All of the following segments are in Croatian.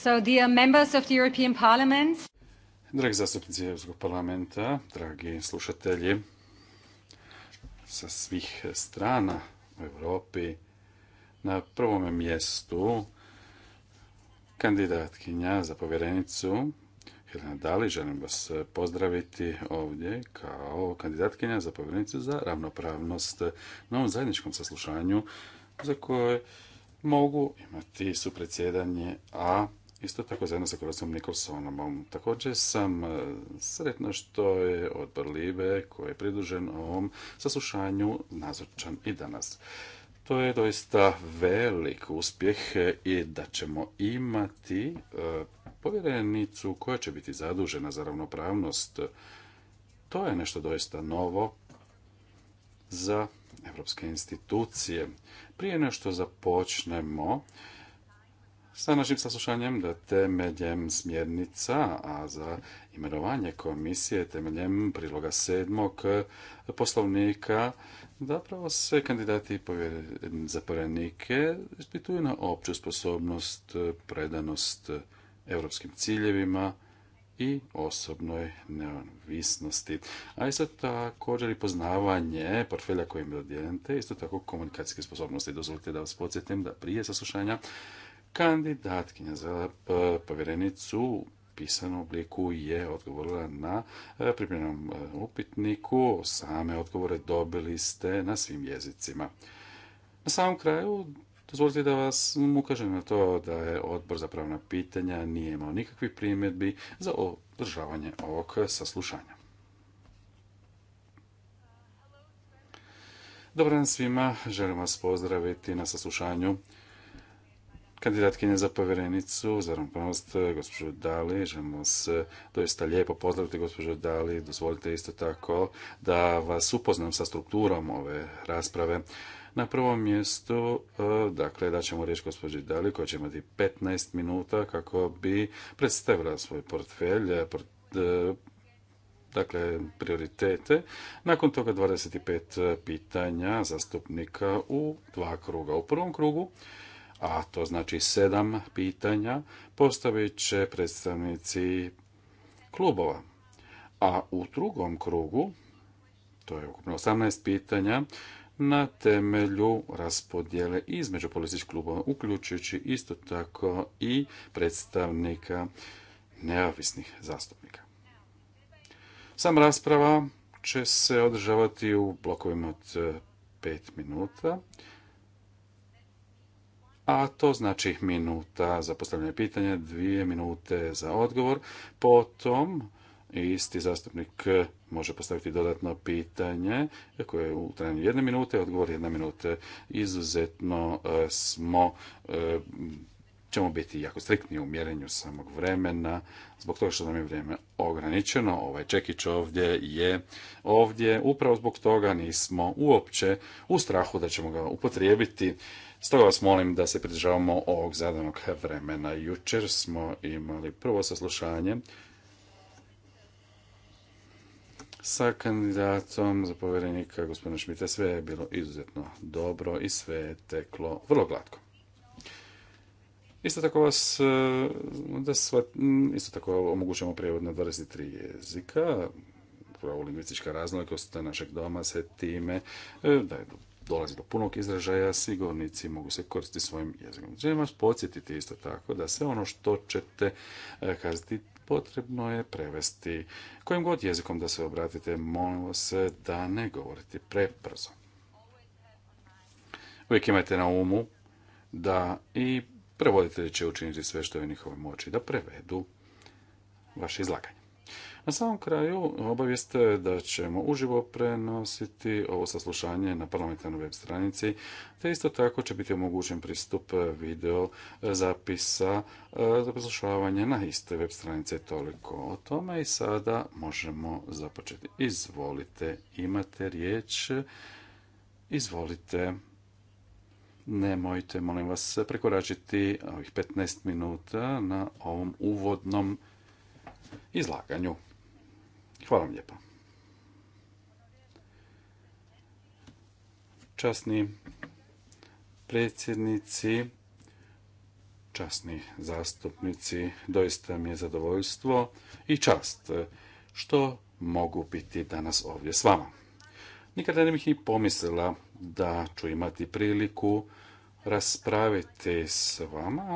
So, dear members of the European Parliament. Dragi zastupnici Europskog parlamenta, dragi slušatelji, sa svih strana u Europi, na prvom mjestu kandidatkinja za povjerenicu Helena Dali, želim vas pozdraviti ovdje kao kandidatkinja za povjerenicu za ravnopravnost na ovom zajedničkom saslušanju za koje mogu imati supredsjedanje, a Isto tako zajedno sa Korosom Nikolsonom. Um, također sam e, sretna što je odbor Libe koji je pridružen ovom saslušanju nazočan i danas. To je doista velik uspjeh e, i da ćemo imati e, povjerenicu koja će biti zadužena za ravnopravnost. To je nešto doista novo za evropske institucije. Prije nešto započnemo, sa našim saslušanjem da temeljem smjernica, a za imenovanje komisije temeljem priloga sedmog poslovnika, zapravo se kandidati za povjerenike ispituju na opću sposobnost, predanost europskim ciljevima i osobnoj neovisnosti. A isto također i poznavanje portfelja kojim te isto tako komunikacijske sposobnosti. Dozvolite da vas podsjetim da prije saslušanja Kandidatkinja za eh, povjerenicu u pisanom obliku je odgovorila na eh, pripremljenom eh, upitniku. Same odgovore dobili ste na svim jezicima. Na samom kraju Dozvolite da vas ukažem na to da je odbor za pravna pitanja nije imao nikakvih primjedbi za održavanje ovog saslušanja. Dobar dan svima, želim vas pozdraviti na saslušanju kandidatkinje za povjerenicu za ravnopravnost e, gospođu Dali. Želimo se doista lijepo pozdraviti gospođo Dali. Dozvolite isto tako da vas upoznam sa strukturom ove rasprave. Na prvom mjestu, e, dakle, da ćemo riječ gospođi Dali koja će imati 15 minuta kako bi predstavila svoj portfelj, e, dakle, prioritete. Nakon toga 25 pitanja zastupnika u dva kruga. U prvom krugu a to znači sedam pitanja, postavit će predstavnici klubova. A u drugom krugu, to je ukupno 18 pitanja, na temelju raspodjele između političkih klubova, uključujući isto tako i predstavnika neovisnih zastupnika. Sam rasprava će se održavati u blokovima od 5 minuta a to znači minuta za postavljanje pitanja, dvije minute za odgovor. Potom isti zastupnik može postaviti dodatno pitanje koje je u trajanju jedne minute, odgovor jedne minute. Izuzetno e, smo e, ćemo biti jako striktni u mjerenju samog vremena, zbog toga što nam je vrijeme ograničeno. Ovaj čekić ovdje je ovdje, upravo zbog toga nismo uopće u strahu da ćemo ga upotrijebiti Stoga vas molim da se pridržavamo ovog zadanog vremena. Jučer smo imali prvo saslušanje sa kandidatom za povjerenika gospodina Šmita. Sve je bilo izuzetno dobro i sve je teklo vrlo glatko. Isto tako vas eh, da isto tako omogućujemo prijevod na 23 jezika. Upravo lingvistička raznolikost našeg doma se time eh, je dolazi do punog izražaja, sigurnici mogu se koristiti svojim jezikom. Želim vas podsjetiti isto tako da sve ono što ćete e, kazati potrebno je prevesti kojim god jezikom da se obratite, molim vas da ne govorite prebrzo. Uvijek imajte na umu da i prevoditelji će učiniti sve što je u njihovoj moći da prevedu vaše izlaganje. Na samom kraju obavijeste da ćemo uživo prenositi ovo saslušanje na parlamentarnoj web stranici, te isto tako će biti omogućen pristup video zapisa e, za poslušavanje na iste web stranice. Toliko o tome i sada možemo započeti. Izvolite, imate riječ. Izvolite. Nemojte, molim vas, prekoračiti ovih 15 minuta na ovom uvodnom izlaganju. Hvala vam lijepa. Časni predsjednici, časni zastupnici, doista mi je zadovoljstvo i čast što mogu biti danas ovdje s vama. Nikada ne bih ni pomislila da ću imati priliku raspraviti s vama,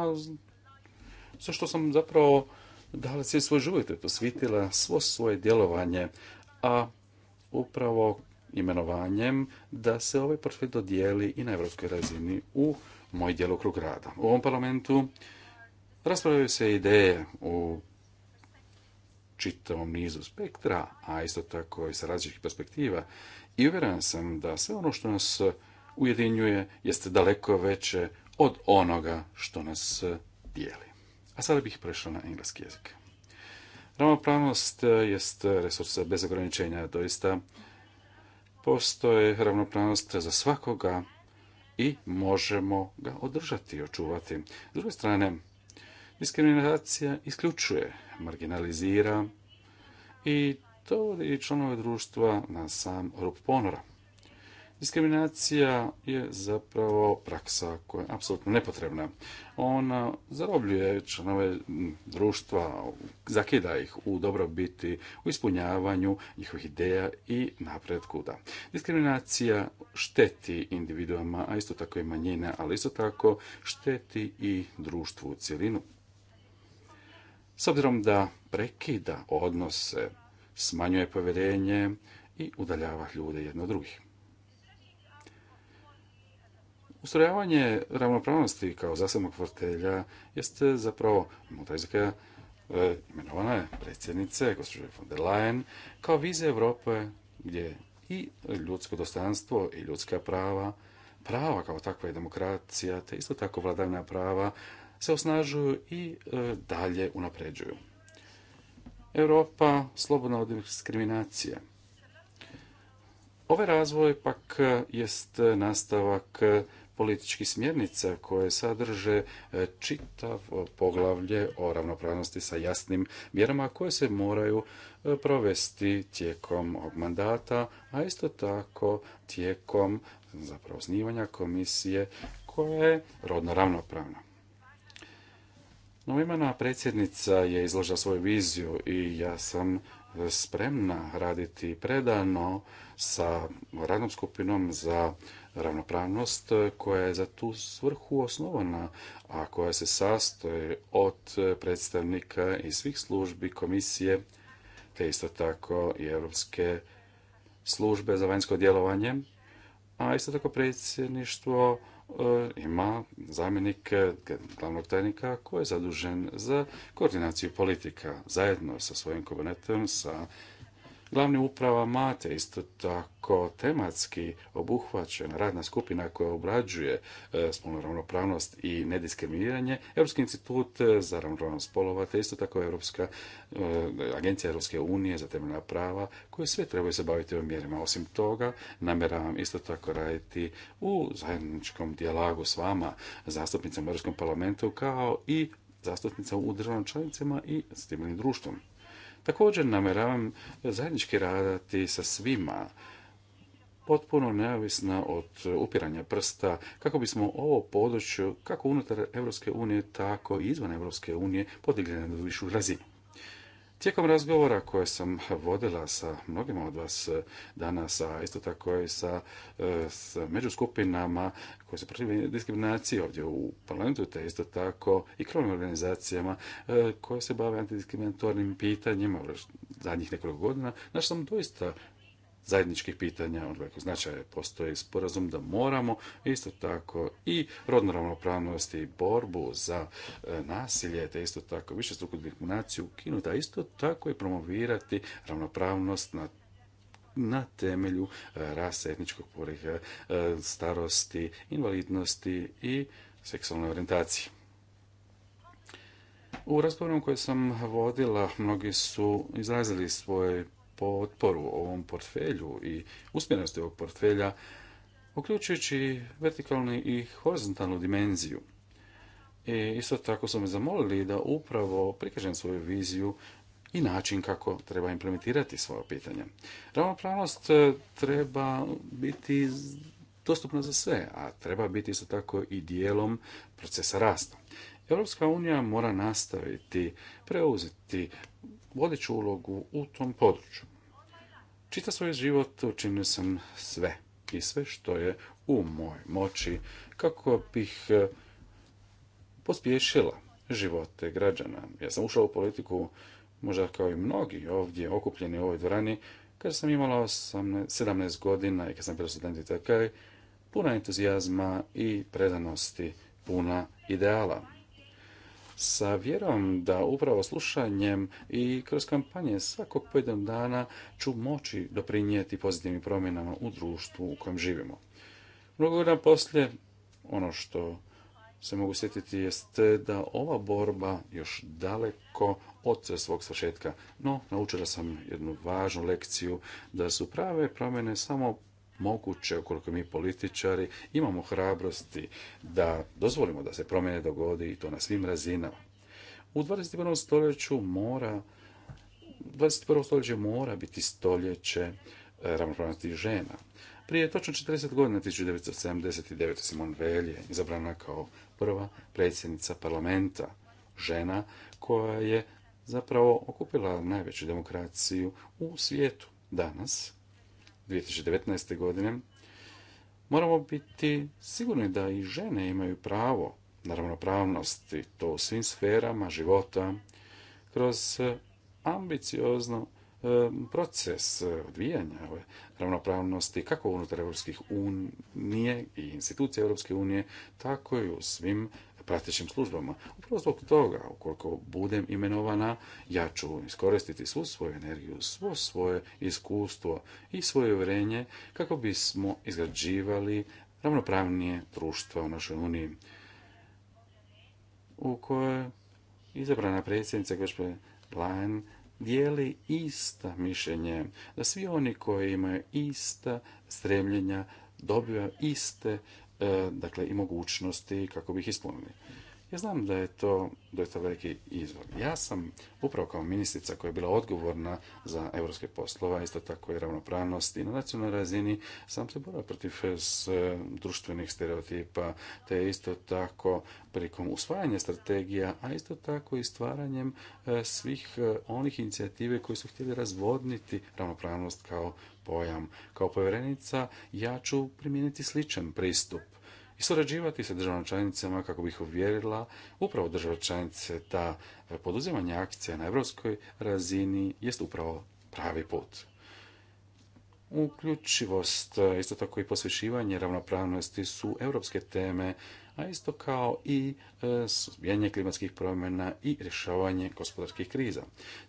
zašto što sam zapravo dala se svoje život, posvitila svo svoje djelovanje, a upravo imenovanjem da se ovaj portfelj dodijeli i na evropskoj razini u moj djelokrug rada. U ovom parlamentu raspravljaju se ideje u čitavom nizu spektra, a isto tako i sa različitih perspektiva. I uvjeren sam da sve ono što nas ujedinjuje jeste daleko veće od onoga što nas dijeli. A sada bih prešao na engleski jezik. Ravnopravnost e, jest e, resurs bez ograničenja, doista postoje ravnopravnost za svakoga i možemo ga održati i očuvati. S druge strane, diskriminacija isključuje, marginalizira i to i članove društva na sam rup ponora. Diskriminacija je zapravo praksa koja je apsolutno nepotrebna. Ona zarobljuje članove društva, zakida ih u dobrobiti, u ispunjavanju njihovih ideja i napred kuda. Diskriminacija šteti individuama, a isto tako i manjine, ali isto tako šteti i društvu u cjelinu. S obzirom da prekida odnose, smanjuje povjerenje i udaljava ljude jedno od drugih. Ustrojavanje ravnopravnosti kao zasebnog fortelja jeste zapravo Motajzika e, imenovana je predsjednice, gospođe von der Leyen, kao vize Europe gdje i ljudsko dostanstvo i ljudska prava, prava kao takva i demokracija, te isto tako vladavna prava se osnažuju i e, dalje unapređuju. Europa slobodna od diskriminacije. Ovaj razvoj pak e, jest nastavak političkih smjernica koje sadrže e, čitav poglavlje o ravnopravnosti sa jasnim mjerama koje se moraju e, provesti tijekom ovog mandata, a isto tako tijekom zapravo osnivanja komisije koja je rodno ravnopravna. Novimana predsjednica je izložila svoju viziju i ja sam spremna raditi predano sa radnom skupinom za ravnopravnost eh, koja je za tu svrhu osnovana, a koja se sastoji od eh, predstavnika i svih službi komisije, te isto tako i Europske službe za vanjsko djelovanje, a isto tako predsjedništvo eh, ima zamjenik glavnog tajnika koji je zadužen za koordinaciju politika zajedno sa svojim kabinetom, sa Glavni uprava Mate isto tako tematski obuhvaćena radna skupina koja obrađuje e, spolnu ravnopravnost i nediskriminiranje, Europski institut e, za ravnopravnost spolova, te isto tako Europska e, agencija Europske unije za temeljna prava koje sve trebaju se baviti ovim mjerima. Osim toga, namjeravam isto tako raditi u zajedničkom dijalogu s vama, zastupnicama u Europskom parlamentu, kao i zastupnicama u državnom članicama i civilnim društvom. Također namjeravam zajednički raditi sa svima potpuno neovisna od upiranja prsta kako bismo ovo područje kako unutar Europske unije tako i izvan Europske unije podigli na višu razinu. Tijekom razgovora koje sam vodila sa mnogima od vas e, danas, a isto tako i sa, među međuskupinama koje su protiv diskriminacije ovdje u parlamentu, te isto tako i krovnim organizacijama e, koje se bave antidiskriminatornim pitanjima zadnjih nekoliko godina, znaš sam doista zajedničkih pitanja od velikog značaja. Postoji sporazum da moramo isto tako i rodno ravnopravnost i borbu za e, nasilje, te isto tako više struku diskriminaciju ukinuti, a isto tako i promovirati ravnopravnost na na temelju e, rase, etničkog poriha, e, starosti, invalidnosti i seksualne orijentacije. U razgovorom koje sam vodila, mnogi su izrazili svoje potporu ovom portfelju i usmjerenosti ovog portfelja, uključujući vertikalnu i horizontalnu dimenziju. I e, isto tako su me zamolili da upravo prikažem svoju viziju i način kako treba implementirati svoje pitanje. Ravnopravnost e, treba biti dostupna za sve, a treba biti isto tako i dijelom procesa rasta. Europska unija mora nastaviti preuzeti vodeću ulogu u tom području. Čita svoj život učinio sam sve i sve što je u moj moći kako bih e, pospješila živote građana. Ja sam ušao u politiku, možda kao i mnogi ovdje okupljeni u ovoj dvorani, kada sam imala 17 godina i kad sam bio student i puna entuzijazma i predanosti, puna ideala sa vjerom da upravo slušanjem i kroz kampanje svakog pojedinog dana ću moći doprinijeti pozitivnim promjenama u društvu u kojem živimo. Mnogo godina poslije, ono što se mogu sjetiti jeste da ova borba još daleko od svog svašetka. No, naučila sam jednu važnu lekciju da su prave promjene samo moguće ukoliko mi političari imamo hrabrosti da dozvolimo da se promjene dogodi i to na svim razinama. U 21. stoljeću mora 21. stoljeće mora biti stoljeće e, ravnopravnosti žena. Prije točno 40 godina, 1979. Simon Velje je izabrana kao prva predsjednica parlamenta žena koja je zapravo okupila najveću demokraciju u svijetu. Danas 2019. godine, moramo biti sigurni da i žene imaju pravo na ravnopravnost i to u svim sferama života kroz e, ambiciozno e, proces odvijanja ravnopravnosti kako unutar Europskih unije i institucija Europske unije, tako i u svim pratećim službama. Upravo zbog toga, ukoliko budem imenovana, ja ću iskoristiti svu svoju energiju, svo svoje iskustvo i svoje uvjerenje kako bismo izgrađivali ravnopravnije društvo u našoj Uniji u kojoj izabrana predsjednica gospođa Lajan dijeli ista mišljenje, da svi oni koji imaju ista stremljenja dobivaju iste E, dakle i mogućnosti kako bi ih ispunili. Ja znam da je to doista veliki izvor. Ja sam upravo kao ministrica koja je bila odgovorna za europske poslova, isto tako i ravnopravnost i na nacionalnoj razini, sam se borao protiv eh, eh, društvenih stereotipa, te isto tako prilikom usvajanja strategija, a isto tako i stvaranjem eh, svih onih inicijative koji su htjeli razvodniti ravnopravnost kao pojam. Kao povjerenica ja ću primijeniti sličan pristup i surađivati sa državama članicama kako bih uvjerila upravo države članice da poduzimanje akcija na europskoj razini jest upravo pravi put. Uključivost, isto tako i posvećivanje ravnopravnosti su europske teme, a isto kao i e, suzbijanje klimatskih promjena i rješavanje gospodarskih kriza.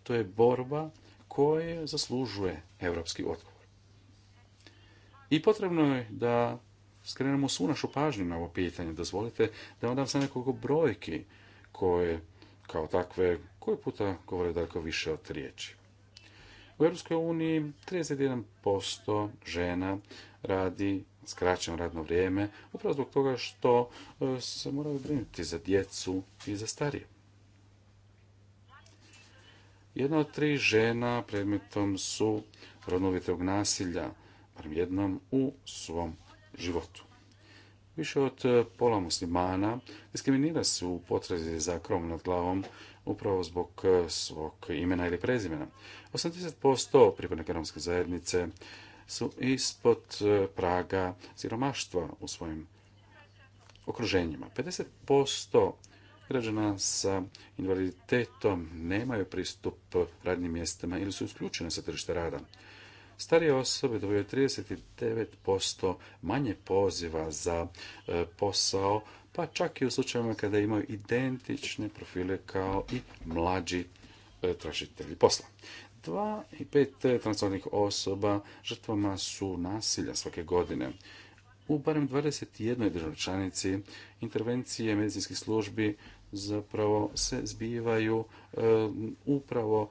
To je borba koja zaslužuje europski odgovor. I potrebno je da skrenemo svu našu pažnju na ovo pitanje. Dozvolite da vam dam sa nekoliko brojki koje kao takve koje puta govore daleko više od riječi. U Europskoj uniji 31% žena radi skraćeno radno vrijeme upravo zbog toga što e, se moraju brinuti za djecu i za starije. Jedna od tri žena predmetom su rodnovitog nasilja, bar jednom u svom životu. Više od e, pola muslimana diskriminira se u potrazi za krom nad glavom upravo zbog e, svog imena ili prezimena. 80% pripadnika romske zajednice su ispod e, praga siromaštva u svojim okruženjima. 50% građana sa invaliditetom nemaju pristup radnim mjestima ili su isključene sa tržište rada. Starije osobe dobiju 39% manje poziva za e, posao, pa čak i u slučajevima kada imaju identične profile kao i mlađi e, tražitelji posla. Dva i pet transportnih osoba žrtvama su nasilja svake godine. U barem 21. državnoj članici intervencije medicinskih službi zapravo se zbivaju e, upravo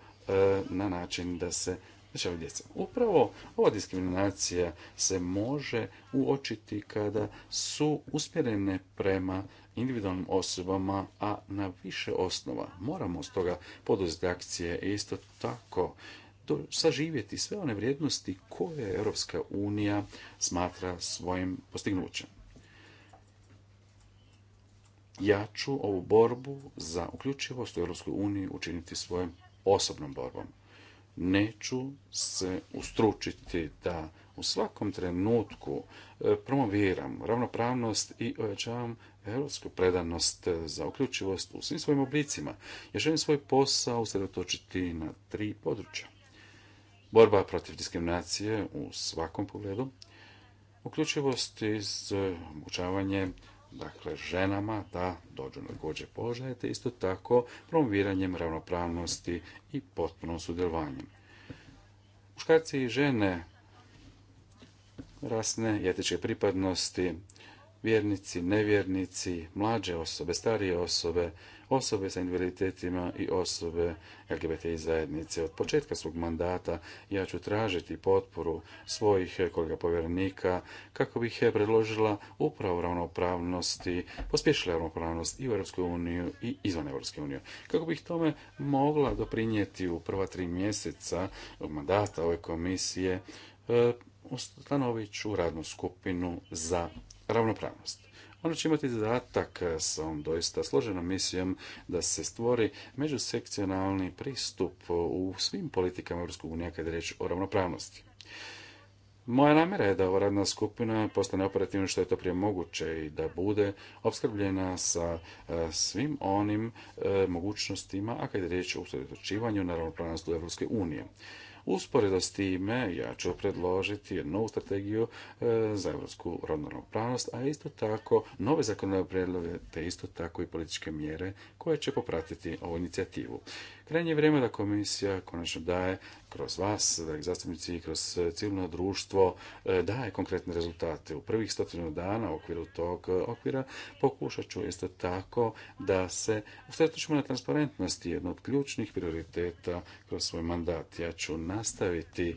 na način da se Znači, upravo ova diskriminacija se može uočiti kada su usmjerene prema individualnim osobama, a na više osnova. Moramo stoga poduzeti akcije i isto tako saživjeti sve one vrijednosti koje Europska unija smatra svojim postignućem. Ja ću ovu borbu za uključivost u Europskoj uniji učiniti svojom osobnom borbom neću se ustručiti da u svakom trenutku e, promoviram ravnopravnost i ojačavam evropsku predanost e, za uključivost u svim svojim oblicima. Ja želim svoj posao usredotočiti na tri područja. Borba protiv diskriminacije u svakom pogledu, uključivost iz e, obučavanje dakle ženama da dođu na gođe položaje, te isto tako promoviranjem ravnopravnosti i potpunom sudjelovanjem. Muškarci i žene rasne i etičke pripadnosti, vjernici, nevjernici, mlađe osobe, starije osobe, osobe sa invaliditetima i osobe i zajednice. Od početka svog mandata ja ću tražiti potporu svojih kolega povjerenika kako bih je predložila upravo ravnopravnosti, pospješila ravnopravnost i u Europskoj i izvan Europske unije. Kako bih tome mogla doprinijeti u prva tri mjeseca mandata ove komisije, e, ustanovit ću radnu skupinu za ravnopravnost. Ono će imati zadatak sa ovom doista složenom misijom da se stvori međusekcionalni pristup u svim politikama EU unije kada je riječ o ravnopravnosti. Moja namjera je da ova radna skupina postane operativna što je to prije moguće i da bude opskrbljena sa e, svim onim e, mogućnostima, a kada je riječ o usredotočivanju na ravnopravnost u Europske unije. Usporedo s time ja ću predložiti novu strategiju e, za evropsku rodnu ravnopravnost, a isto tako nove zakonodavne predloge, te isto tako i političke mjere koje će popratiti ovu inicijativu. Krajnje vrijeme da komisija konačno daje kroz vas, dragi zastupnici, kroz e, civilno društvo e, daje konkretne rezultate. U prvih stotinu dana u okviru tog e, okvira pokušat ću isto tako da se ćemo na transparentnosti, jedno od ključnih prioriteta kroz svoj mandat. Ja ću nastaviti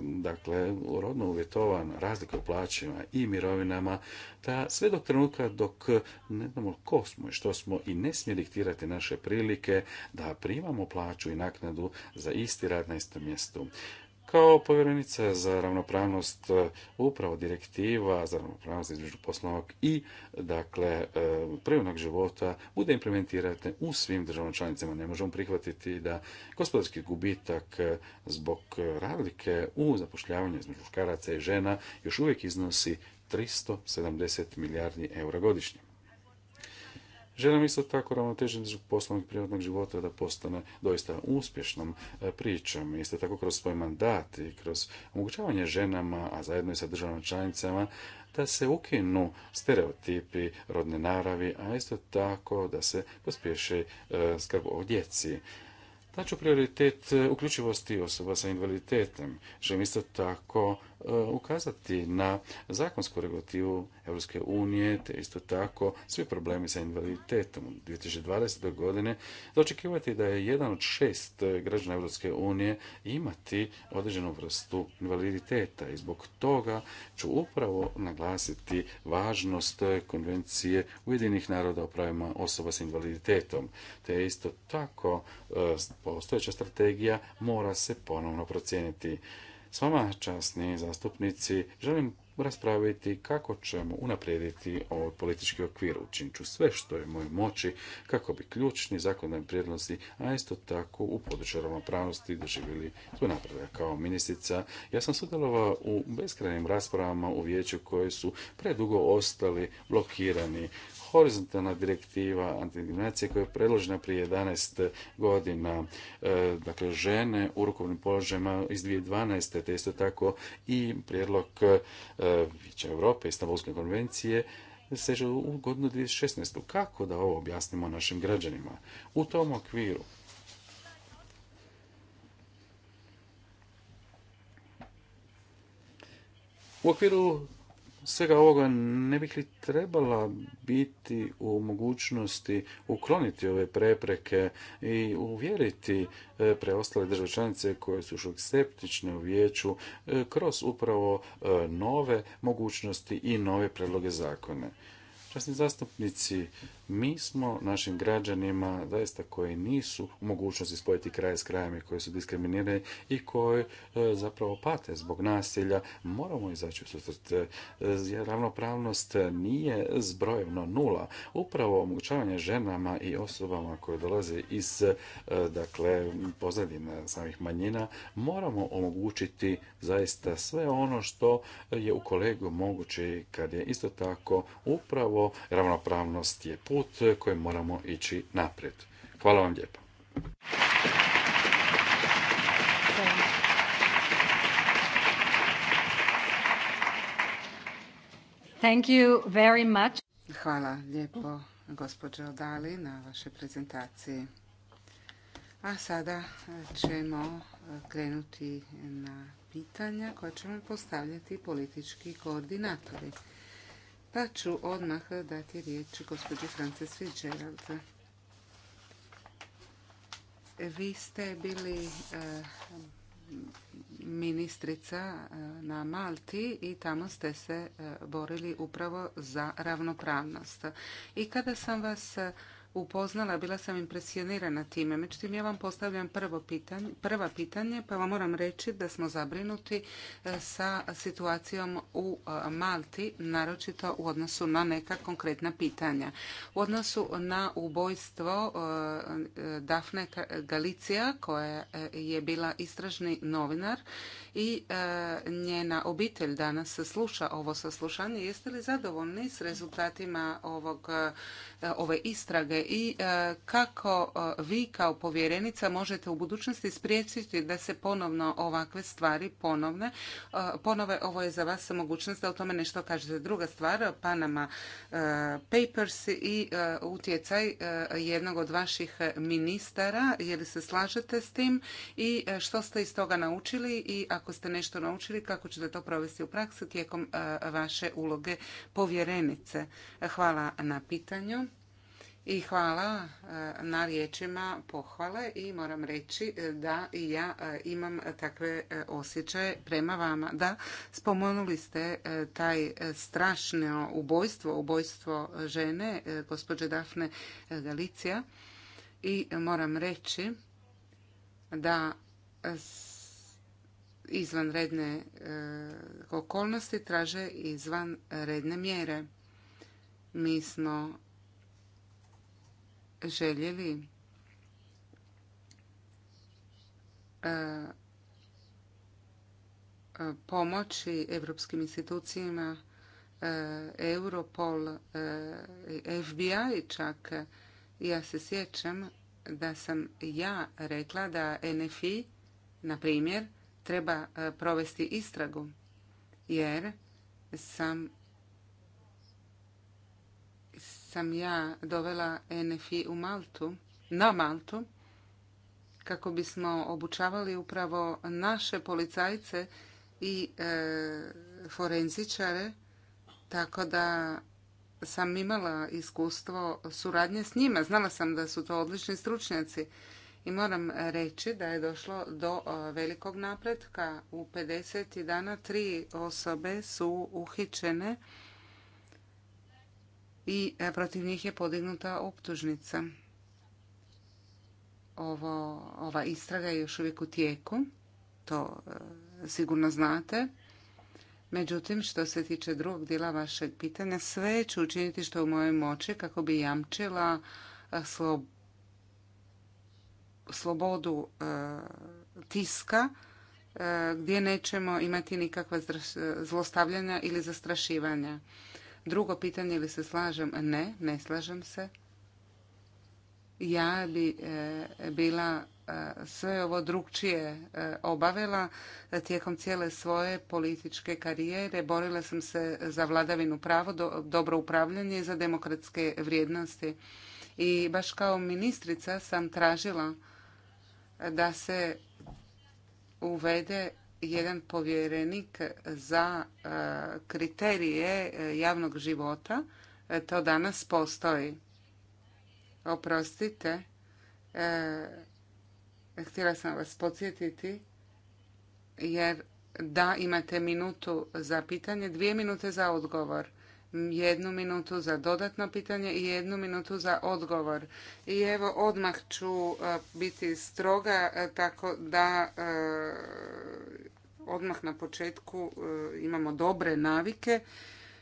dakle, rodno uvjetovan razlika u plaćima i mirovinama da sve do trenutka dok ne znamo ko smo i što smo i ne smije diktirati naše prilike da primamo plaću i naknadu za isti rad na istom mjestu. Kao povjerenica za ravnopravnost e, upravo direktiva za ravnopravnost između poslovnog i dakle e, privrednog života bude implementirate u svim državama članicama. Ne možemo prihvatiti da gospodarski gubitak e, zbog razlike u zapošljavanju između muškaraca i žena još uvijek iznosi 370 milijardi eura godišnje. Želim isto tako ravnotežen poslovnog prirodnog života da postane doista uspješnom e, pričom. Isto tako kroz svoj mandat i kroz omogućavanje ženama, a zajedno i sa državnim članicama, da se ukinu stereotipi rodne naravi, a isto tako da se pospješi e, skrb o djeci. znači prioritet e, uključivosti osoba sa invaliditetom. Želim isto tako Eh, ukazati na zakonsku regulativu Europske unije, te isto tako svi problemi sa invaliditetom. U 2020. godine očekivati da je jedan od šest građana Europske unije imati određenu vrstu invaliditeta i zbog toga ću upravo naglasiti važnost konvencije Ujedinih naroda o pravima osoba s invaliditetom, te isto tako eh, postojeća strategija mora se ponovno procijeniti. S vama, časni zastupnici, želim raspraviti kako ćemo unaprijediti ovaj politički okvir. Učinit sve što je moj moći kako bi ključni zakonodavni prijednosti a isto tako u području ravnopravnosti doživjeli svoj napredak. Kao ministrica ja sam sudjelovao u beskrajnim raspravama u vijeću koje su predugo ostali blokirani horizontalna direktiva antidiskriminacije koja je predložena prije 11 godina, e, dakle žene u rukovnim položajima iz 2012. te isto tako i prijedlog e, Vijeća Europe, stavolske konvencije, seže u godinu 2016. Kako da ovo objasnimo našim građanima? U tom okviru U okviru svega ovoga ne bih li trebala biti u mogućnosti ukloniti ove prepreke i uvjeriti e, preostale države koje su još septične u vijeću e, kroz upravo e, nove mogućnosti i nove predloge zakone. Časni zastupnici, mi smo našim građanima zaista koji nisu u mogućnosti spojiti kraj s krajem i koji su diskriminirani i koji e, zapravo pate zbog nasilja, moramo izaći u susret. E, ravnopravnost nije zbrojevno nula. Upravo omogućavanje ženama i osobama koje dolaze iz e, dakle, pozadine samih manjina moramo omogućiti zaista sve ono što je u kolegu moguće kad je isto tako upravo ravnopravnost je put put kojim moramo ići naprijed. Hvala vam lijepo. Thank you very much. Hvala lijepo, gospođo Dali, na vašoj prezentaciji. A sada ćemo krenuti na pitanja koja ćemo postavljati politički koordinatori. Pa ću odmah dati riječ gospođi Frances Fitzgerald. Vi ste bili e, ministrica e, na Malti i tamo ste se e, borili upravo za ravnopravnost. I kada sam vas upoznala, bila sam impresionirana time. Međutim, ja vam postavljam prvo pitanje, prva pitanje, pa vam moram reći da smo zabrinuti e, sa situacijom u e, Malti, naročito u odnosu na neka konkretna pitanja. U odnosu na ubojstvo e, Dafne Galicija, koja je bila istražni novinar i njena obitelj danas sluša ovo saslušanje. Jeste li zadovoljni s rezultatima ovog, ove istrage i e, kako e, vi kao povjerenica možete u budućnosti spriječiti da se ponovno ovakve stvari ponovne. E, ponove, ovo je za vas mogućnost da o tome nešto kažete. Druga stvar, Panama Papers i utjecaj jednog od vaših ministara. Je li se slažete s tim i što ste iz toga naučili i ako ste nešto naučili, kako ćete to provesti u praksi tijekom vaše uloge povjerenice? Hvala na pitanju i hvala e, na riječima pohvale i moram reći e, da i ja e, imam takve osjećaje prema vama. Da, spomenuli ste taj strašno ubojstvo, ubojstvo žene, gospođe Dafne Galicija i moram reći da izvanredne okolnosti traže izvanredne mjere. Mi smo željeli e, e, pomoći evropskim institucijama e, Europol, FBI čak. Ja se sjećam da sam ja rekla da NFI, na primjer, treba provesti istragu jer sam sam ja dovela NFI u Maltu, na Maltu, kako bismo obučavali upravo naše policajce i e, forenzičare, tako da sam imala iskustvo suradnje s njima. Znala sam da su to odlični stručnjaci i moram reći da je došlo do e, velikog napretka. U 50 dana tri osobe su uhičene i e, protiv njih je podignuta optužnica. Ovo, ova istraga je još uvijek u tijeku, to e, sigurno znate. Međutim, što se tiče drugog dijela vašeg pitanja, sve ću učiniti što u mojoj moći kako bi jamčila e, slobodu tiska gdje nećemo imati nikakva zlostavljanja ili zastrašivanja. Drugo pitanje, li se slažem? Ne, ne slažem se. Ja bi e, bila e, sve ovo drugčije e, obavila tijekom cijele svoje političke karijere. Borila sam se za vladavinu pravo, dobro upravljanje za demokratske vrijednosti. I baš kao ministrica sam tražila da se uvede jedan povjerenik za e, kriterije e, javnog života. E, to danas postoji. Oprostite, htjela sam vas podsjetiti jer da imate minutu za pitanje, dvije minute za odgovor, jednu minutu za dodatno pitanje i jednu minutu za odgovor. I evo odmah ću biti stroga tako da odmah na početku e, imamo dobre navike,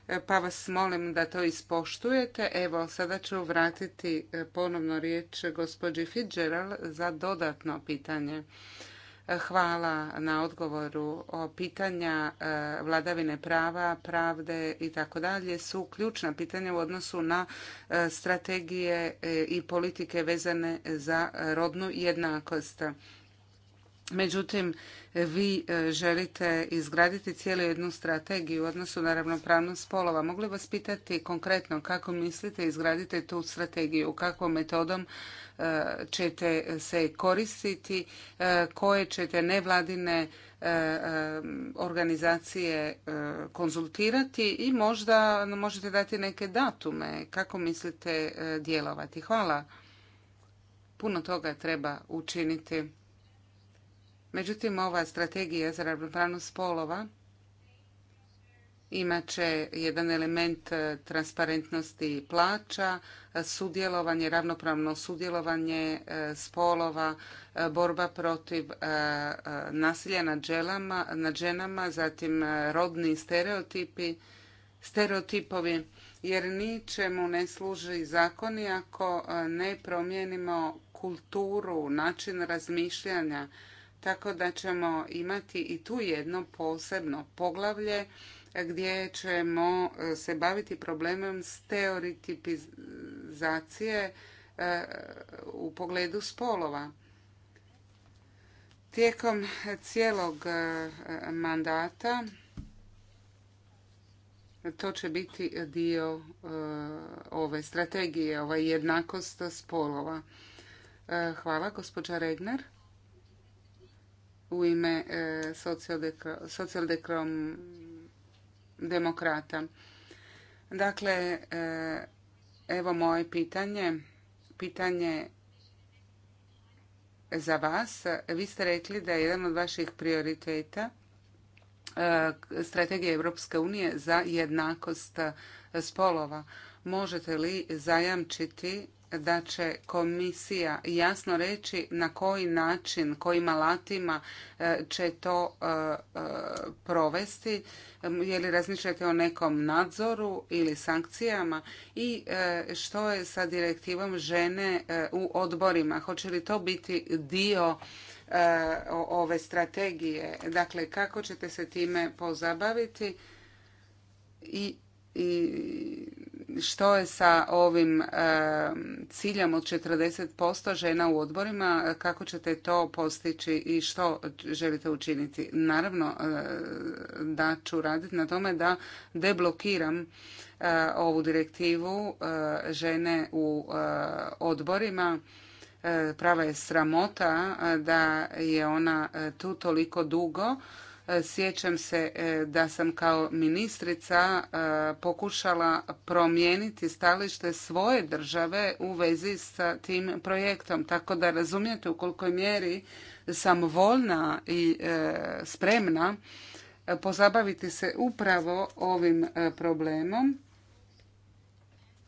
e, pa vas molim da to ispoštujete. Evo, sada ću vratiti e, ponovno riječ gospođi Fitzgerald za dodatno pitanje. Hvala na odgovoru o pitanja vladavine prava, pravde i tako dalje su ključna pitanja u odnosu na strategije i politike vezane za rodnu jednakost. Međutim, vi e, želite izgraditi cijelu jednu strategiju u odnosu na ravnopravnost spolova. Mogu vas pitati konkretno kako mislite izgradite tu strategiju, kakvom metodom e, ćete se koristiti, e, koje ćete nevladine organizacije konzultirati i možda možete dati neke datume kako mislite djelovati. Hvala. Puno toga treba učiniti Međutim, ova strategija za ravnopravnost spolova imat će jedan element e, transparentnosti plaća, sudjelovanje, ravnopravno sudjelovanje e, spolova, e, borba protiv nasilja nad, ženama, zatim rodni stereotipi, stereotipovi, jer ničemu ne služi zakoni ako ne promijenimo kulturu, način razmišljanja, tako da ćemo imati i tu jedno posebno poglavlje gdje ćemo e, se baviti problemom stereotipizacije e, u pogledu spolova. Tijekom cijelog e, mandata to će biti dio ove strategije, ova jednakost spolova. Hvala, gospođa Regner u ime e, socijaldekrom demokrata. Dakle, e, evo moje pitanje. Pitanje za vas. Vi ste rekli da je jedan od vaših prioriteta e, strategija Europske unije za jednakost spolova. Možete li zajamčiti da će komisija jasno reći na koji način, kojim alatima e, će to e, e, provesti, je li razmišljate o nekom nadzoru ili sankcijama i što je sa direktivom žene u odborima, hoće li to biti dio ove strategije, dakle kako ćete se time pozabaviti i što je sa ovim e, ciljem od 40% žena u odborima, e, kako ćete to postići i što želite učiniti? Naravno e, da ću raditi na tome da deblokiram ovu direktivu žene u odborima. Prava je sramota da je ona tu toliko dugo Sjećam se e, da sam kao ministrica e, pokušala promijeniti stalište svoje države u vezi sa tim projektom. Tako da razumijete u kolikoj mjeri sam voljna i e, spremna pozabaviti se upravo ovim problemom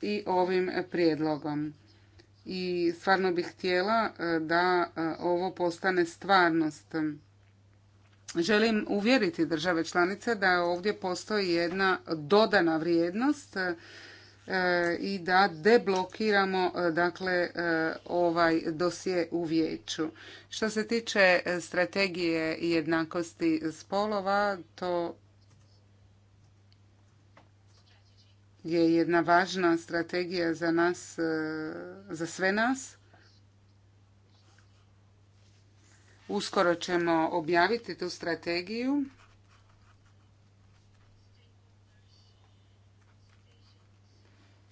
i ovim prijedlogom. I stvarno bih htjela da ovo postane stvarnost želim uvjeriti države članice da ovdje postoji jedna dodana vrijednost e, i da deblokiramo e, dakle e, ovaj dosje u vijeću. Što se tiče strategije jednakosti spolova, to je jedna važna strategija za nas, za sve nas Uskoro ćemo objaviti tu strategiju.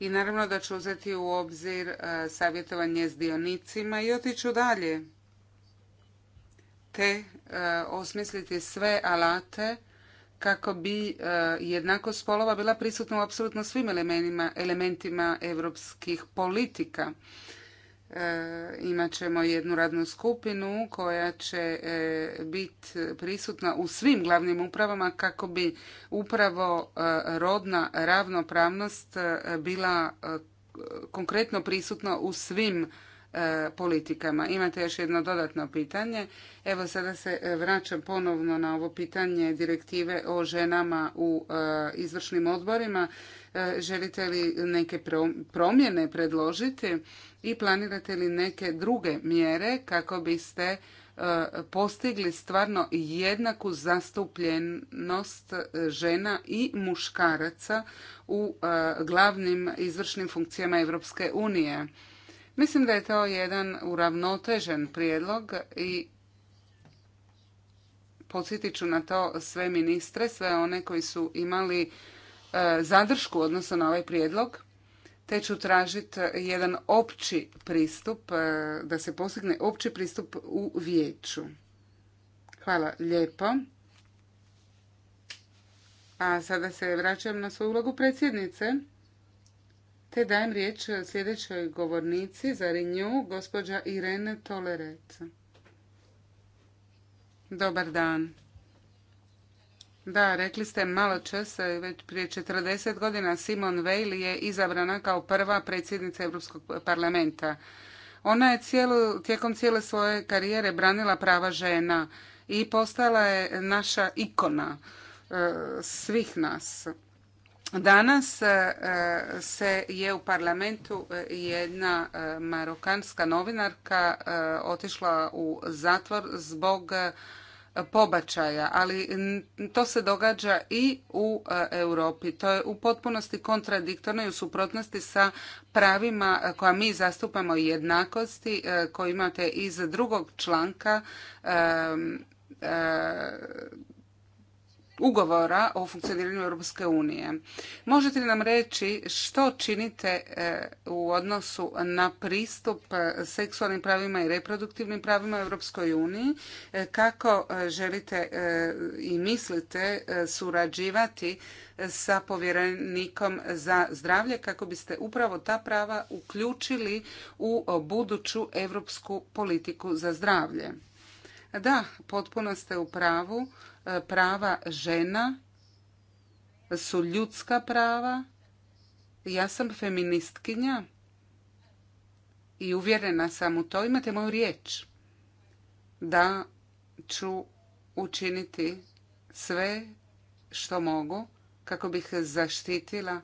I naravno da ću uzeti u obzir e, savjetovanje s dionicima i otiću dalje. Te e, osmisliti sve alate kako bi e, jednakost spolova bila prisutna u apsolutno svim elementima, elementima europskih politika. E, imat ćemo jednu radnu skupinu koja će e, biti prisutna u svim glavnim upravama kako bi upravo e, rodna ravnopravnost bila konkretno prisutna u svim E, politikama. Imate još jedno dodatno pitanje. Evo sada se e, vraćam ponovno na ovo pitanje direktive o ženama u e, izvršnim odborima. Želite li neke promjene predložiti i planirate li neke druge mjere kako biste postigli stvarno jednaku zastupljenost žena i muškaraca u glavnim izvršnim funkcijama Europske unije? Mislim da je to jedan uravnotežen prijedlog i podsjetit ću na to sve ministre, sve one koji su imali e, zadršku odnosno na ovaj prijedlog, te ću tražiti jedan opći pristup, e, da se postigne opći pristup u vijeću. Hvala lijepo. A sada se vraćam na svoju ulogu predsjednice te dajem riječ sljedećoj govornici za Renew, gospođa Irene Toleret. Dobar dan. Da, rekli ste malo časa, već prije 40 godina Simon Weil je izabrana kao prva predsjednica Europskog parlamenta. Ona je cijelu, tijekom cijele svoje karijere branila prava žena i postala je naša ikona eh, svih nas. Danas e, e, se je u parlamentu e, jedna marokanska novinarka otišla u zatvor zbog pobačaja, ali to se događa i u Europi. To je u potpunosti kontradiktorno i u suprotnosti sa pravima koja mi zastupamo jednakosti koje imate iz drugog članka ugovora o funkcioniranju Europske unije. Možete li nam reći što činite e, u odnosu na pristup e, seksualnim pravima i reproduktivnim pravima Europskoj uniji? E, kako želite i mislite surađivati sa povjerenikom za zdravlje kako biste upravo ta prava uključili u buduću europsku politiku za zdravlje? Da, potpuno ste u pravu prava žena su ljudska prava. Ja sam feministkinja i uvjerena sam u to. Imate moju riječ da ću učiniti sve što mogu kako bih zaštitila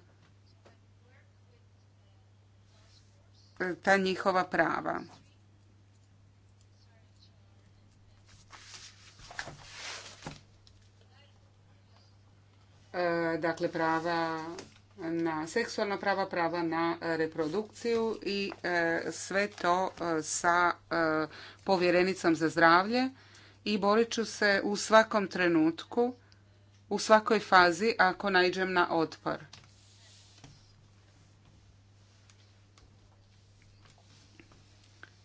ta njihova prava. E, dakle prava na seksualna prava, prava na reprodukciju i e, sve to e, sa povjerenicom za zdravlje i borit ću se u svakom trenutku, u svakoj fazi ako naiđem na otpor.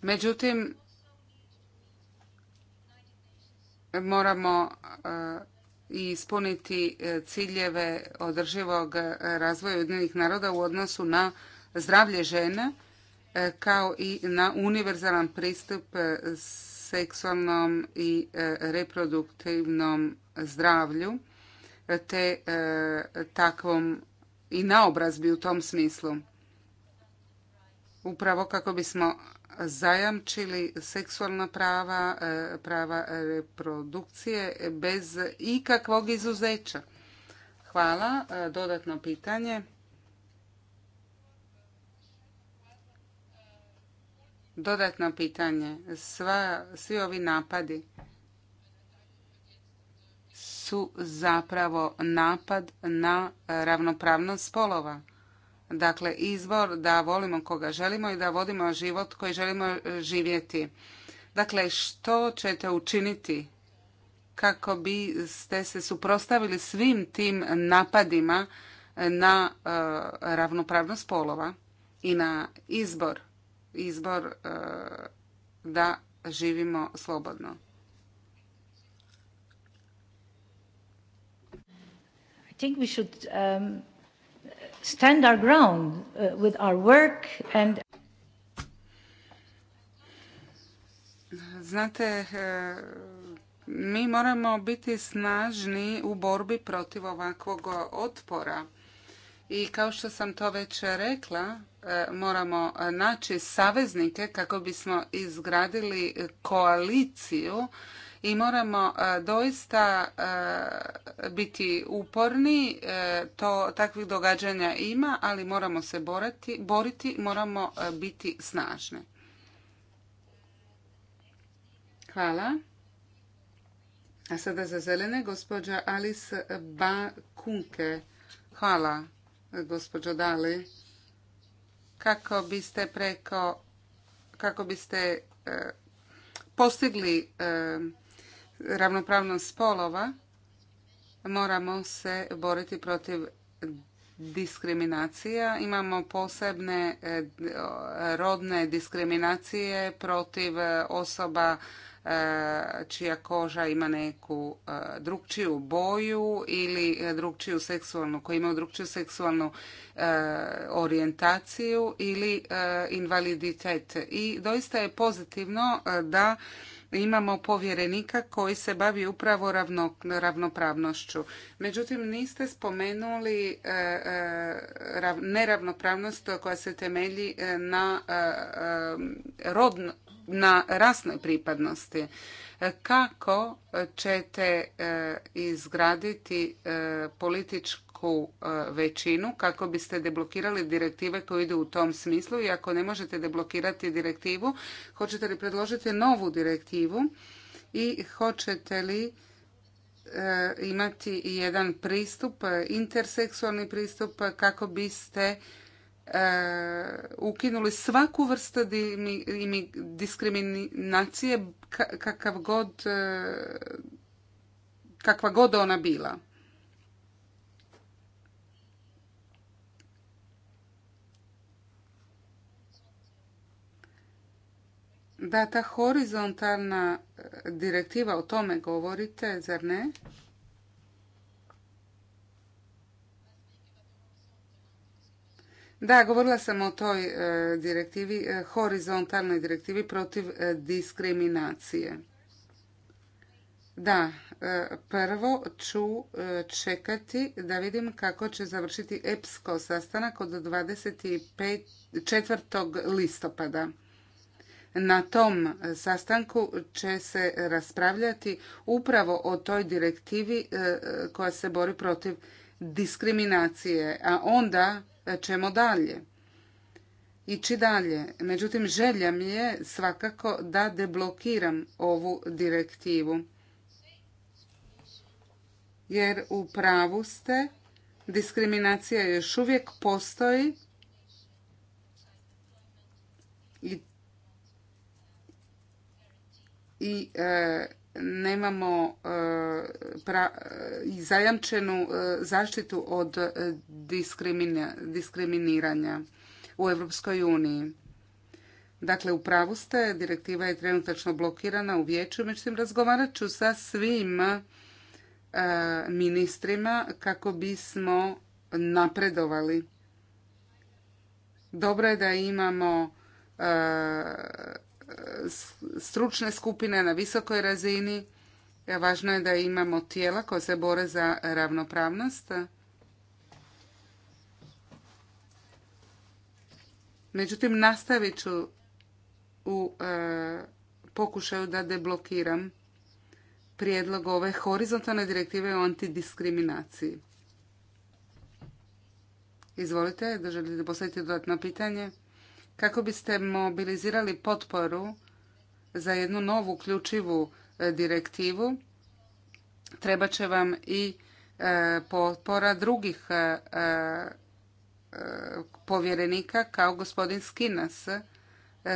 Međutim, moramo i ispuniti e, ciljeve održivog e, razvoja Ujedinjenih naroda u odnosu na zdravlje žena e, kao i na univerzalan pristup seksualnom i reproduktivnom zdravlju te takvom i naobrazbi u tom smislu. Upravo kako bismo zajamčili seksualna prava, e, prava reprodukcije bez ikakvog izuzeća. Hvala. E, dodatno pitanje. Dodatno pitanje. Sva, svi ovi napadi su zapravo napad na ravnopravnost spolova dakle izbor da volimo koga želimo i da vodimo život koji želimo e, živjeti. Dakle, što ćete učiniti kako bi ste se suprotstavili svim tim napadima e, na e, ravnopravnost polova i na izbor, izbor da živimo slobodno. I think we should um, stand ground uh, with our work and Znate, e, mi moramo biti snažni u borbi protiv ovakvog otpora. I kao što sam to već rekla, e, moramo naći saveznike kako bismo izgradili koaliciju i moramo e, doista e, biti uporni. E, to takvih događanja ima, ali moramo se borati, boriti, moramo biti snažni. Hvala. A sada za zelene gospođa Alice Bakunke. Hvala gospođo Dali. Kako biste preko kako biste postigli ravnopravnost spolova moramo se boriti protiv diskriminacija. Imamo posebne e, rodne diskriminacije protiv osoba e, čija koža ima neku e, drugčiju boju ili drugčiju seksualnu, koji imaju drugčiju seksualnu orijentaciju ili invaliditet. I doista je pozitivno da imamo povjerenika koji se bavi upravo ravnopravnošću. Međutim, niste spomenuli e, e, neravnopravnost koja se temelji e, na na rasnoj pripadnosti. Kako ćete izgraditi političku veliku e, većinu kako biste deblokirali direktive koje idu u tom smislu i ako ne možete deblokirati direktivu, hoćete li predložiti novu direktivu i hoćete li e, imati jedan pristup, e, interseksualni pristup kako biste ukinuli svaku vrstu diskriminacije kakav god kakva god ona bila. da ta horizontalna e, direktiva o tome govorite, zar ne? Da, govorila sam o toj e, direktivi, e, horizontalnoj direktivi protiv diskriminacije. Da, prvo ću čekati da vidim kako će završiti EPSKO sastanak od 24. listopada. Na tom sastanku će se raspravljati upravo o toj direktivi e, koja se bori protiv diskriminacije, a onda ćemo dalje ići dalje. Međutim, želja mi je svakako da deblokiram ovu direktivu. Jer u pravu ste, diskriminacija još uvijek postoji i i e, nemamo e, zajamčenu e, zaštitu od diskriminiranja u Europskoj uniji. Dakle, u pravu ste, direktiva je trenutačno blokirana u vijeću, međutim razgovarat ću sa svim ministrima kako bismo napredovali. Dobro je da imamo stručne skupine na visokoj razini. E, važno je da imamo tijela koja se bore za ravnopravnost. Međutim, nastavit ću u e, pokušaju da deblokiram prijedlog ove horizontalne direktive o antidiskriminaciji. Izvolite, da želite postaviti dodatno pitanje kako biste mobilizirali potporu za jednu novu ključivu e, direktivu, treba će vam i e, potpora drugih e, povjerenika kao gospodin Skinas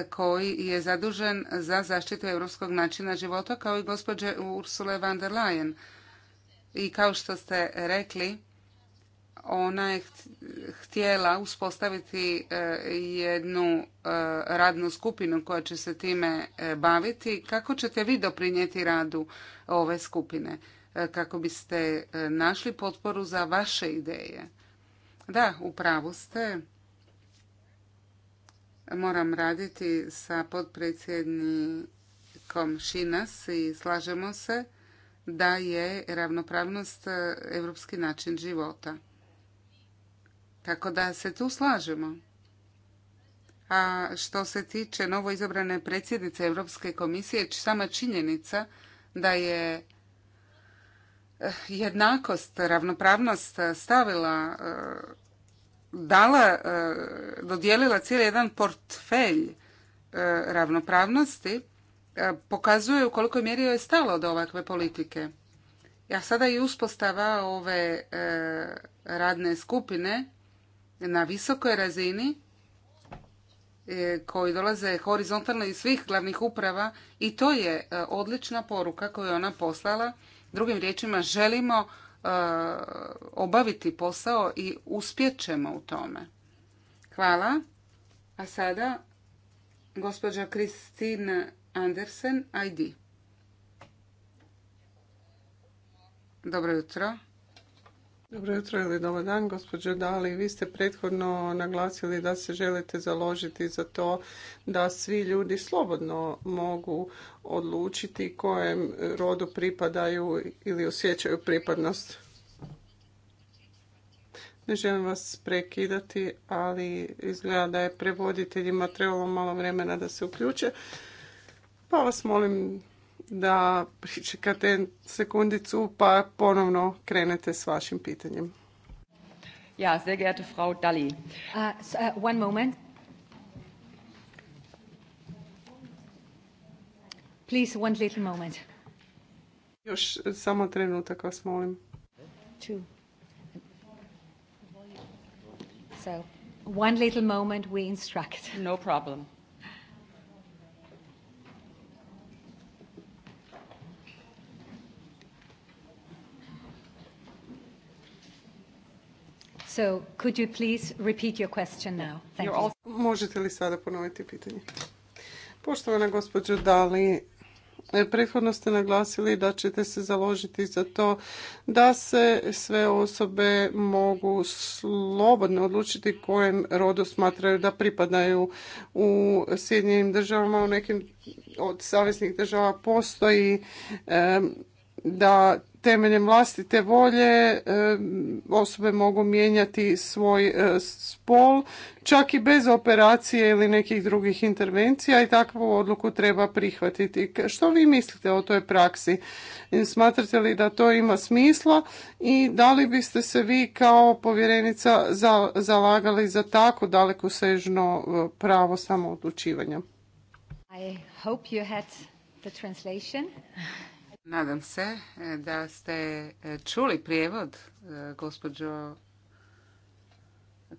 koji je zadužen za zaštitu europskog načina života kao i gospođe Ursule van der Leyen. I kao što ste rekli, ona je htjela uspostaviti e, jednu e, radnu skupinu koja će se time e, baviti. Kako ćete vi doprinijeti radu ove skupine? Kako biste našli potporu za vaše ideje? Da, u pravu ste. Moram raditi sa potpredsjednikom Šinas i slažemo se da je ravnopravnost evropski način života. Tako da se tu slažemo. A što se tiče novoizabrane predsjednice Europske komisije, sama činjenica da je eh, jednakost, ravnopravnost eh, stavila, eh, dala, dodijelila cijeli jedan portfelj ravnopravnosti, pokazuje u kolikoj mjeri je stalo od ovakve politike. Ja sada i uspostava ove radne skupine na visokoj razini e, koji dolaze horizontalno iz svih glavnih uprava i to je e, odlična poruka koju je ona poslala. Drugim riječima, želimo e, obaviti posao i uspjećemo u tome. Hvala. A sada gospođa Kristin Andersen, ID. Dobro jutro. Dobro jutro ili dobar dan, gospođo Dali. Vi ste prethodno naglasili da se želite založiti za to da svi ljudi slobodno mogu odlučiti kojem rodu pripadaju ili osjećaju pripadnost. Ne želim vas prekidati, ali izgleda da je prevoditeljima trebalo malo vremena da se uključe. Pa vas molim da pričekate sekundicu pa ponovno krenete s vašim pitanjem. Ja, sehr geehrte Frau Dalli. Uh, so, uh, one moment. Please, one little moment. Još samo trenutak vas molim. Two. So, one little moment we instruct. No problem. So, could Možete li sada ponoviti pitanje? Poštovana gospođo Dali, e, prethodno ste naglasili da ćete se založiti za to da se sve osobe mogu slobodno odlučiti kojem rodu smatraju da pripadaju u Sjedinjenim državama, u nekim od saveznih država postoji e, da temeljem vlastite volje e, osobe mogu mijenjati svoj e, spol, čak i bez operacije ili nekih drugih intervencija i takvu odluku treba prihvatiti. Što vi mislite o toj praksi? E, smatrate li da to ima smisla i da li biste se vi kao povjerenica zalagali za tako dalekosežno pravo samoodlučivanja? I hope you had the translation. Nadam se e, da ste e, čuli prijevod e, gospođo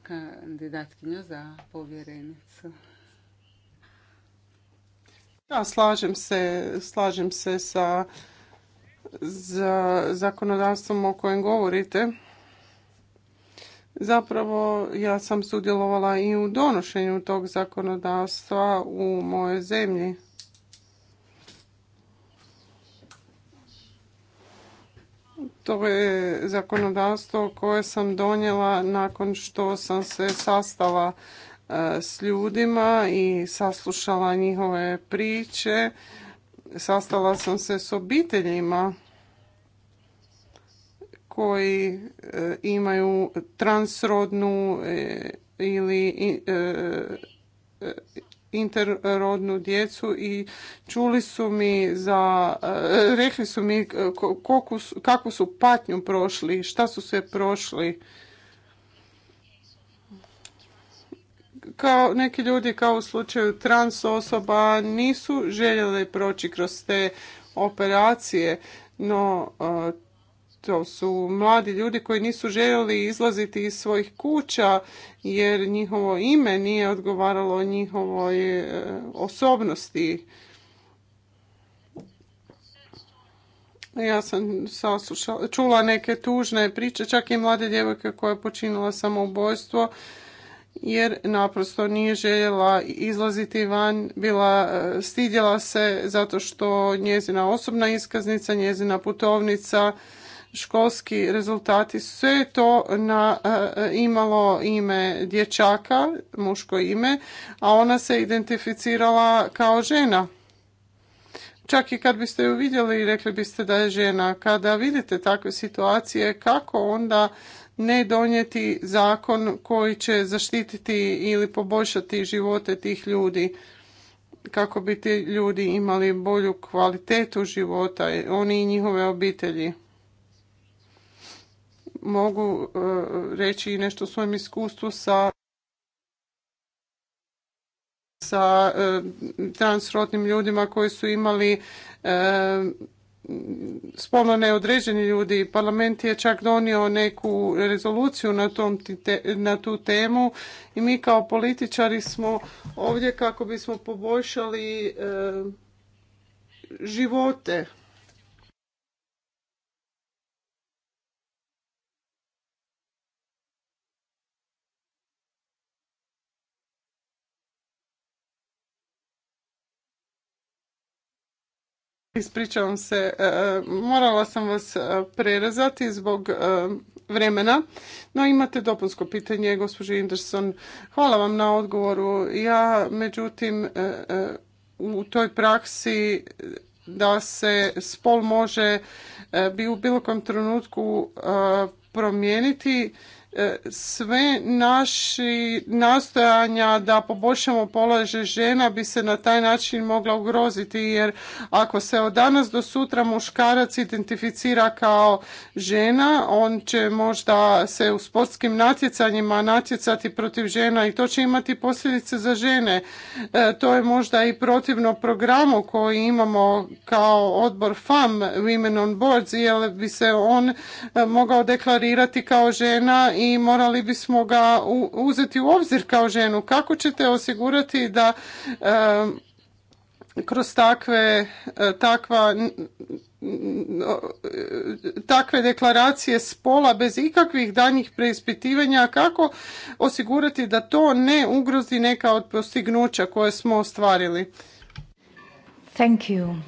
kandidatkinju za povjerenicu. Ja slažem se, slažem se sa zakonodavstvom o kojem govorite. Zapravo ja sam sudjelovala i u donošenju tog zakonodavstva u mojoj zemlji. To je zakonodavstvo koje sam donijela nakon što sam se sastala e, s ljudima i saslušala njihove priče. Sastala sam se s obiteljima koji e, imaju transrodnu e, ili interrodnu djecu i čuli su mi za, e, rekli su mi kakvu su patnju prošli, šta su sve prošli. kao neki ljudi kao u slučaju trans osoba nisu željeli proći kroz te operacije, no e, to su mladi ljudi koji nisu željeli izlaziti iz svojih kuća jer njihovo ime nije odgovaralo njihovoj e, osobnosti. Ja sam saslušala, čula neke tužne priče, čak i mlade djevojke koja je počinila samoubojstvo jer naprosto nije željela izlaziti van, bila e, stidjela se zato što njezina osobna iskaznica, njezina putovnica školski rezultati, sve je to na, e, imalo ime dječaka, muško ime, a ona se identificirala kao žena. Čak i kad biste ju vidjeli i rekli biste da je žena, kada vidite takve situacije, kako onda ne donijeti zakon koji će zaštititi ili poboljšati živote tih ljudi kako bi ti ljudi imali bolju kvalitetu života, oni i njihove obitelji mogu e, reći i nešto o svojem iskustvu sa sa e, transrodnim ljudima koji su imali e, spolno neodređeni ljudi. Parlament je čak donio neku rezoluciju na, tom, na tu temu i mi kao političari smo ovdje kako bismo poboljšali živote Ispričavam se, e, e, morala sam vas e, prerazati zbog vremena, no imate dopunsko pitanje, gospođo Inderson. Hvala vam na odgovoru. Ja, međutim, u toj praksi da se spol može bi u bilo kom trenutku promijeniti E, sve naši nastojanja da poboljšamo položaj žena bi se na taj način mogla ugroziti jer ako se od danas do sutra muškarac identificira kao žena, on će možda se u sportskim natjecanjima natjecati protiv žena i to će imati posljedice za žene. E, to je možda i protivno programu koji imamo kao odbor FAM Women on Boards jer bi se on e, mogao deklarirati kao žena i i morali bismo ga uzeti u obzir kao ženu. Kako ćete osigurati da kroz takve, takva, takve deklaracije spola bez ikakvih danjih preispitivanja, kako osigurati da to ne ugrozi neka od postignuća koje smo ostvarili? Thank you.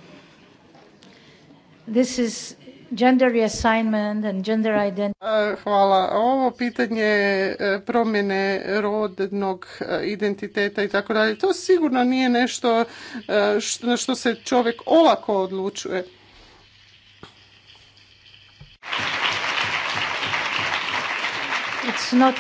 This is gender reassignment and gender identity. E, hvala. Ovo pitanje e, promjene rodnog e, identiteta i tako dalje, to sigurno nije nešto na što se čovjek olako odlučuje. It's not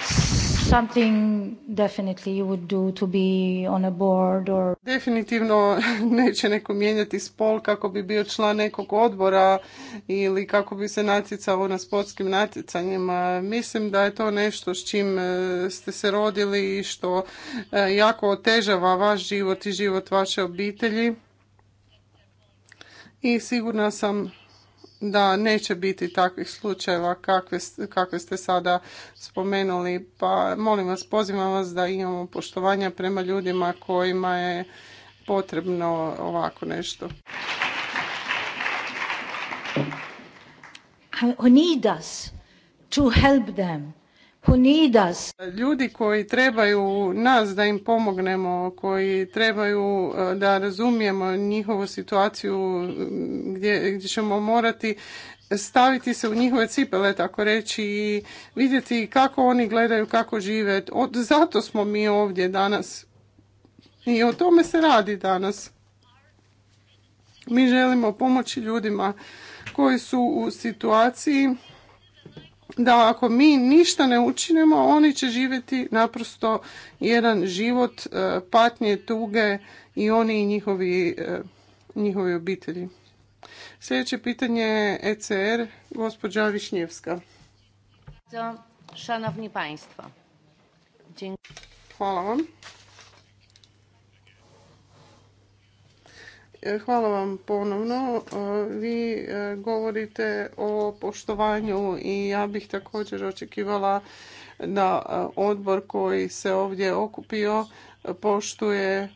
something definitely you would do to be on a board or... Definitivno neće neko mijenjati spol kako bi bio član nekog odbora ili kako bi se natjecao na sportskim natjecanjima. Mislim da je to nešto s čim e, ste se rodili i što e, jako otežava vaš život i život vaše obitelji. I sigurna sam da neće biti takvih slučajeva kakve, kakve ste sada spomenuli. Pa molim vas, pozivam vas da imamo poštovanja prema ljudima kojima je potrebno ovako nešto. Who help them Ljudi koji trebaju nas da im pomognemo, koji trebaju e, da razumijemo njihovu situaciju gdje, gdje ćemo morati staviti se u njihove cipele, tako reći, i vidjeti kako oni gledaju, kako žive. Od, zato smo mi ovdje danas. I o tome se radi danas. Mi želimo pomoći ljudima koji su u situaciji da ako mi ništa ne učinimo, oni će živjeti naprosto jedan život e, patnje, tuge i oni i njihovi, e, njihovi obitelji. Sljedeće pitanje je ECR, gospođa Višnjevska. Hvala vam. Hvala vam ponovno. E, vi e, govorite o poštovanju i ja bih također očekivala da e, odbor koji se ovdje okupio poštuje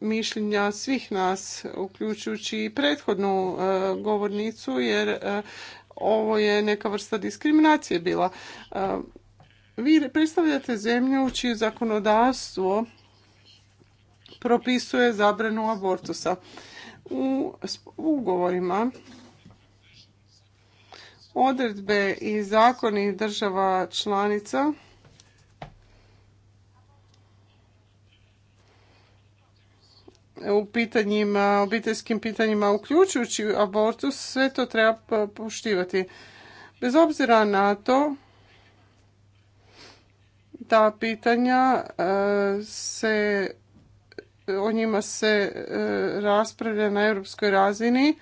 mišljenja svih nas, uključujući i prethodnu govornicu, jer ovo je neka vrsta diskriminacije bila. Vi predstavljate zemlju čije zakonodavstvo propisuje zabranu abortusa. U ugovorima odredbe i zakoni država članica u pitanjima, obiteljskim pitanjima, uključujući abortus, sve to treba poštivati. Bez obzira na to, ta pitanja e, se o njima se e, raspravlja na europskoj razini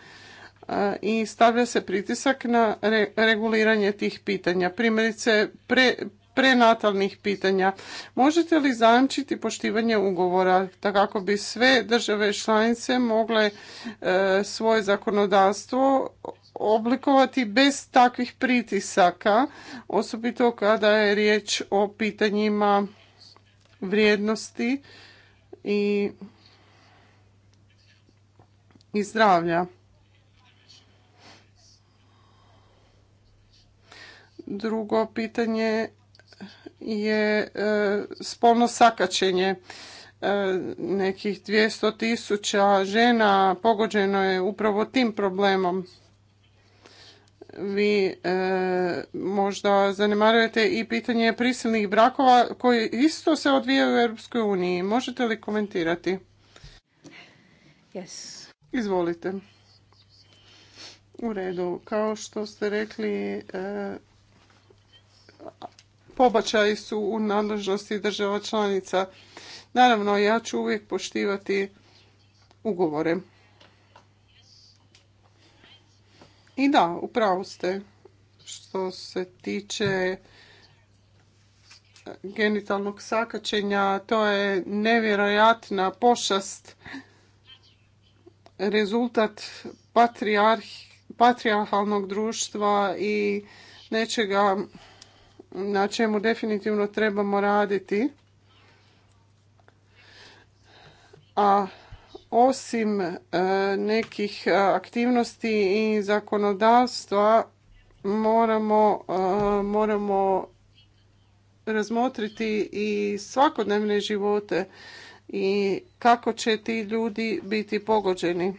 e, i stavlja se pritisak na reguliranje tih pitanja. Primjerice, pre, prenatalnih pitanja. Možete li zajamčiti poštivanje ugovora kako bi sve države članice mogle e, svoje zakonodavstvo oblikovati bez takvih pritisaka, osobito kada je riječ o pitanjima vrijednosti i, i zdravlja. Drugo pitanje je e, spolno sakačenje e, nekih 200.000 tisuća žena pogođeno je upravo tim problemom vi e, možda zanemarujete i pitanje prisilnih brakova koji isto se odvijaju u Europskoj uniji. Možete li komentirati? Izvolite. U redu. Kao što ste rekli, e, pobačaji su u nadležnosti država članica. Naravno, ja ću uvijek poštivati ugovore. I da, upravo ste što se tiče eh, genitalnog sakačenja, to je nevjerojatna pošast, rezultat patriarhalnog društva i nečega na čemu definitivno trebamo raditi. A osim e, nekih e, aktivnosti i zakonodavstva moramo, e, moramo razmotriti i svakodnevne živote i kako će ti ljudi biti pogođeni.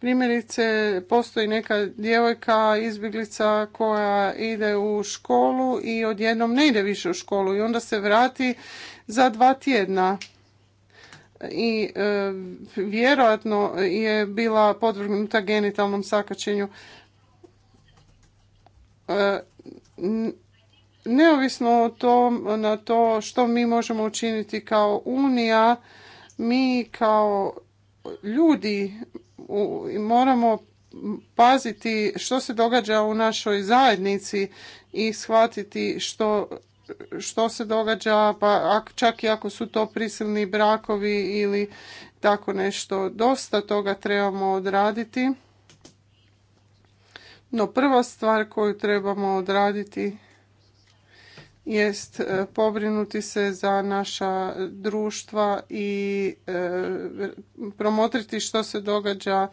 Primjerice, postoji neka djevojka, izbjeglica koja ide u školu i odjednom ne ide više u školu i onda se vrati za dva tjedna i e, vjerojatno je bila podvrgnuta genitalnom sakačenju. E, neovisno o to na to što mi možemo učiniti kao Unija, mi kao ljudi moramo paziti što se događa u našoj zajednici i shvatiti što što se događa, pa čak i ako su to prisilni brakovi ili tako nešto. Dosta toga trebamo odraditi. No prva stvar koju trebamo odraditi jest e, pobrinuti se za naša društva i e, promotriti što se događa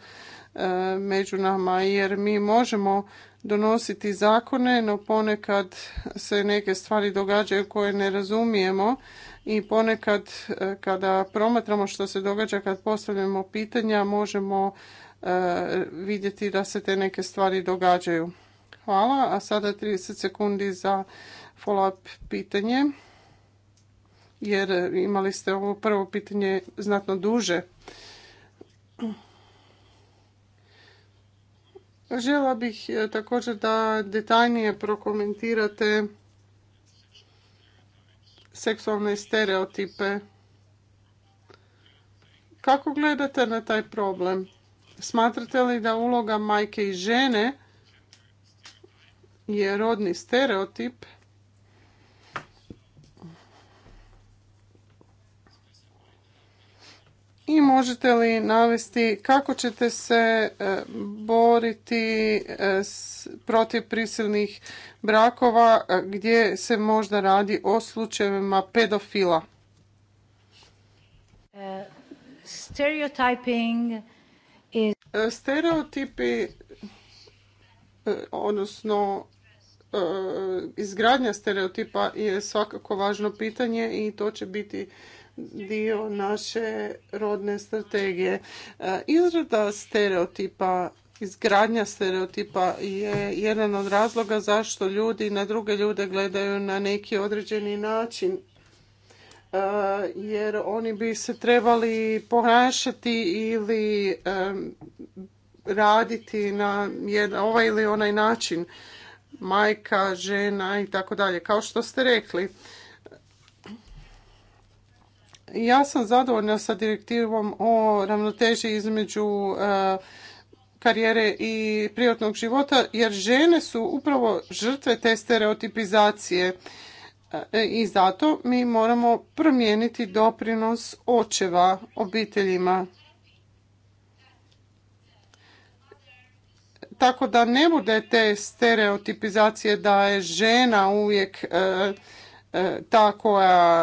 e, među nama jer mi možemo donositi zakone, no ponekad se neke stvari događaju koje ne razumijemo i ponekad e, kada promatramo što se događa, kad postavljamo pitanja, možemo e, vidjeti da se te neke stvari događaju. Hvala, a sada 30 sekundi za follow-up pitanje, jer imali ste ovo prvo pitanje znatno duže. Žela bih e, također da detaljnije prokomentirate seksualne stereotipe. Kako gledate na taj problem? Smatrate li da uloga majke i žene je rodni stereotip? i možete li navesti kako ćete se e, boriti e, protiv prisilnih brakova e, gdje se možda radi o slučajevima pedofila? Stereotipi, odnosno izgradnja stereotipa je svakako važno pitanje i to će biti dio naše rodne strategije. E, izrada stereotipa Izgradnja stereotipa je jedan od razloga zašto ljudi na druge ljude gledaju na neki određeni način. E, jer oni bi se trebali ponašati ili e, raditi na ovaj ili onaj način. Majka, žena i tako dalje. Kao što ste rekli, ja sam zadovoljna sa direktivom o ravnoteži između e, karijere i privatnog života jer žene su upravo žrtve te stereotipizacije e, i zato mi moramo promijeniti doprinos očeva obiteljima. Tako da ne bude te stereotipizacije da je žena uvijek e, E, ta koja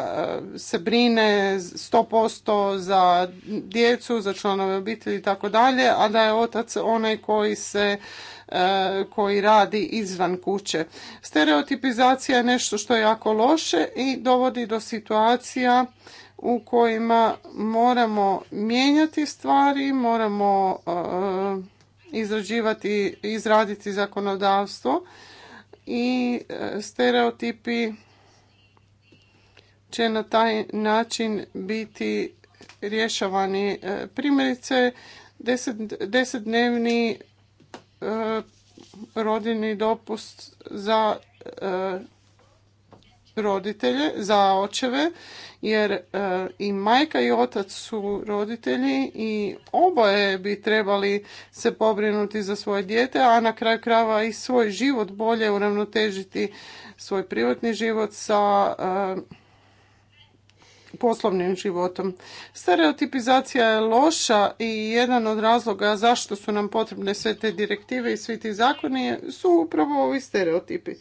e, se brine 100% za djecu, za članove obitelji i tako dalje, a da je otac onaj koji se e, koji radi izvan kuće. Stereotipizacija je nešto što je jako loše i dovodi do situacija u kojima moramo mijenjati stvari, moramo izrađivati, izraditi zakonodavstvo i stereotipi će na taj način biti rješavani. E, primjerice, desetdnevni e, rodini dopust za e, roditelje, za očeve, jer i majka i otac su roditelji i oboje bi trebali se pobrinuti za svoje dijete, a na kraju krava i svoj život bolje uravnotežiti svoj privatni život sa poslovnim životom. Stereotipizacija je loša i jedan od razloga zašto su nam potrebne sve te direktive i svi ti zakoni su upravo ovi stereotipi.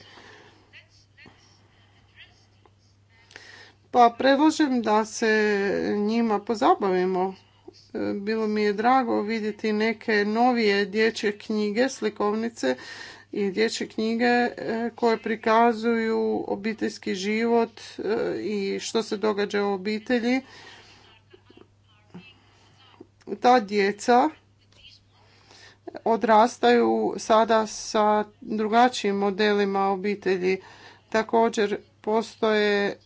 Pa predlažem da se njima pozabavimo. Bilo mi je drago vidjeti neke novije dječje knjige, slikovnice i dječje knjige e, koje prikazuju obiteljski život e, i što se događa u obitelji. Ta djeca odrastaju sada sa drugačijim modelima obitelji. Također postoje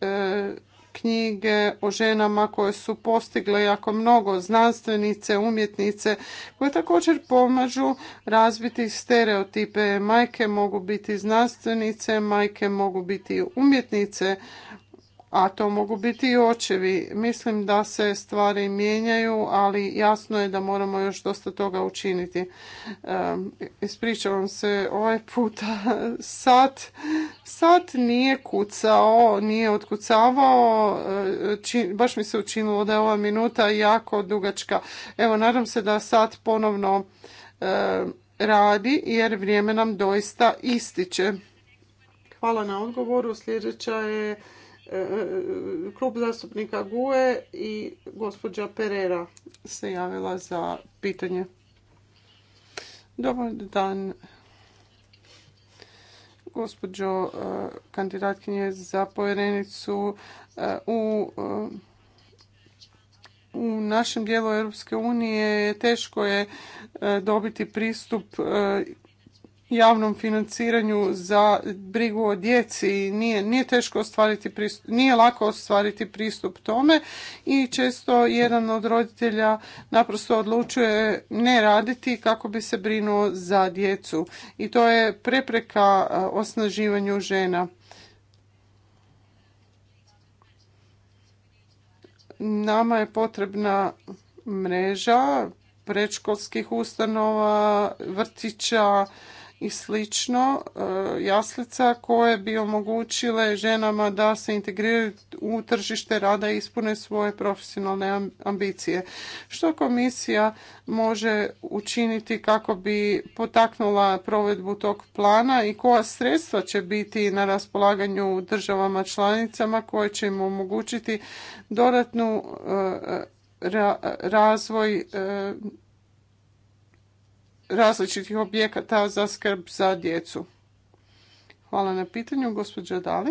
e, knjige o ženama koje su postigle jako mnogo, znanstvenice, umjetnice, koje također pomažu razbiti stereotipe. Majke mogu biti znanstvenice, majke mogu biti umjetnice, a to mogu biti i očevi. Mislim da se stvari mijenjaju, ali jasno je da moramo još dosta toga učiniti. Ispričavam se ovaj puta. Sat, sat nije kucao, nije otkucavao. E, baš mi se učinilo da je ova minuta jako dugačka. Evo, nadam se da sat ponovno e, radi jer vrijeme nam doista ističe. Hvala na odgovoru. Sljedeća je E, e, Klub zastupnika GUE i gospođa Perera se javila za pitanje. Dobar dan, gospođo e, kandidatkinje za povjerenicu u u našem dijelu Europske unije teško je dobiti pristup javnom financiranju za brigu o djeci. Nije, nije teško ostvariti pristup, nije lako ostvariti pristup tome i često jedan od roditelja naprosto odlučuje ne raditi kako bi se brinuo za djecu. I to je prepreka osnaživanju žena. Nama je potrebna mreža predškolskih ustanova, vrtića, i slično e, jaslica koje bi omogućile ženama da se integriraju u tržište rada i ispune svoje profesionalne ambicije. Što komisija može učiniti kako bi potaknula provedbu tog plana i koja sredstva će biti na raspolaganju državama članicama koje će im omogućiti dodatnu e, e, razvoj različitih objekata za skrb za djecu. Hvala na pitanju, gospođa Dali.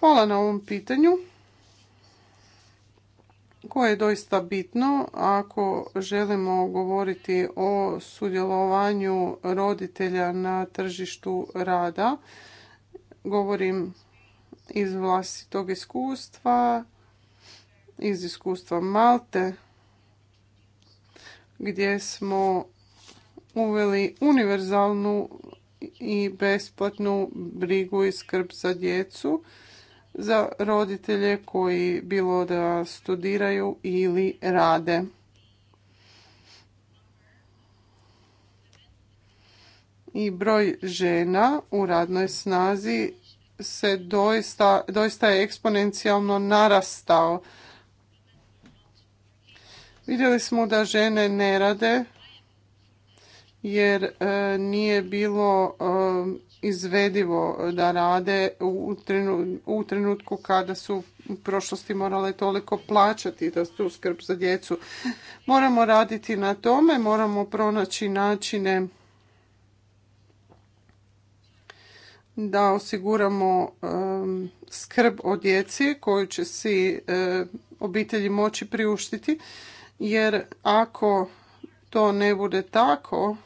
Hvala na ovom pitanju koje je doista bitno ako želimo govoriti o sudjelovanju roditelja na tržištu rada. Govorim iz vlastitog iskustva, iz iskustva Malte gdje smo uveli univerzalnu i besplatnu brigu i skrb za djecu za roditelje koji bilo da studiraju ili rade. I broj žena u radnoj snazi se doista, je eksponencijalno narastao Vidjeli smo da žene ne rade jer e, nije bilo e, izvedivo da rade u trenutku kada su u prošlosti morale toliko plaćati da su skrb za djecu. Moramo raditi na tome, moramo pronaći načine da osiguramo e, skrb o djeci koju će si obitelji moći priuštiti jer ako to ne bude tako,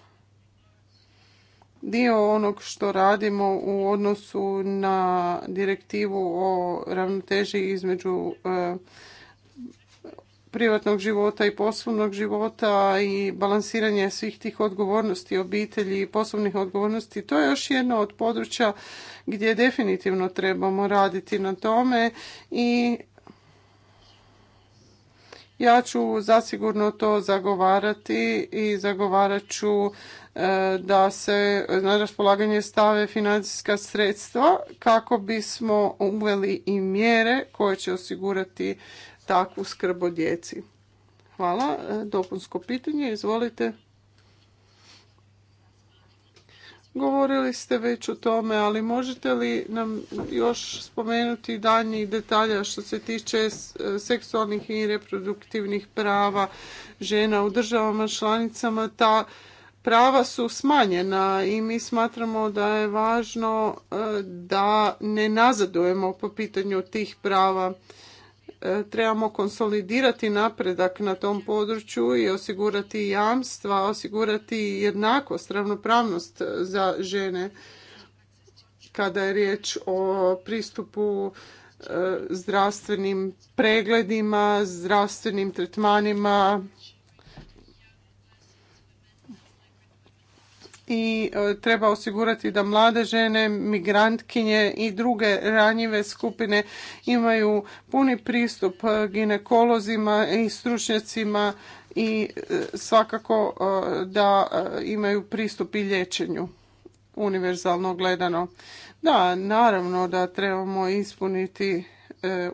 dio onog što radimo u odnosu na direktivu o ravnoteži između e, privatnog života i poslovnog života i balansiranje svih tih odgovornosti obitelji i poslovnih odgovornosti. To je još jedno od područja gdje definitivno trebamo raditi na tome i ja ću zasigurno to zagovarati i zagovarat ću e, da se na raspolaganje stave financijska sredstva kako bismo uveli i mjere koje će osigurati takvu skrb o djeci. Hvala. E, dopunsko pitanje, izvolite. Govorili ste već o tome, ali možete li nam još spomenuti daljnjih detalja što se tiče seksualnih i reproduktivnih prava žena u državama članicama? Ta prava su smanjena i mi smatramo da je važno e, da ne nazadujemo po pitanju tih prava E, trebamo konsolidirati napredak na tom području i osigurati jamstva, osigurati jednakost, ravnopravnost za žene kada je riječ o pristupu e, zdravstvenim pregledima, zdravstvenim tretmanima, i e, treba osigurati da mlade žene, migrantkinje i druge ranjive skupine imaju puni pristup e, ginekolozima i stručnjacima i e, svakako da imaju pristup i liječenju univerzalno gledano. Da, naravno da trebamo ispuniti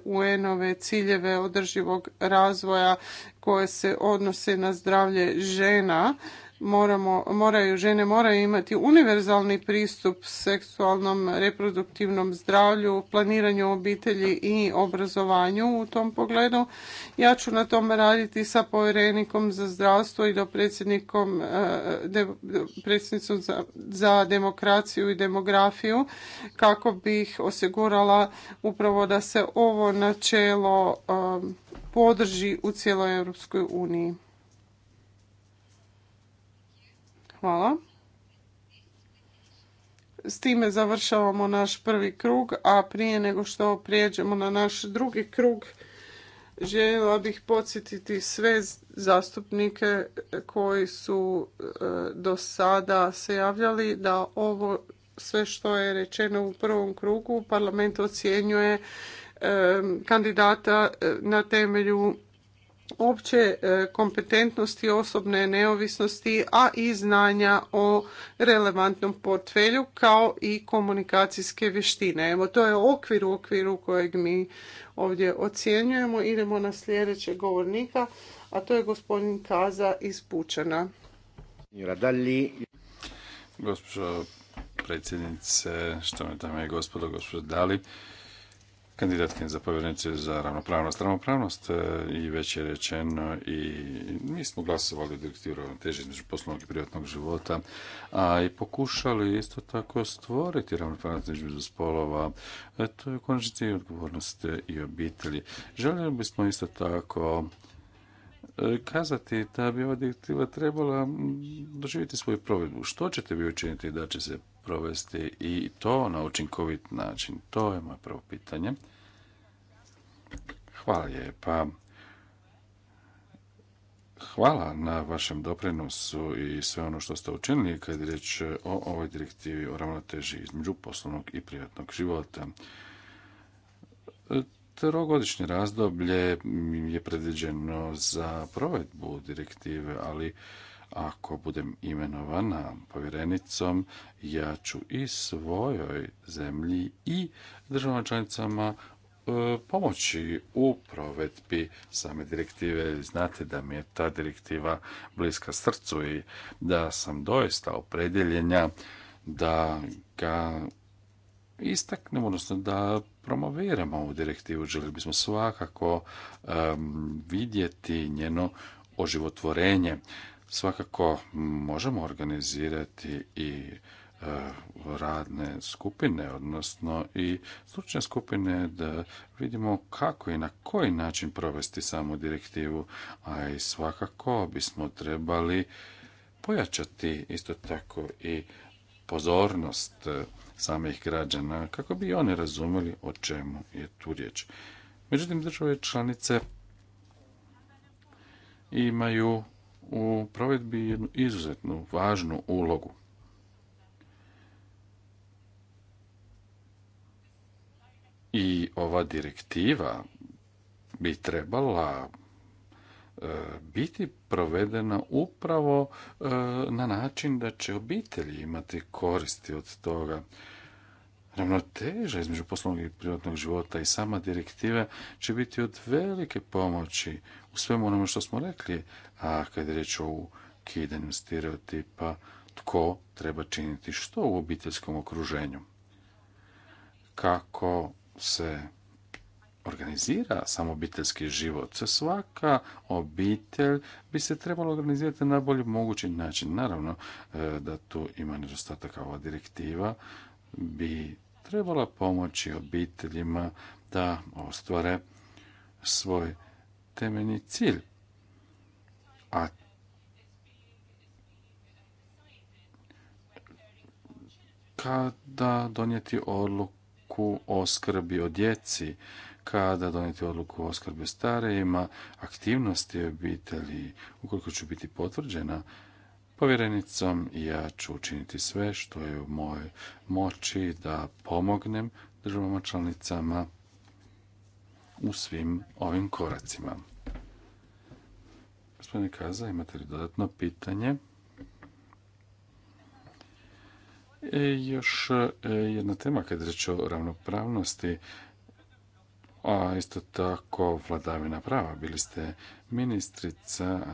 UN-ove ciljeve održivog razvoja koje se odnose na zdravlje žena moramo, moraju, žene moraju imati univerzalni pristup seksualnom reproduktivnom zdravlju, planiranju obitelji i obrazovanju u tom pogledu. Ja ću na tome raditi sa povjerenikom za zdravstvo i do predsjednikom, e, predsjednicom za, za demokraciju i demografiju kako bih osigurala upravo da se ovo načelo e, podrži u cijeloj Europskoj uniji. Hvala. S time završavamo naš prvi krug, a prije nego što prijeđemo na naš drugi krug, željela bih podsjetiti sve zastupnike koji su e, do sada se javljali da ovo sve što je rečeno u prvom krugu parlament ocjenjuje e, kandidata e, na temelju opće e, kompetentnosti, osobne neovisnosti, a i znanja o relevantnom portfelju kao i komunikacijske vještine. Evo, to je okvir u okviru kojeg mi ovdje ocjenjujemo. Idemo na sljedećeg govornika, a to je gospodin Kaza iz Pučana. Gospođo predsjednice, što me tamo je gospodo, gospođo Dali, kandidatkinje za povjerenice za ravnopravnost. Ravnopravnost e, i već je rečeno i mi smo glasovali u direktivu ravnoteže između poslovnog i privatnog života, a i pokušali isto tako stvoriti ravnopravnost između spolova. E, to je u konačnici i odgovornost i obitelji. Željeli bismo isto tako e, kazati da bi ova direktiva trebala doživjeti svoju provedbu. Što ćete vi učiniti da će se provesti i to na učinkovit način? To je moje prvo pitanje. Hvala lijepa. Hvala na vašem doprinosu i sve ono što ste učinili kad je riječ o ovoj direktivi o ravnoteži između poslovnog i privatnog života. Trogodišnje razdoblje je predviđeno za provedbu direktive, ali ako budem imenovana povjerenicom, ja ću i svojoj zemlji i državama članicama e, pomoći u provedbi same direktive. Znate da mi je ta direktiva bliska srcu i da sam doista opredjeljenja da ga istaknemo, odnosno da promoviramo ovu direktivu. Želi bismo svakako vidjeti njeno oživotvorenje. Svakako možemo organizirati i e, radne skupine, odnosno i stručne skupine da vidimo kako i na koji način provesti samu direktivu, a i svakako bismo trebali pojačati isto tako i pozornost e, samih građana kako bi oni razumjeli o čemu je tu riječ. Međutim, države članice imaju u provedbi jednu izuzetnu važnu ulogu. I ova direktiva bi trebala e, biti provedena upravo e, na način da će obitelji imati koristi od toga ravnoteža između poslovnog i privatnog života i sama direktiva će biti od velike pomoći u svemu onome što smo rekli, a kad je reč o ukidanju stereotipa, tko treba činiti što u obiteljskom okruženju. Kako se organizira samo obiteljski život. Svaka obitelj bi se trebala organizirati na najbolji mogući način. Naravno e, da tu ima nedostataka ova direktiva bi trebala pomoći obiteljima da ostvare svoj temeljni cilj. A kada donijeti odluku o skrbi o djeci, kada donijeti odluku o skrbi starijima, aktivnosti obitelji, ukoliko ću biti potvrđena povjerenicom ja ću učiniti sve što je u mojoj moći da pomognem državama članicama u svim ovim koracima. Gospodine Kaza, imate li dodatno pitanje? E, još e, jedna tema kad je reč o ravnopravnosti, a isto tako vladavina prava. Bili ste ministrica,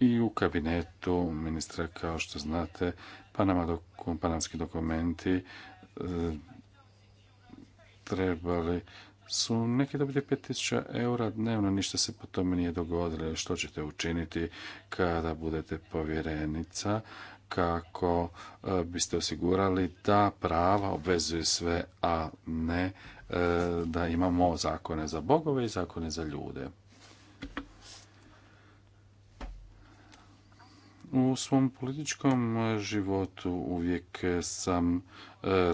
i u kabinetu ministra, kao što znate, pa nama panamski dokumenti e, trebali su neki dobiti 5000 eura dnevno, ništa se po tome nije dogodilo. Što ćete učiniti kada budete povjerenica? Kako e, biste osigurali da prava obvezuju sve, a ne e, da imamo zakone za bogove i zakone za ljude? U svom političkom životu uvijek sam e,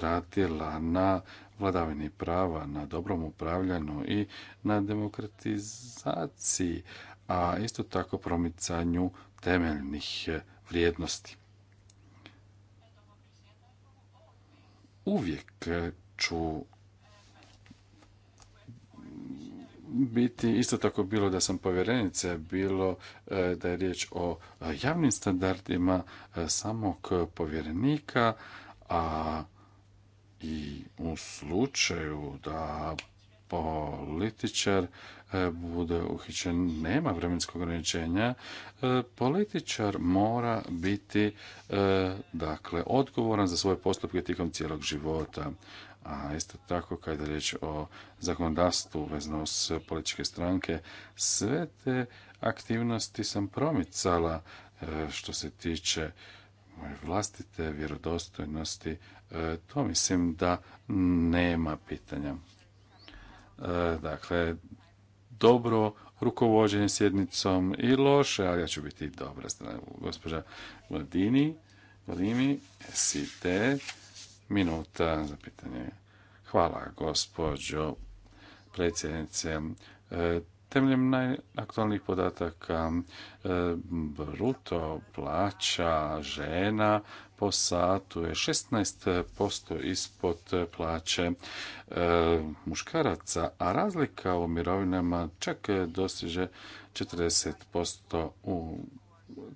radila na vladavini prava, na dobrom upravljanju i na demokratizaciji, a isto tako promicanju temeljnih vrijednosti. Uvijek ću biti isto tako bilo da sam povjerenice bilo e, da je riječ o e, javnim standardima e, samog povjerenika, a i u slučaju da političar bude uhićen, nema vremenskog ograničenja, političar mora biti dakle odgovoran za svoje postupke tijekom cijelog života a isto tako kada je riječ o zakonodavstvu vezano s političke stranke, sve te aktivnosti sam promicala e, što se tiče moje vlastite vjerodostojnosti, e, to mislim da nema pitanja. E, dakle, dobro rukovođenje sjednicom i loše, ali ja ću biti dobra strana. Gospođa Vladini, si te minuta za pitanje. Hvala, gospođo predsjednice. E, temeljem najaktualnijih podataka e, bruto plaća žena po satu je 16% ispod plaće e, muškaraca, a razlika u mirovinama čak dostiže 40% u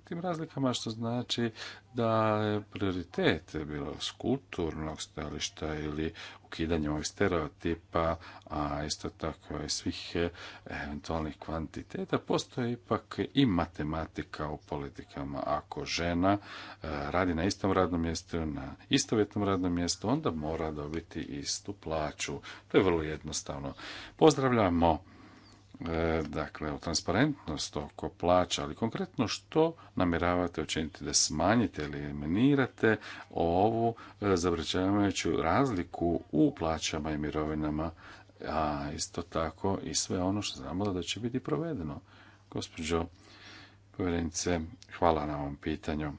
tim razlikama, što znači da je prioritet bilo s kulturnog stajališta ili ukidanje ovih stereotipa, a isto tako i svih e, eventualnih kvantiteta, postoji ipak i matematika u politikama. Ako žena e, radi na istom radnom mjestu, na istovjetnom radnom mjestu, onda mora dobiti istu plaću. To je vrlo jednostavno. Pozdravljamo E, dakle, o transparentnost oko plaća, ali konkretno što namjeravate učiniti da smanjite ili eliminirate ovu e, zavrećavajuću razliku u plaćama i mirovinama, a isto tako i sve ono što znamo da će biti provedeno. Gospođo povjerenice, hvala na ovom pitanju.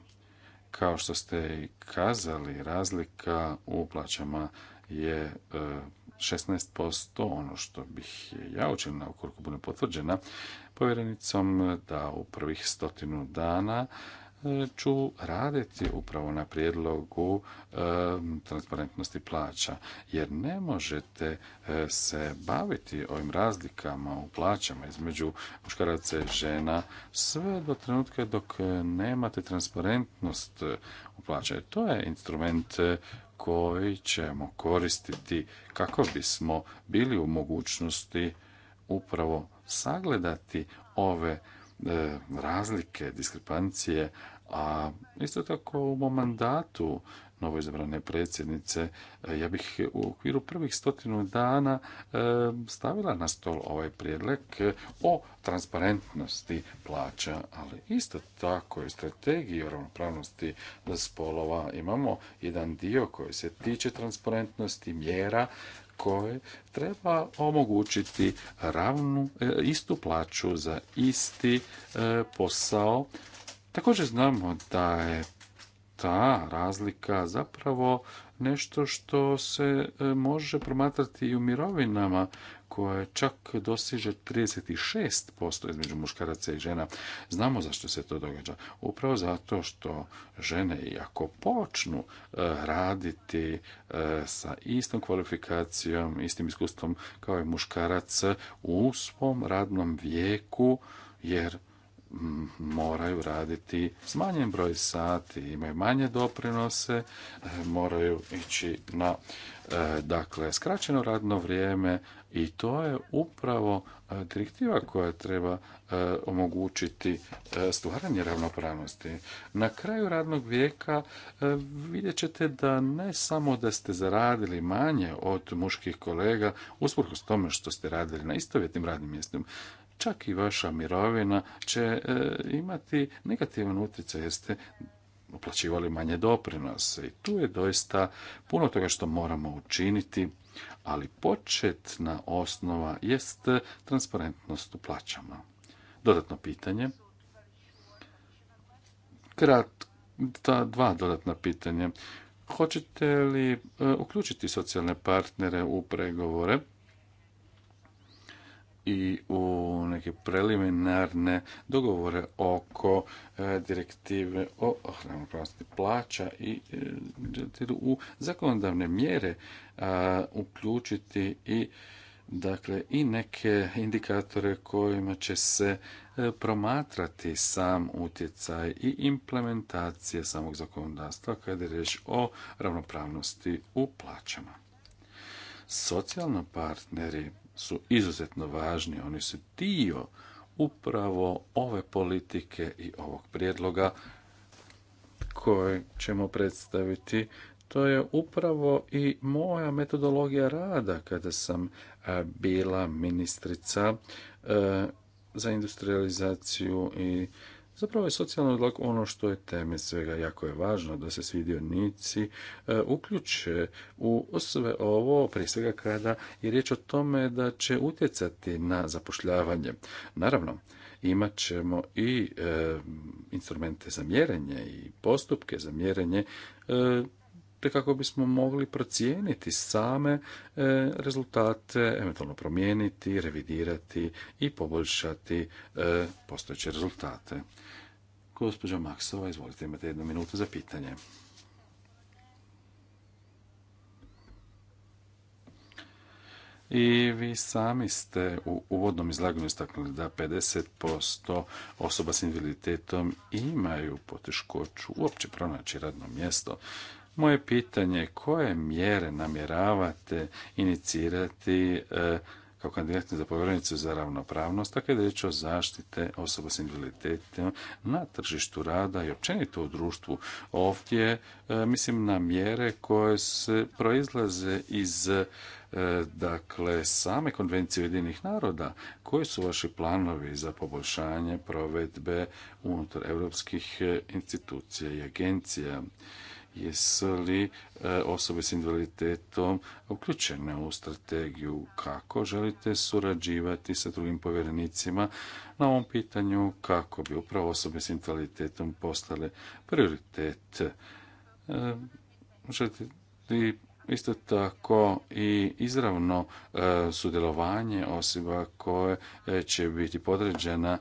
Kao što ste i kazali, razlika u plaćama je e, 16%, ono što bih ja učinila ukoliko budem potvrđena povjerenicom da u prvih stotinu dana e, ću raditi upravo na prijedlogu e, transparentnosti plaća, jer ne možete e, se baviti ovim razlikama u plaćama između muškaraca i žena sve do trenutka dok nemate transparentnost u plaća. To je instrument koji ćemo koristiti kako bismo bili u mogućnosti upravo sagledati ove e, razlike, diskrepancije, a isto tako u mandatu novoizabrane predsjednice, e, ja bih u okviru prvih stotinu dana e, stavila na stol ovaj prijedlog e, o transparentnosti plaća, ali isto tako i strategiji ravnopravnosti spolova imamo jedan dio koji se tiče transparentnosti mjera koje treba omogućiti ravnu, istu plaću za isti posao. Također znamo da je ta razlika zapravo nešto što se e, može promatrati i u mirovinama koje čak dosiže 36% između muškaraca i žena. Znamo zašto se to događa. Upravo zato što žene, ako počnu e, raditi e, sa istom kvalifikacijom, istim iskustvom kao i muškarac u svom radnom vijeku, jer moraju raditi s manjem broj sati, imaju manje doprinose, e, moraju ići na e, dakle skraćeno radno vrijeme i to je upravo e, direktiva koja treba omogućiti stvaranje ravnopravnosti. Na kraju radnog vijeka vidjet ćete da ne samo da ste zaradili manje od muških kolega usprkos tome što ste radili na istovjetnim radnim mjestima, čak i vaša mirovina će e, imati negativan utjecaj jeste uplaćivali manje doprinose. I tu je doista puno toga što moramo učiniti, ali početna osnova jest transparentnost u plaćama. Dodatno pitanje. Kratka ta dva dodatna pitanja. Hoćete li e, uključiti socijalne partnere u pregovore? i u neke preliminarne dogovore oko e, direktive o ravnopravnosti plaća i e, u zakonodavne mjere uključiti i dakle i neke indikatore kojima će se e, promatrati sam utjecaj i implementacije samog zakonodavstva kada je riječ o ravnopravnosti u plaćama. Socijalno partneri su izuzetno važni. Oni su dio upravo ove politike i ovog prijedloga koje ćemo predstaviti. To je upravo i moja metodologija rada kada sam e, bila ministrica e, za industrializaciju i Zapravo je socijalni odlog ono što je teme svega. Jako je važno da se svi dionici e, uključe u sve ovo, prije svega kada je riječ o tome da će utjecati na zapošljavanje. Naravno, imat ćemo i e, instrumente za mjerenje i postupke za mjerenje e, te kako bismo mogli procijeniti same e, rezultate, eventualno promijeniti, revidirati i poboljšati e, postojeće rezultate. Gospođa Maksova, izvolite, imate jednu minutu za pitanje. I vi sami ste u uvodnom izlaganju istaknuli da 50% osoba s invaliditetom imaju poteškoću uopće pronaći radno mjesto. Moje pitanje koje mjere namjeravate inicirati e, kao kandidatni za povjerenicu za ravnopravnost, tako je riječ o zaštite osoba s invaliditetom na tržištu rada i općenito u društvu. Ovdje e, mislim na mjere koje se proizlaze iz e, dakle same konvencije Ujedinjenih naroda. Koji su vaši planovi za poboljšanje provedbe unutar europskih institucija i agencija? jesu li e, osobe s invaliditetom uključene u strategiju, kako želite surađivati sa drugim povjerenicima na ovom pitanju, kako bi upravo osobe s invaliditetom postale prioritet. E, želite li isto tako i izravno e, sudjelovanje osoba koje će biti podređena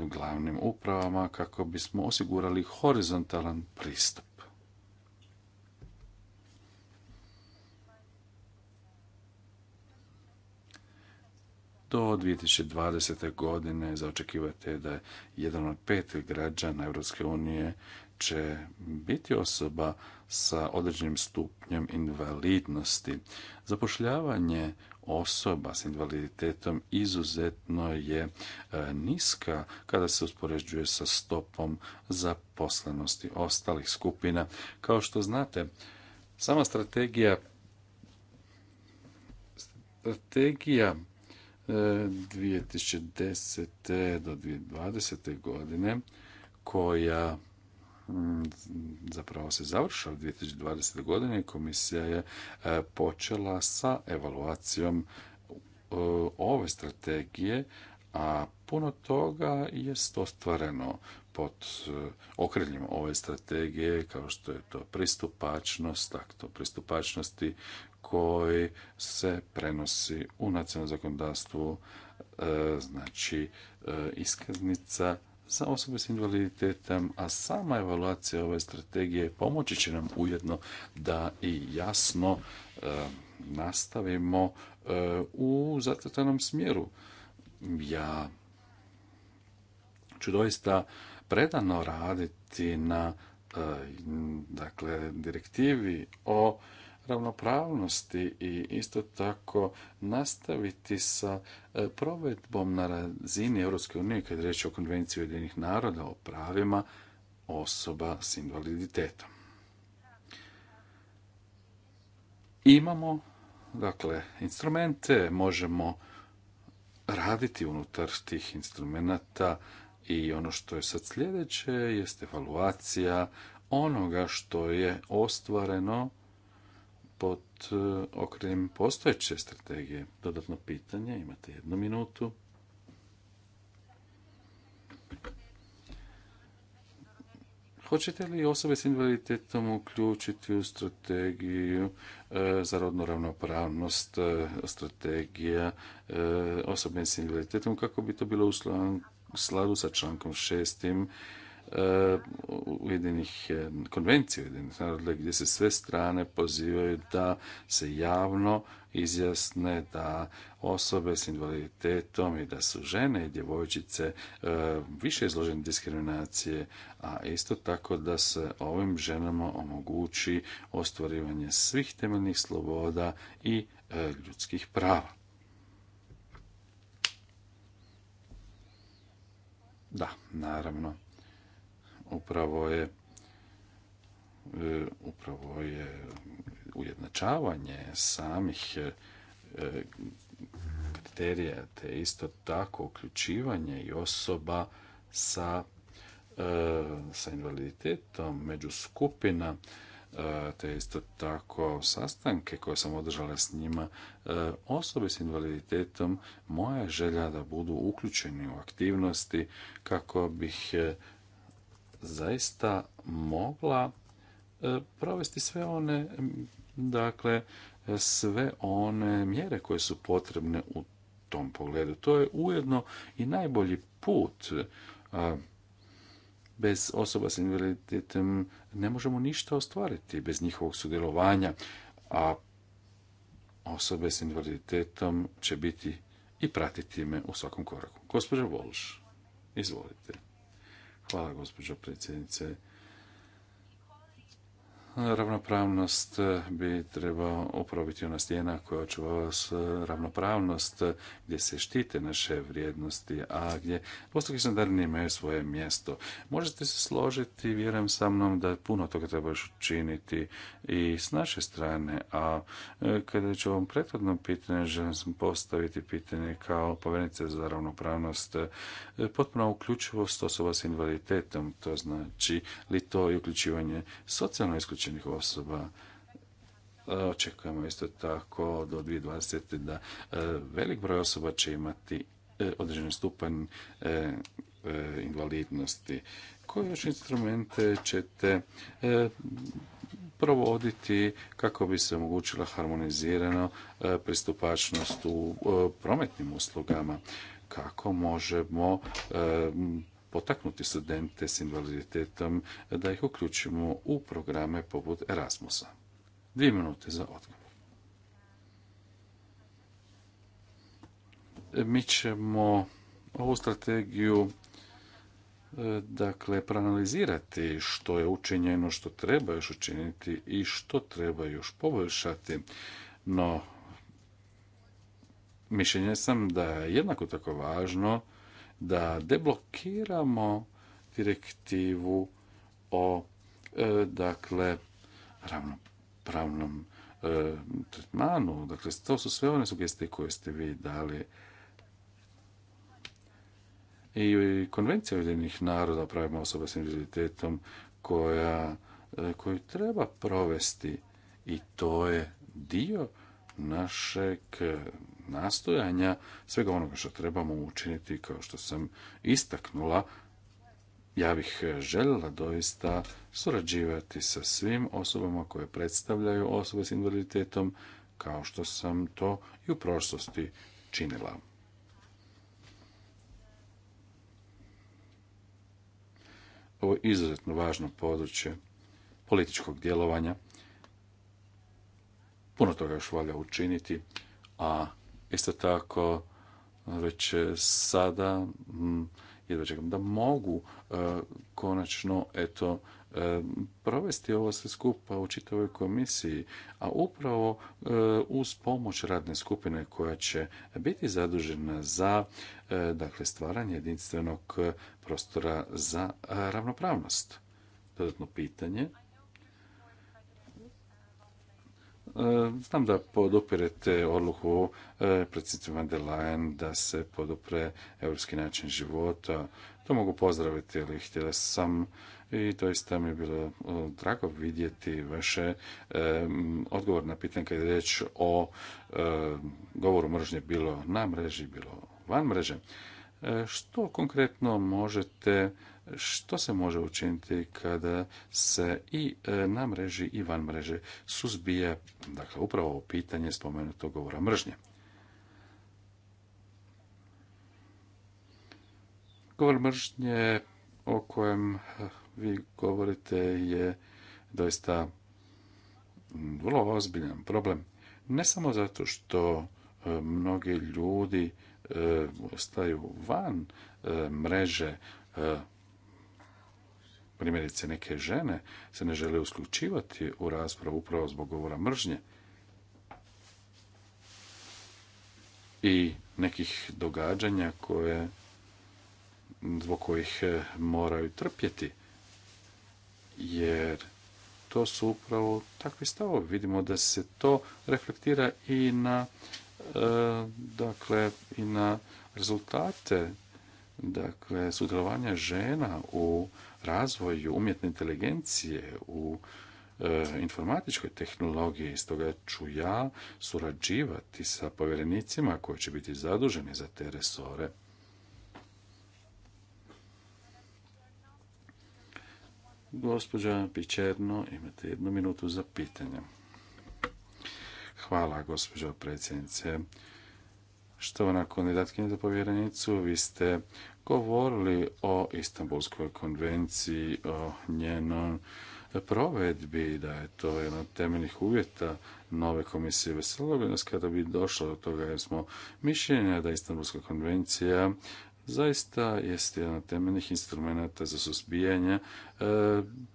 glavnim upravama kako bismo osigurali horizontalan pristup. do 2020. godine zaočekivate da jedan od pet građana Europske unije će biti osoba sa određenim stupnjem invalidnosti. Zapošljavanje osoba s invaliditetom izuzetno je e, niska kada se uspoređuje sa stopom zaposlenosti ostalih skupina. Kao što znate, sama strategija strategija 2010. do 2020. godine koja mm, zapravo se završila u 2020. godine komisija je e, počela sa evaluacijom e, ove strategije, a puno toga je ostvareno pod e, okriljem ove strategije, kao što je to pristupačnost, tako, pristupačnosti koji se prenosi u nacionalnom zakonodavstvu, e, znači e, iskaznica za osobe s invaliditetom, a sama evaluacija ove strategije pomoći će nam ujedno da i jasno e, nastavimo u zacrtanom smjeru. Ja ću doista predano raditi na dakle, direktivi o ravnopravnosti i isto tako nastaviti sa e, provedbom na razini Europske unije kad je riječ o konvenciji Ujedinjenih naroda o pravima osoba s invaliditetom. Imamo dakle instrumente, možemo raditi unutar tih instrumenata i ono što je sad sljedeće jest evaluacija onoga što je ostvareno pod e, okriljem postojeće strategije? Dodatno pitanje, imate jednu minutu. Hoćete li osobe s invaliditetom uključiti u strategiju e, za rodnu ravnopravnost, e, strategija osobe s invaliditetom, kako bi to bilo u sladu sa člankom šestim E, ujedinih e, konvencija ujedinih naroda gdje se sve strane pozivaju da se javno izjasne da osobe s invaliditetom i da su žene i djevojčice e, više izložene diskriminacije, a isto tako da se ovim ženama omogući ostvarivanje svih temeljnih sloboda i ljudskih prava. Da, naravno upravo je e, upravo je ujednačavanje samih e, e, kriterija, te isto tako uključivanje i osoba sa, sa invaliditetom među skupina, te isto tako sastanke koje sam održala s njima, osobe s invaliditetom, moja je želja da budu uključeni u aktivnosti kako bih zaista mogla e, provesti sve one dakle sve one mjere koje su potrebne u tom pogledu. To je ujedno i najbolji put e, bez osoba s invaliditetom ne možemo ništa ostvariti bez njihovog sudjelovanja, a osobe s invaliditetom će biti i pratiti me u svakom koraku. Gospođa Volš, izvolite. Hvala, gospođo predsjednice ravnopravnost eh, bi trebao upravo biti ona stijena koja očuva eh, ravnopravnost eh, gdje se štite naše vrijednosti, a gdje postoji standardi imaju svoje mjesto. Možete se složiti, vjerujem sa mnom, da puno toga treba učiniti i s naše strane, a kada ću ovom prethodnom pitanju, želim postaviti pitanje kao povjerenica za ravnopravnost, potpuno uključivost osoba s invaliditetom, to znači li to i uključivanje socijalno isključivanje osoba. E, očekujemo isto tako do 2020. da e, velik broj osoba će imati e, određeni stupanj invalidnosti. Koje još instrumente ćete provoditi kako bi se omogućila harmonizirano pristupačnost u prometnim uslugama? Kako možemo potaknuti studente s invaliditetom da ih uključimo u programe poput Erasmusa. Dvije minute za odgovor. Mi ćemo ovu strategiju e, dakle proanalizirati što je učinjeno, što treba još učiniti i što treba još poboljšati. No, mišljenja sam da je jednako tako važno da deblokiramo direktivu o e, dakle ravnopravnom e, tretmanu. Dakle, to su sve one sugestije koje ste vi dali. I konvencija Ujedinjenih naroda pravima osoba s invaliditetom koja, e, koju treba provesti i to je dio našeg nastojanja, svega onoga što trebamo učiniti, kao što sam istaknula, ja bih željela doista surađivati sa svim osobama koje predstavljaju osobe s invaliditetom, kao što sam to i u prošlosti činila. Ovo je izuzetno važno područje političkog djelovanja Puno toga još valja učiniti, a isto tako već sada mm, jedva čekam da mogu e, konačno eto e, provesti ovo sve skupa u čitavoj komisiji, a upravo e, uz pomoć radne skupine koja će biti zadužena za dakle, stvaranje jedinstvenog prostora za ravnopravnost. Dodatno pitanje E, znam da podupirete odluku e, predsjednice van der Leyen da se podupre europski način života. To mogu pozdraviti, ali htjela sam i doista mi je bilo e, drago vidjeti vaše odgovor na pitanje kada je riječ o govoru mržnje bilo na mreži, bilo van mreže. što konkretno možete što se može učiniti kada se i e, na mreži i van mreže suzbije. dakle, upravo ovo pitanje spomenutog govora mržnje. Govor mržnje o kojem vi govorite je doista vrlo ozbiljan problem. Ne samo zato što e, mnogi ljudi e, ostaju van mreže primjerice neke žene se ne žele usključivati u raspravu upravo zbog govora mržnje i nekih događanja koje zbog kojih e, moraju trpjeti jer to su upravo takvi stavovi. Vidimo da se to reflektira i na e, dakle i na rezultate dakle sudjelovanja žena u razvoju umjetne inteligencije u e, informatičkoj tehnologiji, stoga ću ja surađivati sa povjerenicima koji će biti zaduženi za te resore. Gospođa Pičerno, imate jednu minutu za pitanje. Hvala, gospođo predsjednice. Što Štovana kandidatkinja za povjerenicu, vi ste govorili o Istanbulskoj konvenciji, o njenom provedbi, da je to jedan od temeljnih uvjeta nove komisije. Veselo kada bi došlo do toga jer smo mišljenja da Istanbulska konvencija zaista jest jedan od temeljnih instrumenta za suzbijanje e,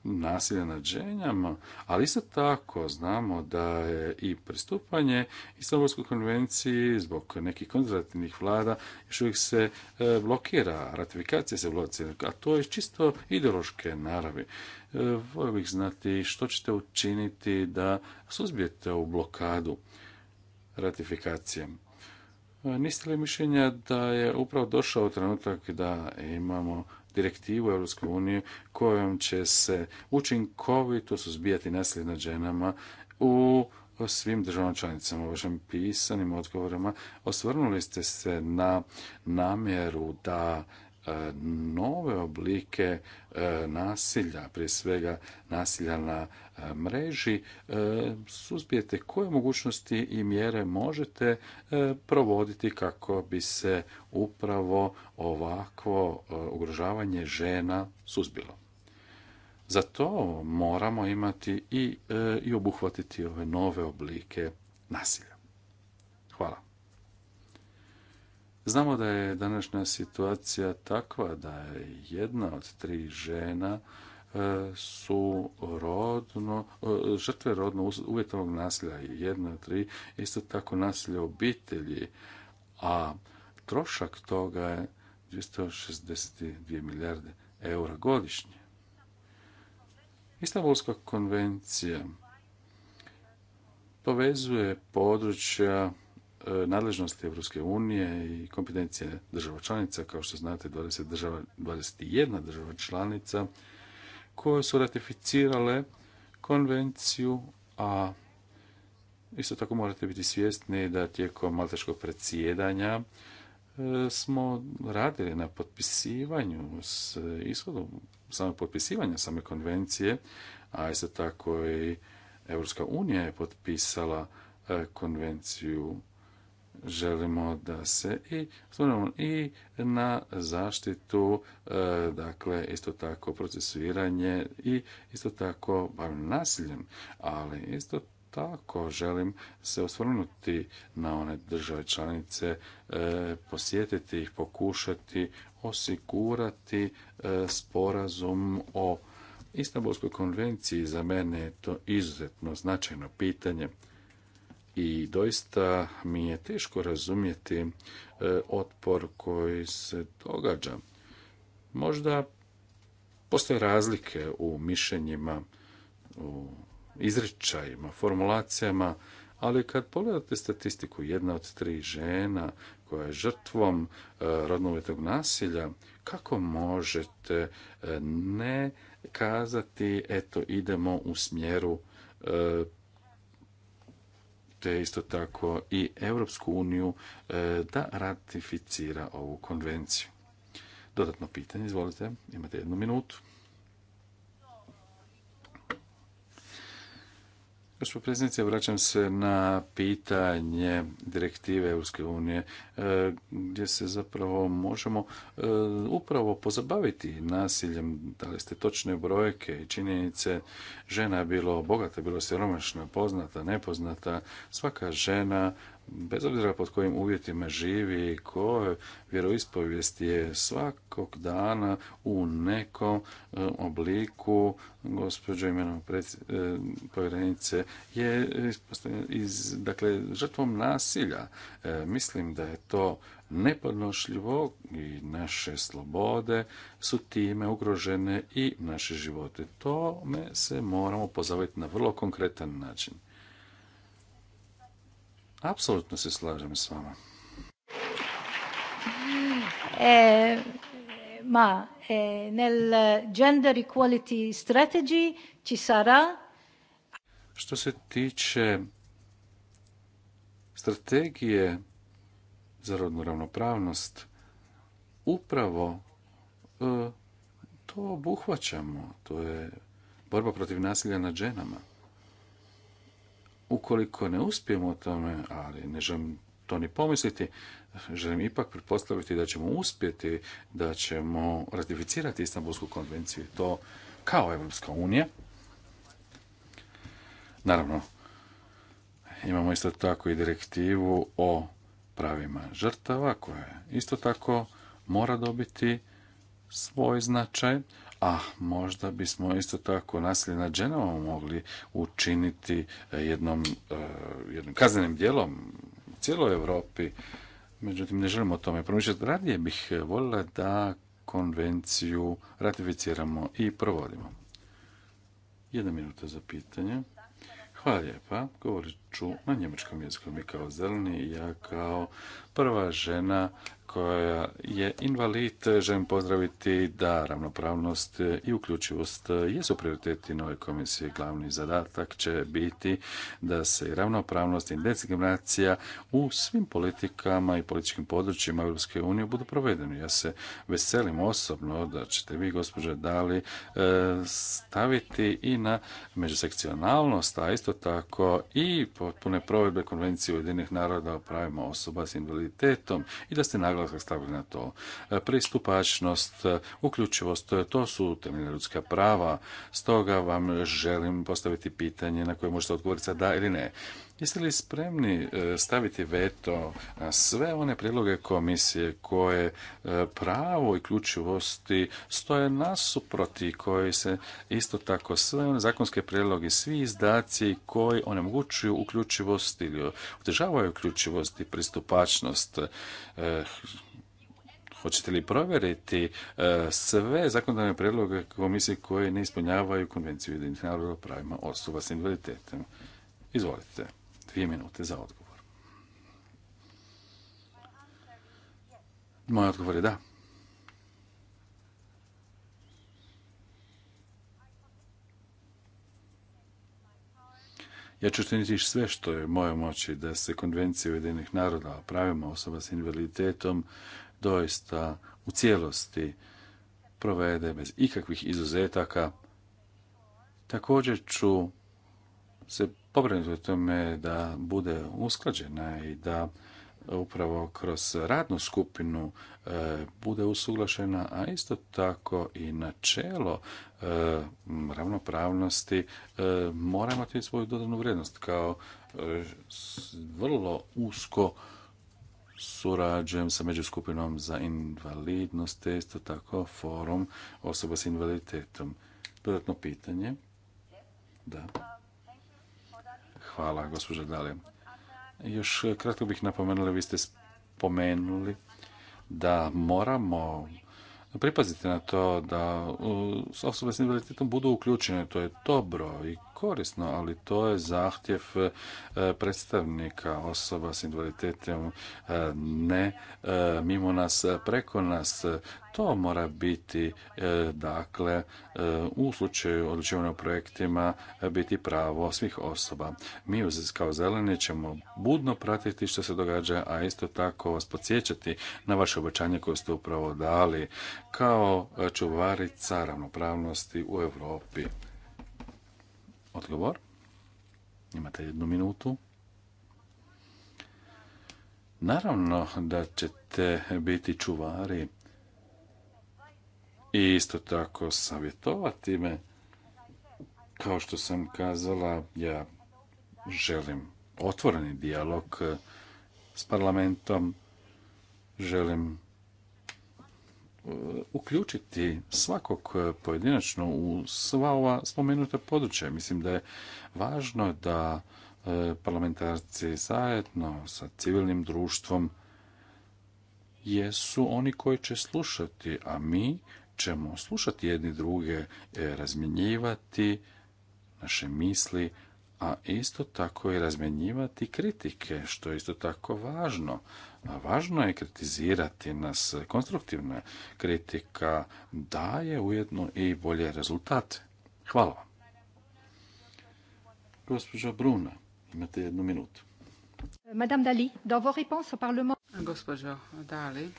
nasilja nad ženjama, ali isto tako znamo da je i pristupanje Istanbulskoj konvenciji zbog nekih konzervativnih vlada još uvijek se e, blokira, ratifikacija se blokira, a to je čisto ideološke naravi. E, Volio bih znati što ćete učiniti da suzbijete u blokadu ratifikacijem. Niste li mišljenja da je upravo došao trenutak da imamo direktivu EU kojom će se učinkovito suzbijati nasilje nad ženama u svim državama članicama. U vašim pisanim odgovorima osvrnuli ste se na namjeru da E, nove oblike e, nasilja, prije svega nasilja na e, mreži, suzbijete koje mogućnosti i mjere možete provoditi kako bi se upravo ovakvo ugrožavanje žena suzbilo. Za to moramo imati i obuhvatiti ove nove oblike nasilja. Hvala. Znamo da je današnja situacija takva da je jedna od tri žena e, su rodno, e, žrtve rodno uvjetovog nasilja jedna od tri, isto tako nasilje obitelji, a trošak toga je 262 milijarde eura godišnje. Istanbulska konvencija povezuje područja E, nadležnosti Evropske unije i kompetencije država članica, kao što znate 20 država, 21 država članica koje su ratificirale konvenciju, a isto tako morate biti svjesni da tijekom malteškog predsjedanja e, smo radili na potpisivanju s ishodom samo potpisivanja same konvencije, a isto tako i Evropska unija je potpisala e, konvenciju želimo da se i stvarno i na zaštitu, e, dakle isto tako procesuiranje i isto tako bavim nasiljem, ali isto tako želim se osvrnuti na one države članice, e, posjetiti ih, pokušati osigurati e, sporazum o Istanbulskoj konvenciji. Za mene je to izuzetno značajno pitanje i doista mi je teško razumjeti e, otpor koji se događa. Možda postoje razlike u mišljenjima, u izričajima, formulacijama, ali kad pogledate statistiku, jedna od tri žena koja je žrtvom e, rodnovetog nasilja, kako možete e, ne kazati, eto, idemo u smjeru te isto tako i Europsku uniju e, da ratificira ovu konvenciju. Dodatno pitanje, izvolite, imate jednu minutu. Gospod predsjednice, vraćam se na pitanje direktive Europske unije e, gdje se zapravo možemo e, upravo pozabaviti nasiljem, da li ste točne brojke i činjenice, žena je bilo bogata, bilo siromašna, poznata, nepoznata, svaka žena bez obzira pod kojim uvjetima živi i koje vjeroispovijesti je svakog dana u nekom e, obliku gospođo imenom e, povjerenice je dakle, žrtvom nasilja. E, mislim da je to nepodnošljivo i naše slobode su time ugrožene i naše živote. To me se moramo pozaviti na vrlo konkretan način. Apsolutno se slažem s vama. E, ma, e, nel gender equality strategy ci sarà... Što se tiče strategije za rodnu ravnopravnost, upravo e, to obuhvaćamo. To je borba protiv nasilja nad ženama ukoliko ne uspijemo o tome, ali ne želim to ni pomisliti, želim ipak pretpostaviti da ćemo uspjeti, da ćemo ratificirati Istanbulsku konvenciju i to kao Evropska unija. Naravno, imamo isto tako i direktivu o pravima žrtava koja isto tako mora dobiti svoj značaj a možda bismo isto tako nasilje nad ženama mogli učiniti e, jednom, e, jednom kaznenim djelom u cijeloj Europi. Međutim, ne želimo o tome promišljati. Radije bih voljela da konvenciju ratificiramo i provodimo. Jedna minuta za pitanje. Hvala lijepa. Govorit ću na njemačkom jeziku. Mi kao zeleni i ja kao prva žena koja je invalid, želim pozdraviti da ravnopravnost i uključivost jesu prioriteti nove komisije. Glavni zadatak će biti da se ravnopravnost i diskriminacija u svim politikama i političkim područjima Europske unije budu provedeni. Ja se veselim osobno da ćete vi, gospođe, Dali, e, staviti i na međusekcionalnost, a isto tako i potpune provedbe konvencije Ujedinih naroda o pravima osoba s invaliditetom i da ste naglasili naglasak stavili na to. E, pristupačnost, e, uključivost, e, to su temeljna ljudska prava. Stoga vam želim postaviti pitanje na koje možete odgovoriti da ili ne. Jeste li spremni e, staviti veto na sve one prijedloge komisije koje e, pravo i ključivosti stoje nasuprot i koje se isto tako sve one zakonske prijedloge, svi izdaci koji onemogućuju uključivost ili otežavaju uključivost i pristupačnost e, Hoćete li provjeriti sve zakonodavne predloge komisije koje ne ispunjavaju konvenciju jedinih naroda o pravima osoba s invaliditetom? Izvolite. Dvije minute za odgovor. Moj odgovor je da. Ja ću učiniti sve što je moje moći da se konvencija Ujedinih naroda o pravima osoba s invaliditetom doista u cijelosti provede bez ikakvih izuzetaka. Također ću se pobrinuti o tome da bude usklađena i da upravo kroz radnu skupinu e, bude usuglašena, a isto tako i načelo e, ravnopravnosti e, mora imati svoju dodanu vrijednost kao vrlo usko surađujem sa međuskupinom za invalidnost, te isto tako forum osoba s invaliditetom. Dodatno pitanje? Da. Hvala, gospođa Dalija. Još kratko bih napomenuli, vi ste spomenuli da moramo pripaziti na to da osobe s invaliditetom budu uključene, to je dobro i korisno, ali to je zahtjev e, predstavnika osoba s invaliditetom e, ne e, mimo nas, preko nas. To mora biti, dakle, u slučaju odlučivanja o projektima biti pravo svih osoba. Mi kao zeleni ćemo budno pratiti što se događa, a isto tako vas podsjećati na vaše obećanje koje ste upravo dali kao čuvarica ravnopravnosti u Europi. Odgovor. Imate jednu minutu. Naravno da ćete biti čuvari i isto tako savjetovati me. Kao što sam kazala, ja želim otvoreni dijalog s parlamentom, želim uključiti svakog pojedinačno u sva ova spomenuta područja. Mislim da je važno da e, parlamentarci zajedno sa civilnim društvom jesu oni koji će slušati, a mi ćemo slušati jedni druge, e, razmjenjivati naše misli, a isto tako i razmjenjivati kritike, što je isto tako važno. Važno je kritizirati nas. Konstruktivna kritika daje ujedno i bolje rezultate. Hvala vam. Gospođa Bruna, imate jednu minutu. Madame Dali, dans vos réponses au Parlement... Gospođo Dali,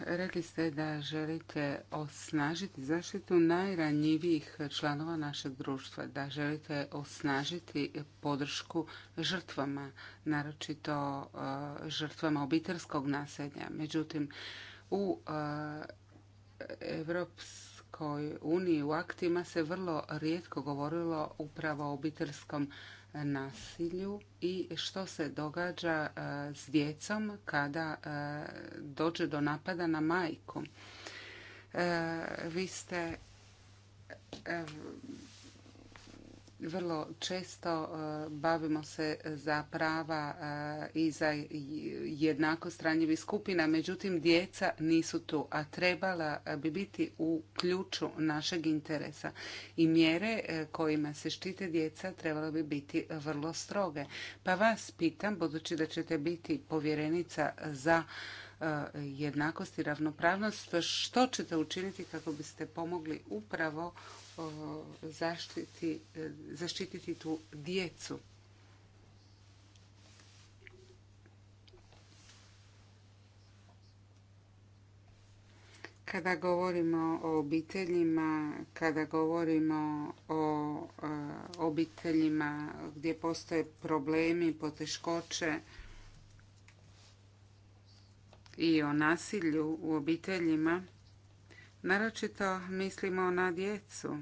Rekli ste da želite osnažiti zaštitu najranjivijih članova našeg društva, da želite osnažiti podršku žrtvama, naročito e, žrtvama obiteljskog nasilja. Međutim, u europs Europskoj uniji u aktima se vrlo rijetko govorilo upravo o obiteljskom nasilju i što se događa e, s djecom kada e, dođe do napada na majku. E, vi ste vrlo često e, bavimo se za prava e, i za jednakost ranjivih skupina, međutim djeca nisu tu, a trebala bi biti u ključu našeg interesa. I mjere e, kojima se štite djeca trebalo bi biti vrlo stroge. Pa vas pitam, budući da ćete biti povjerenica za jednakost i ravnopravnost, što ćete učiniti kako biste pomogli upravo zaštiti, e, zaštititi tu djecu. Kada govorimo o obiteljima, kada govorimo o e, obiteljima gdje postoje problemi, poteškoće i o nasilju u obiteljima, Naročito mislimo na djecu.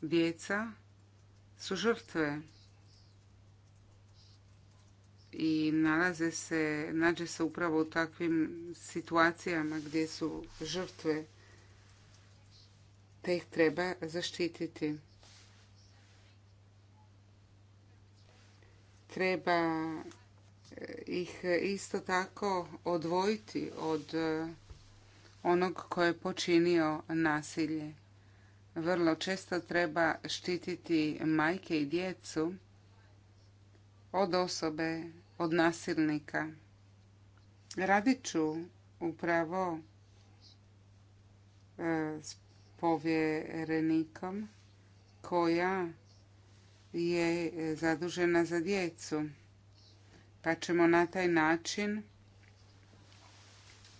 Djeca su žrtve i nalaze se, nađe se upravo u takvim situacijama gdje su žrtve te ih treba zaštititi. Treba eh, ih isto tako odvojiti od onog koji je počinio nasilje. Vrlo često treba štititi majke i djecu od osobe, od nasilnika. Radit ću upravo e, s povjerenikom koja je zadužena za djecu. Pa ćemo na taj način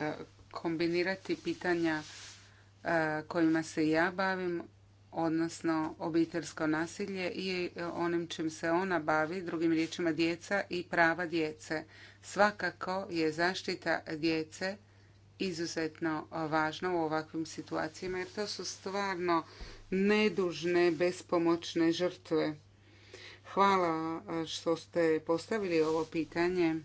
e, kombinirati pitanja e, kojima se ja bavim, odnosno obiteljsko nasilje i onim čim se ona bavi, drugim riječima djeca i prava djece. Svakako je zaštita djece izuzetno važna u ovakvim situacijama jer to su stvarno nedužne, bespomoćne žrtve. Hvala što ste postavili ovo pitanje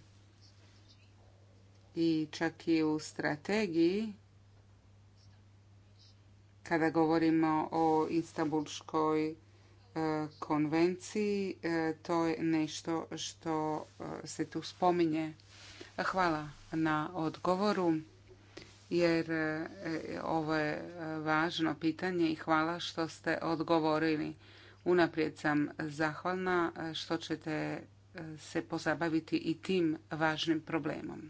i čak i u strategiji kada govorimo o Istanbulskoj e, konvenciji, e, to je nešto što e, se tu spominje. Hvala na odgovoru jer ovo je važno pitanje i hvala što ste odgovorili. Unaprijed sam zahvalna što ćete se pozabaviti i tim važnim problemom.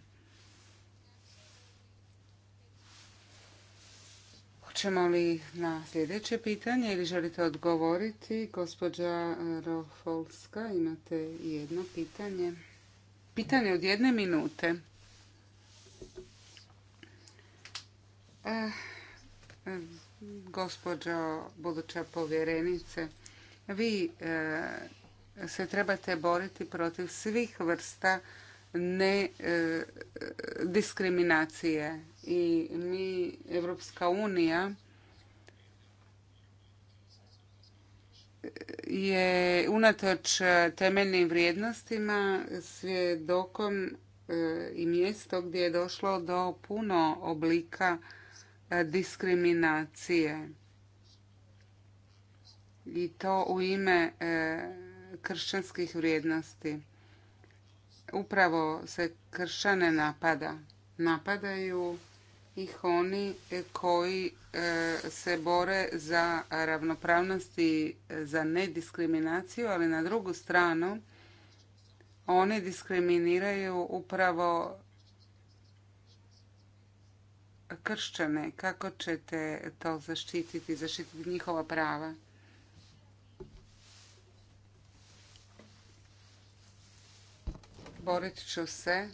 Hoćemo li na sljedeće pitanje ili želite odgovoriti? Gospođa Rofolska, imate jedno pitanje. Pitanje od jedne minute. Gospodža eh, gospođo buduća povjerenice, vi eh, se trebate boriti protiv svih vrsta ne eh, diskriminacije i mi, Evropska unija, je unatoč temeljnim vrijednostima svjedokom e, i mjesto gdje je došlo do puno oblika e, diskriminacije. I to u ime e, kršćanskih vrijednosti. Upravo se kršćane napada. Napadaju ih oni e, koji e, se bore za ravnopravnost i e, za nediskriminaciju, ali na drugu stranu oni diskriminiraju upravo kršćane. Kako ćete to zaštititi, zaštititi njihova prava? Borit ću se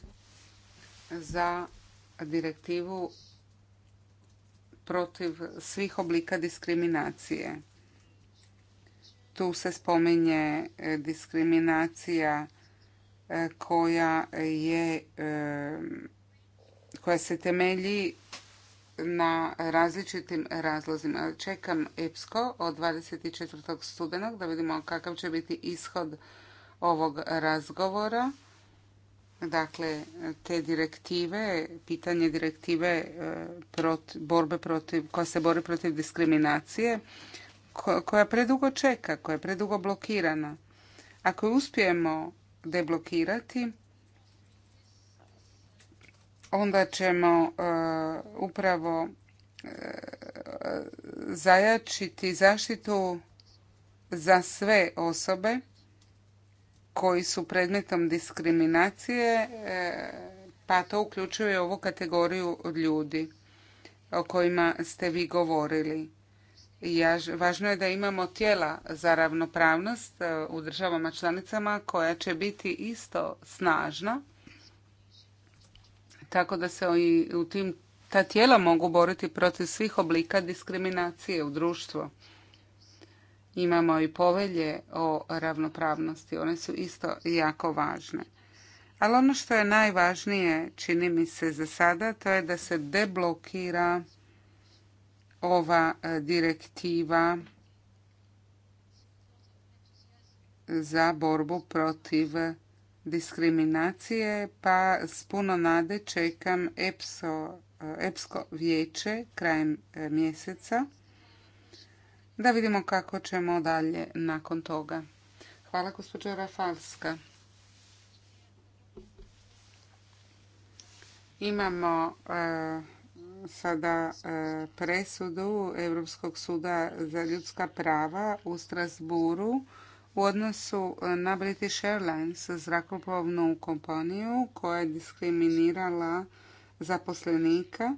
za direktivu protiv svih oblika diskriminacije. Tu se spominje e, diskriminacija e, koja je e, koja se temelji na različitim razlozima. Čekam EPSKO od 24. studenog da vidimo kakav će biti ishod ovog razgovora Dakle, te direktive, pitanje direktive e, borbe protiv, koja se bori protiv diskriminacije, koja predugo čeka, koja je predugo blokirana. Ako je uspijemo deblokirati, onda ćemo e, upravo e, zajačiti zaštitu za sve osobe koji su predmetom diskriminacije, e, pa to uključuje ovu kategoriju ljudi o kojima ste vi govorili. Važno je da imamo tijela za ravnopravnost e, u državama članicama koja će biti isto snažna, tako da se i u tim ta tijela mogu boriti protiv svih oblika diskriminacije u društvu. Imamo i povelje o ravnopravnosti, one su isto jako važne. Ali ono što je najvažnije, čini mi se za sada, to je da se deblokira ova e, direktiva za borbu protiv diskriminacije, pa s puno nade čekam EPSO, e, EPSKO vijeće krajem e, mjeseca da vidimo kako ćemo dalje nakon toga. Hvala gospođo Rafalska. Imamo e, sada e, presudu Europskog suda za ljudska prava u Strasburu u odnosu e, na British Airlines zrakoplovnu kompaniju koja je diskriminirala zaposlenika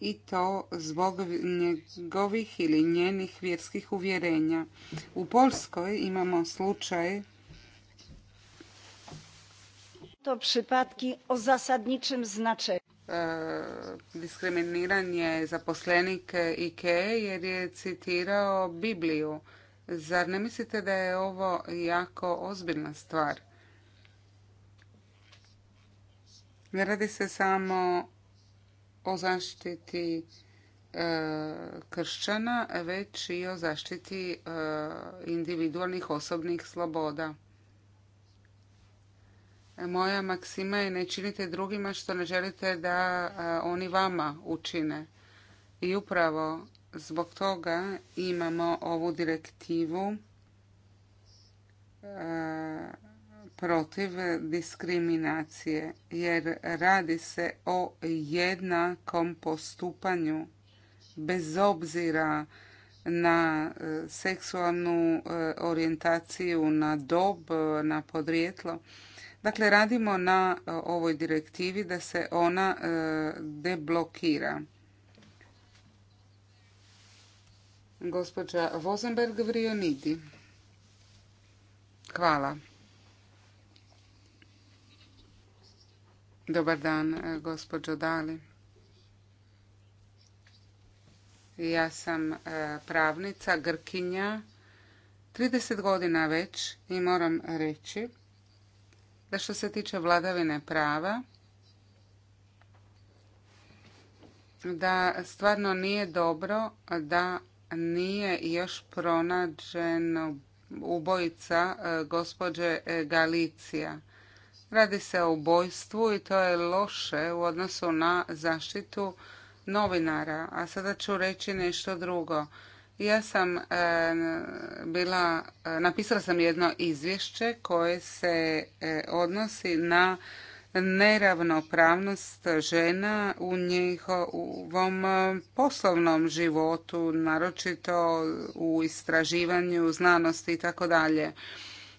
i to zbog njegovih ili njenih vjerskih uvjerenja. U Polskoj imamo slučaj to przypadki o zasadniczym znaczeniu. E, Diskriminiranje zaposlenike IKE jer je citirao Bibliju. Zar ne mislite da je ovo jako ozbiljna stvar? Ne radi se samo o zaštiti e, kršćana, već i o zaštiti e, individualnih osobnih sloboda. E, moja maksima je ne činite drugima što ne želite da oni vama učine. I upravo zbog toga imamo ovu direktivu protiv diskriminacije jer radi se o jednakom postupanju bez obzira na e, seksualnu e, orijentaciju, na dob, na podrijetlo. Dakle, radimo na e, ovoj direktivi da se ona deblokira. Gospođa Vozenberg Vrionidi. Hvala. Dobar dan, e, gospođo Dali. Ja sam e, pravnica, grkinja, 30 godina već i moram reći da što se tiče vladavine prava, da stvarno nije dobro da nije još pronađen ubojica e, gospođe Galicija. Radi se o ubojstvu i to je loše u odnosu na zaštitu novinara. A sada ću reći nešto drugo. Ja sam e, bila, e, napisala sam jedno izvješće koje se e, odnosi na neravnopravnost žena u njihovom poslovnom životu, naročito u istraživanju znanosti i tako dalje.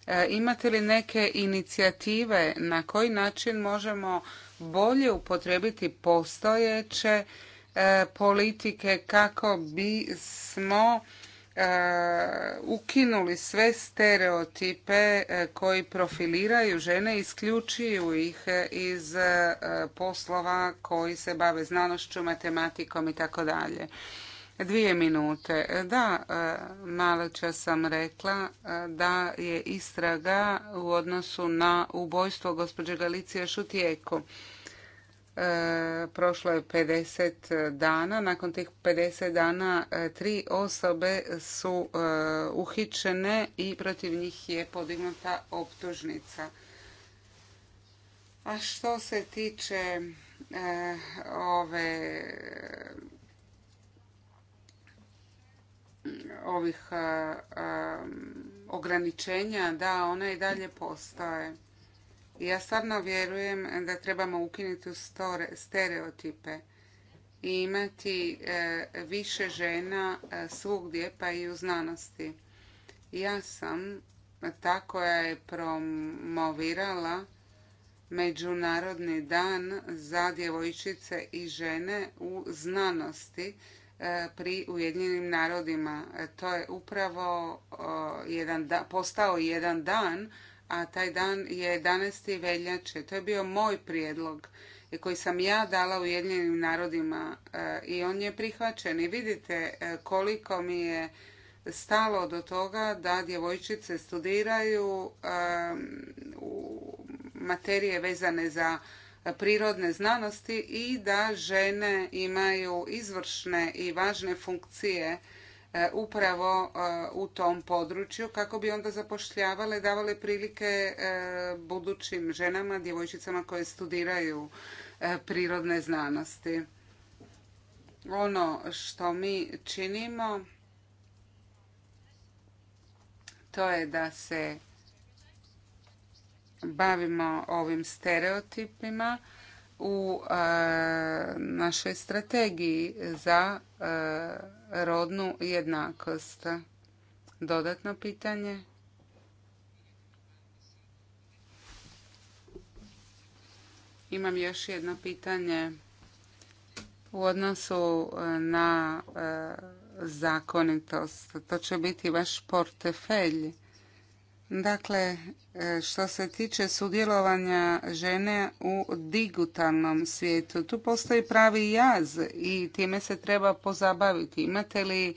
E, imate li neke inicijative na koji način možemo bolje upotrebiti postojeće e, politike kako bismo e, ukinuli sve stereotipe koji profiliraju žene, isključuju ih iz poslova koji se bave znanošću, matematikom i tako dalje. Dvije minute. Da, e, malo čas sam rekla e, da je istraga u odnosu na ubojstvo gospođe Galicije Šutijeku. E, prošlo je 50 dana. Nakon tih 50 dana tri osobe su uhičene i protiv njih je podignuta optužnica. A što se tiče ove ovih ograničenja, da, ona i dalje postoje. Ja stvarno vjerujem da trebamo ukinuti stereotipe i imati e, više žena e, svugdje pa i u znanosti. Ja sam ta koja je promovirala Međunarodni dan za djevojčice i žene u znanosti E, pri Ujedinjenim narodima. E, to je upravo jedan postao jedan dan, a taj dan je 11. veljače. To je bio moj prijedlog koji sam ja dala Ujedinjenim narodima e, i on je prihvaćen. I vidite koliko mi je stalo do toga da djevojčice studiraju materije vezane za prirodne znanosti i da žene imaju izvršne i važne funkcije e, upravo e, u tom području kako bi onda zapošljavale, davale prilike e, budućim ženama, djevojčicama koje studiraju prirodne znanosti. Ono što mi činimo to je da se bavimo ovim stereotipima u e, našoj strategiji za e, rodnu jednakost. Dodatno pitanje? Imam još jedno pitanje u odnosu e, na zakonitost. To će biti vaš portefelj Dakle, e, što se tiče sudjelovanja žene u digitalnom svijetu, tu postoji pravi jaz i time se treba pozabaviti. Imate li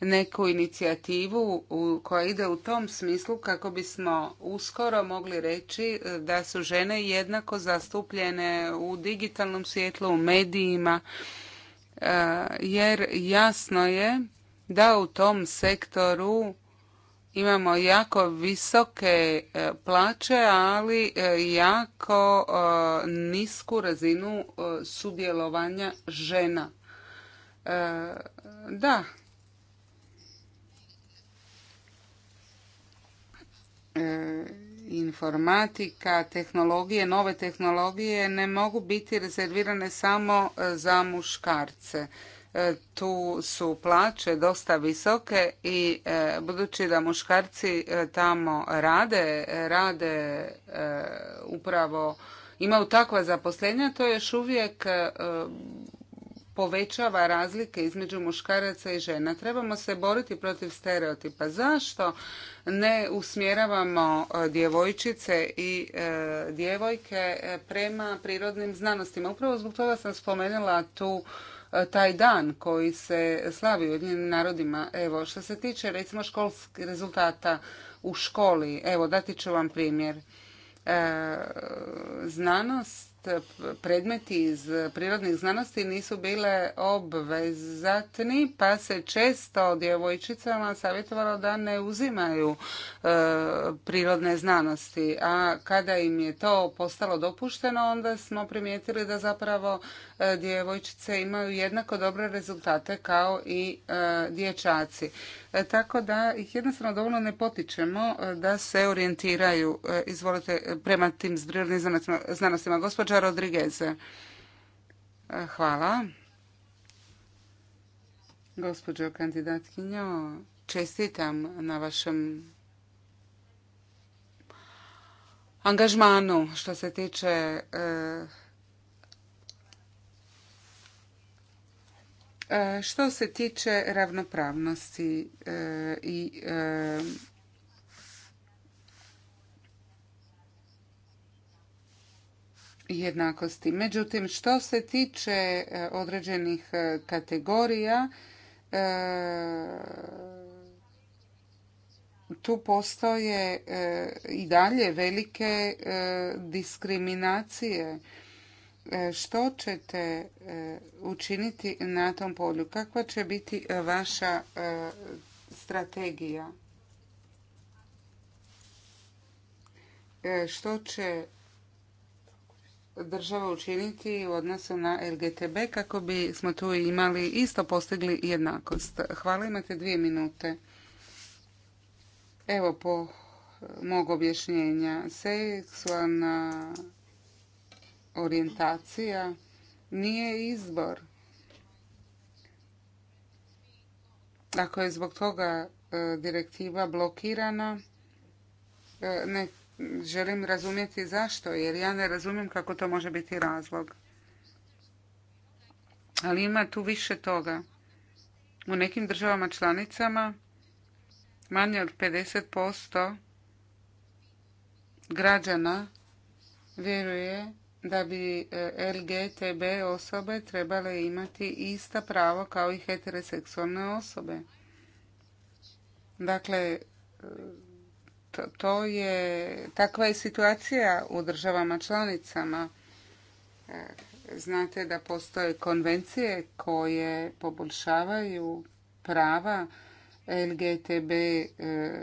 neku inicijativu koja ide u tom smislu kako bismo uskoro mogli reći e, da su žene jednako zastupljene u digitalnom svijetlu, u medijima, e, jer jasno je da u tom sektoru imamo jako visoke e, plaće, ali e, jako e, nisku razinu sudjelovanja žena. Da. Informatika, tehnologije, nove tehnologije ne mogu biti rezervirane samo za muškarce E, tu su plaće dosta visoke i e, budući da muškarci e, tamo rade, rade upravo imaju takva zaposlenja, to još uvijek povećava razlike između muškaraca i žena. Trebamo se boriti protiv stereotipa. Zašto ne usmjeravamo djevojčice i djevojke prema prirodnim znanostima? Upravo zbog toga sam spomenula tu E, taj dan koji se slavi u narodima. Evo, što se tiče recimo školskih rezultata u školi, evo dati ću vam primjer. E, znanost predmeti iz prirodnih znanosti nisu bile obvezatni, pa se često djevojčicama savjetovalo da ne uzimaju e, prirodne znanosti. A kada im je to postalo dopušteno, onda smo primijetili da zapravo E, djevojčice imaju jednako dobre rezultate kao i e, dječaci. E, tako da ih jednostavno dovoljno ne potičemo da se orijentiraju izvolite, prema tim zbrirnim znanostima. Gospođa Rodrigueze. Hvala. Gospođo kandidatkinjo, čestitam na vašem angažmanu što se tiče E, što se tiče ravnopravnosti e, i e, jednakosti. Međutim, što se tiče određenih kategorija, tu postoje i dalje velike diskriminacije E, što ćete e, učiniti na tom polju? Kakva će biti vaša e, strategija? Što će država učiniti u odnosu na LGTB kako bi smo tu imali isto postigli jednakost? Hvala, imate dvije minute. Evo po mog objašnjenja. Seksualna orijentacija nije izbor. Ako je zbog toga e, direktiva blokirana, e, ne želim razumjeti zašto, jer ja ne razumijem kako to može biti razlog. Ali ima tu više toga. U nekim državama članicama manje od 50% građana vjeruje da bi e, LGTB osobe trebale imati ista prava kao i heteroseksualne osobe. Dakle, e, to je, takva je situacija u državama članicama. E, znate da postoje konvencije koje poboljšavaju prava LGTB e,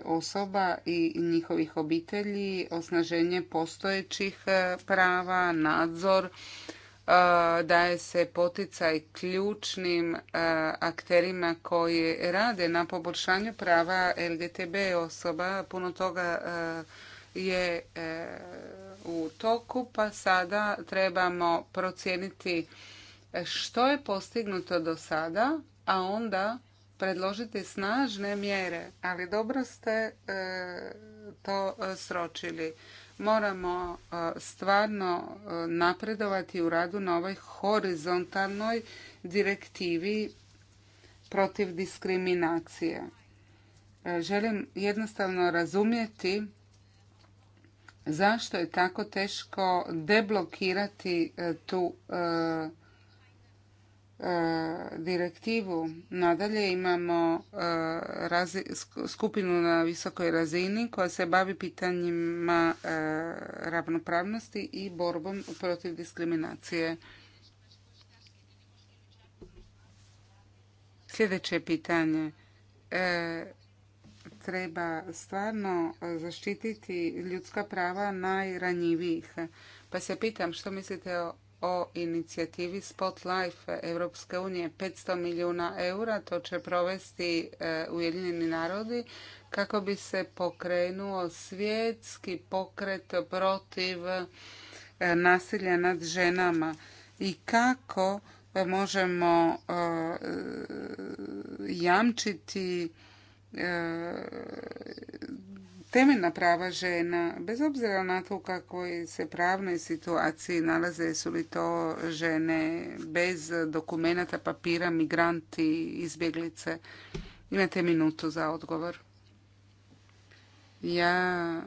osoba i njihovih obitelji, osnaženje postojećih e, prava, nadzor, e, daje se poticaj ključnim akterima koji rade na poboljšanju prava LGTB osoba. Puno toga je u toku, pa sada trebamo procijeniti što je postignuto do sada, a onda predložiti snažne mjere, ali dobro ste e, to e, sročili. Moramo e, stvarno napredovati u radu na ovoj horizontalnoj direktivi protiv diskriminacije. Želim jednostavno razumjeti zašto je tako teško deblokirati tu E, direktivu. Nadalje imamo e, skupinu na visokoj razini koja se bavi pitanjima e, ravnopravnosti i borbom protiv diskriminacije. Sljedeće pitanje. Treba stvarno zaštititi ljudska prava najranjivijih. Pa se pitam što mislite o o inicijativi Spotlife Europske unije 500 milijuna eura. To će provesti e, Ujedinjeni narodi kako bi se pokrenuo svjetski pokret protiv e, nasilja nad ženama i kako e, možemo jamčiti temeljna prava žena, bez obzira na to u kakvoj se pravnoj situaciji nalaze, su li to žene bez dokumenata, papira, migranti, izbjeglice. Imate minutu za odgovor. Ja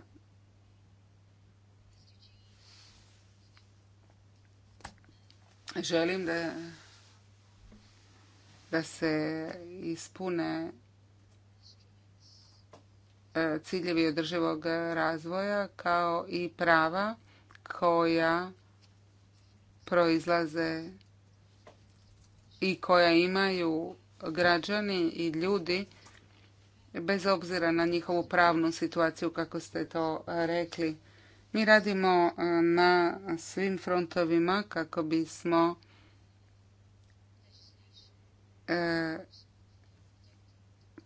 želim da, da se ispune E, ciljevi održivog razvoja kao i prava koja proizlaze i koja imaju građani i ljudi bez obzira na njihovu pravnu situaciju kako ste to rekli. Mi radimo e, na svim frontovima kako bismo e,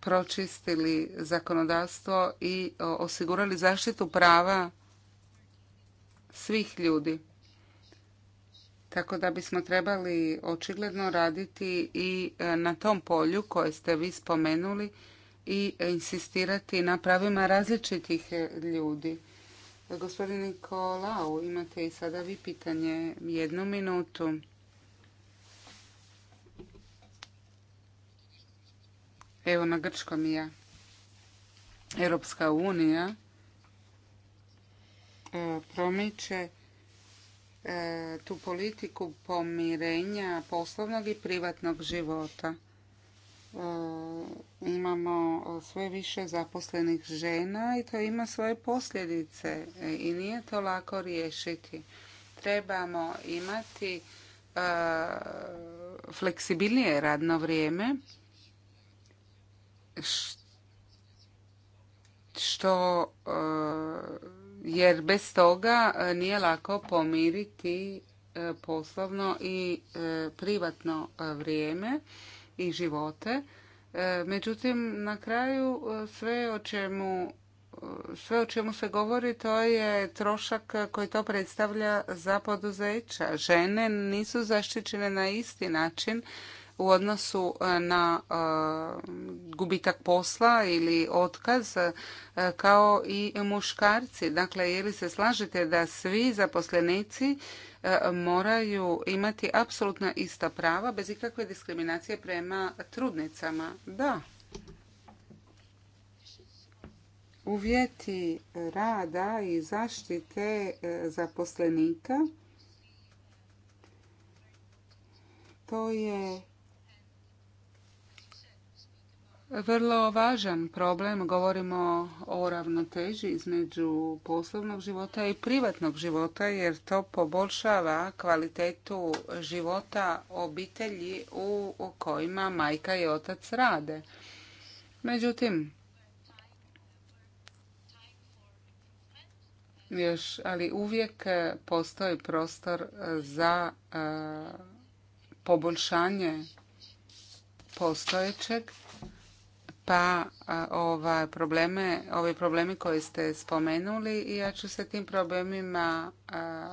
pročistili zakonodavstvo i osigurali zaštitu prava svih ljudi. Tako da bismo trebali očigledno raditi i e, na tom polju koje ste vi spomenuli i insistirati na pravima različitih e, ljudi. Gospodin Nikolao, imate i sada vi pitanje jednu minutu. Evo na grčkom je Europska unija e, promiče e, tu politiku pomirenja poslovnog i privatnog života. E, imamo sve više zaposlenih žena i to ima svoje posljedice i nije to lako riješiti. Trebamo imati fleksibilnije radno vrijeme što e, jer bez toga e, nije lako pomiriti e, poslovno i privatno vrijeme i živote. Međutim, na kraju sve o čemu sve o čemu se govori to je trošak koji to predstavlja za poduzeća. Žene nisu zaštićene na isti način u odnosu e, na e, gubitak posla ili otkaz e, kao i muškarci. Dakle, je li se slažete da svi zaposlenici moraju imati apsolutno ista prava bez ikakve diskriminacije prema trudnicama? Da. Uvjeti rada i zaštite zaposlenika to je vrlo važan problem. Govorimo o ravnoteži između poslovnog života i privatnog života jer to poboljšava kvalitetu života obitelji u kojima majka i otac rade. Međutim, još, ali uvijek postoji prostor za e, poboljšanje postojećeg pa ova probleme, ovi problemi koje ste spomenuli, ja ću se tim problemima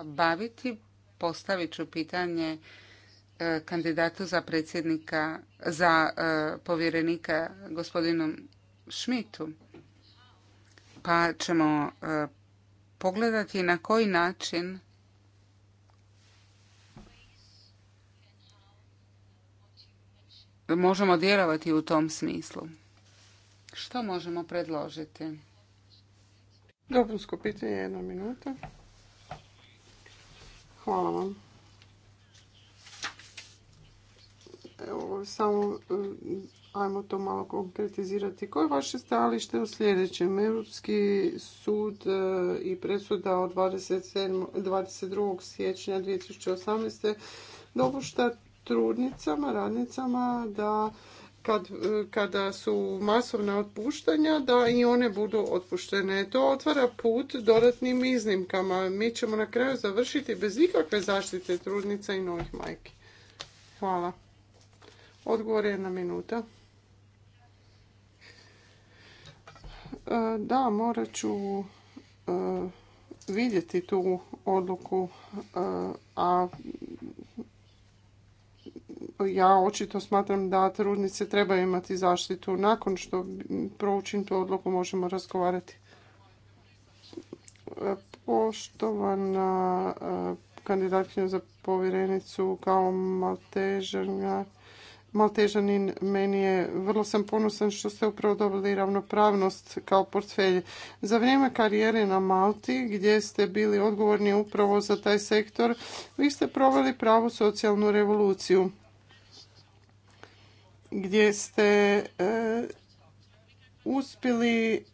baviti. Postavit ću pitanje e, kandidatu za predsjednika, za e, povjerenika gospodinu Šmitu. Pa ćemo e, pogledati na koji način možemo djelovati u tom smislu. Što možemo predložiti? Dopunsko pitanje, jedna minuta. Hvala vam. Evo, samo eh, ajmo to malo konkretizirati. Koje je vaše stajalište u sljedećem? Europski sud eh, i presuda od 27, 22. siječnja 2018. dopušta trudnicama, radnicama da kad, kada su masovna otpuštanja, da i one budu otpuštene. To otvara put dodatnim iznimkama. Mi ćemo na kraju završiti bez ikakve zaštite trudnica i novih majki. Hvala. Odgovor je jedna minuta. E, da, morat ću e, vidjeti tu odluku, e, a ja očito smatram da trudnice trebaju imati zaštitu. Nakon što proučim tu odluku možemo razgovarati. Poštovana e, kandidatkinja za povjerenicu kao maltežanja Maltežanin, meni je vrlo sam ponosan što ste upravo dobili ravnopravnost kao portfelje. Za vrijeme karijere na Malti, gdje ste bili odgovorni upravo za taj sektor, vi ste proveli pravu socijalnu revoluciju gdje ste e, uspjeli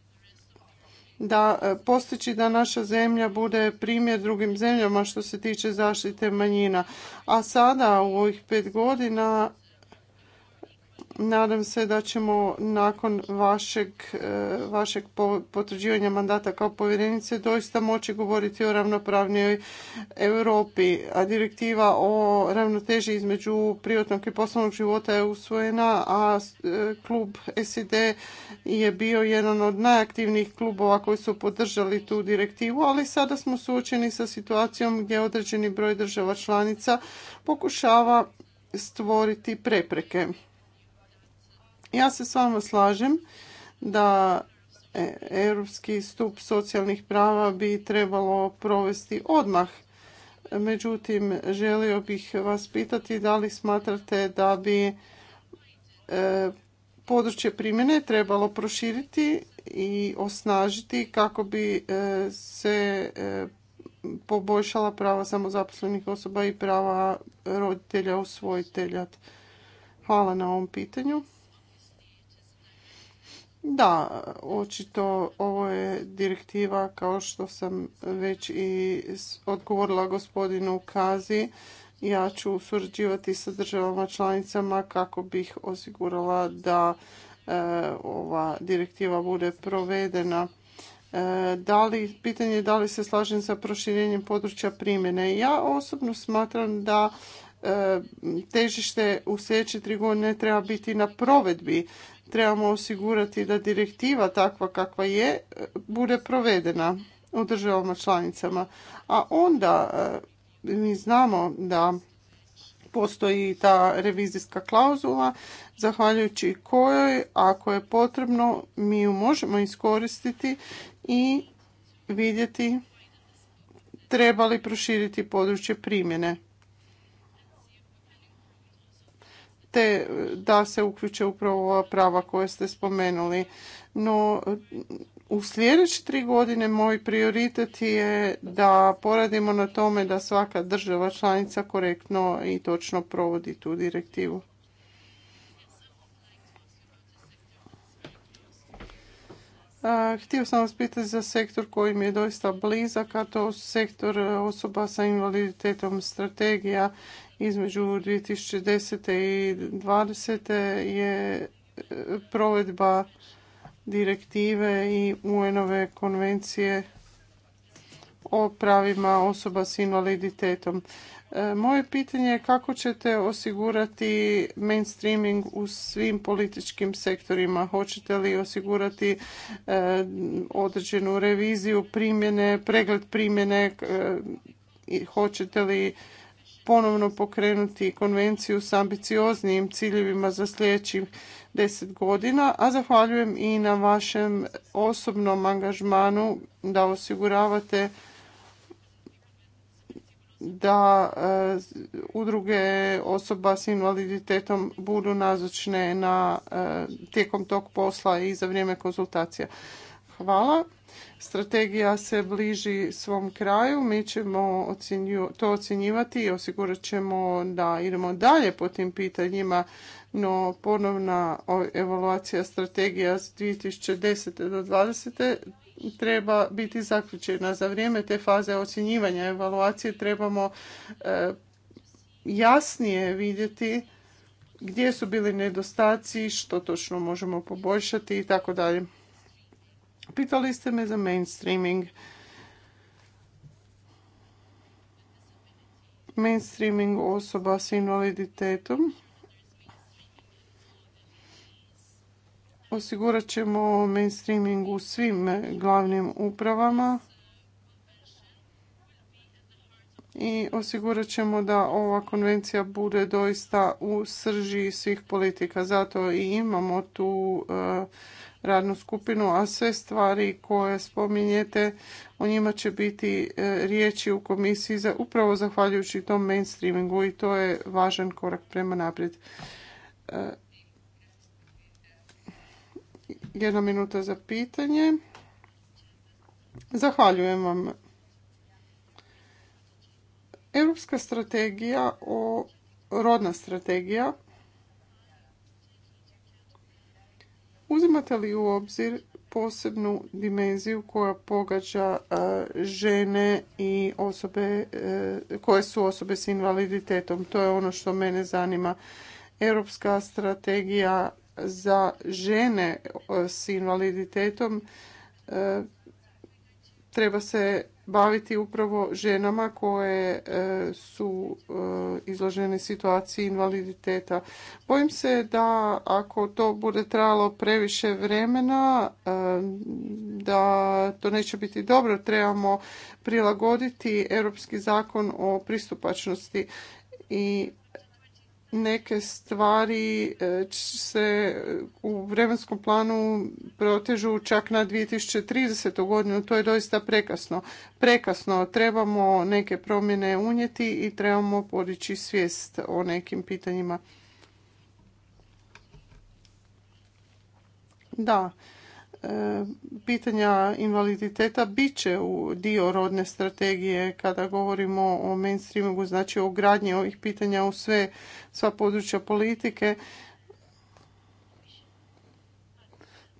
da e, postići da naša zemlja bude primjer drugim zemljama što se tiče zaštite manjina. A sada u ovih pet godina Nadam se da ćemo nakon vašeg, e, vašeg potvrđivanja mandata kao povjerenice doista moći govoriti o ravnopravnijoj Europi, a direktiva o ravnoteži između privatnog i poslovnog života je usvojena, a e, klub SID je bio jedan od najaktivnijih klubova koji su podržali tu direktivu, ali sada smo suočeni sa situacijom gdje određeni broj država članica pokušava stvoriti prepreke ja se s vama slažem da e, europski stup socijalnih prava bi trebalo provesti odmah. Međutim, želio bih vas pitati da li smatrate da bi e, područje primjene trebalo proširiti i osnažiti kako bi e, se poboljšala prava samozaposlenih osoba i prava roditelja usvojitelja. Hvala na ovom pitanju. Da, očito ovo je direktiva kao što sam već i odgovorila gospodinu Kazi. Ja ću surađivati sa državama članicama kako bih osigurala da e, ova direktiva bude provedena. E, da li, pitanje je da li se slažem sa proširenjem područja primjene. Ja osobno smatram da e, težište u sljedeće tri godine treba biti na provedbi Trebamo osigurati da direktiva takva kakva je e, bude provedena u državama članicama. A onda e, mi znamo da postoji ta revizijska klauzula zahvaljujući kojoj ako je potrebno mi ju možemo iskoristiti i vidjeti treba li proširiti područje primjene. te da se uključe upravo ova prava koje ste spomenuli. No, u sljedeće tri godine moj prioritet je da poradimo na tome da svaka država članica korektno i točno provodi tu direktivu. Htio sam vas pitati za sektor koji mi je doista blizak, a to sektor osoba sa invaliditetom strategija između 2010. i 2020. je e, provedba direktive i UN-ove konvencije o pravima osoba s invaliditetom. E, moje pitanje je kako ćete osigurati mainstreaming u svim političkim sektorima? Hoćete li osigurati e, određenu reviziju primjene, pregled primjene? Hoćete li ponovno pokrenuti konvenciju s ambicioznijim ciljevima za sljedećih deset godina, a zahvaljujem i na vašem osobnom angažmanu da osiguravate da e, udruge osoba s invaliditetom budu nazočne na e, tijekom tog posla i za vrijeme konzultacija. Hvala strategija se bliži svom kraju, mi ćemo to ocjenjivati i osigurat ćemo da idemo dalje po tim pitanjima, no ponovna evaluacija strategija s 2010. do 2020 treba biti zaključena. Za vrijeme te faze ocjenjivanja evaluacije trebamo e, jasnije vidjeti gdje su bili nedostaci, što točno možemo poboljšati i tako dalje. Pitali ste me za mainstreaming. Mainstreaming osoba s invaliditetom. Osigurat ćemo mainstreaming u svim glavnim upravama i osigurat ćemo da ova konvencija bude doista u srži svih politika. Zato i imamo tu eh, radnu skupinu, a sve stvari koje spominjete, o njima će biti e, riječi u komisiji za, upravo zahvaljujući tom mainstreamingu i to je važan korak prema naprijed. E, jedna minuta za pitanje. Zahvaljujem vam. Europska strategija o rodna strategija Uzimate li u obzir posebnu dimenziju koja pogađa e, žene i osobe e, koje su osobe s invaliditetom? To je ono što mene zanima. Europska strategija za žene e, s invaliditetom treba se baviti upravo ženama koje e, su e, izložene situaciji invaliditeta. Bojim se da ako to bude trajalo previše vremena, e, da to neće biti dobro. Trebamo prilagoditi Europski zakon o pristupačnosti i neke stvari e, se u vremenskom planu protežu čak na 2030. godinu. To je doista prekasno. Prekasno trebamo neke promjene unijeti i trebamo podići svijest o nekim pitanjima. Da, pitanja invaliditeta bit će u dio rodne strategije kada govorimo o mainstreamu, znači o gradnji ovih pitanja u sve, sva područja politike.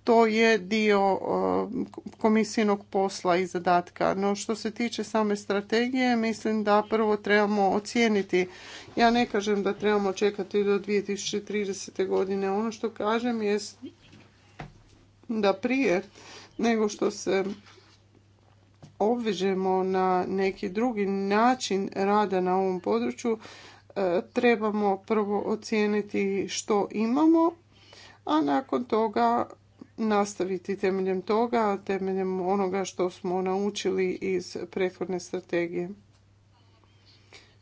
To je dio eh, komisijnog posla i zadatka. No što se tiče same strategije, mislim da prvo trebamo ocijeniti. Ja ne kažem da trebamo čekati do 2030. godine. Ono što kažem jest da prije nego što se obvežemo na neki drugi način rada na ovom području, e, trebamo prvo ocijeniti što imamo, a nakon toga nastaviti temeljem toga, temeljem onoga što smo naučili iz prethodne strategije.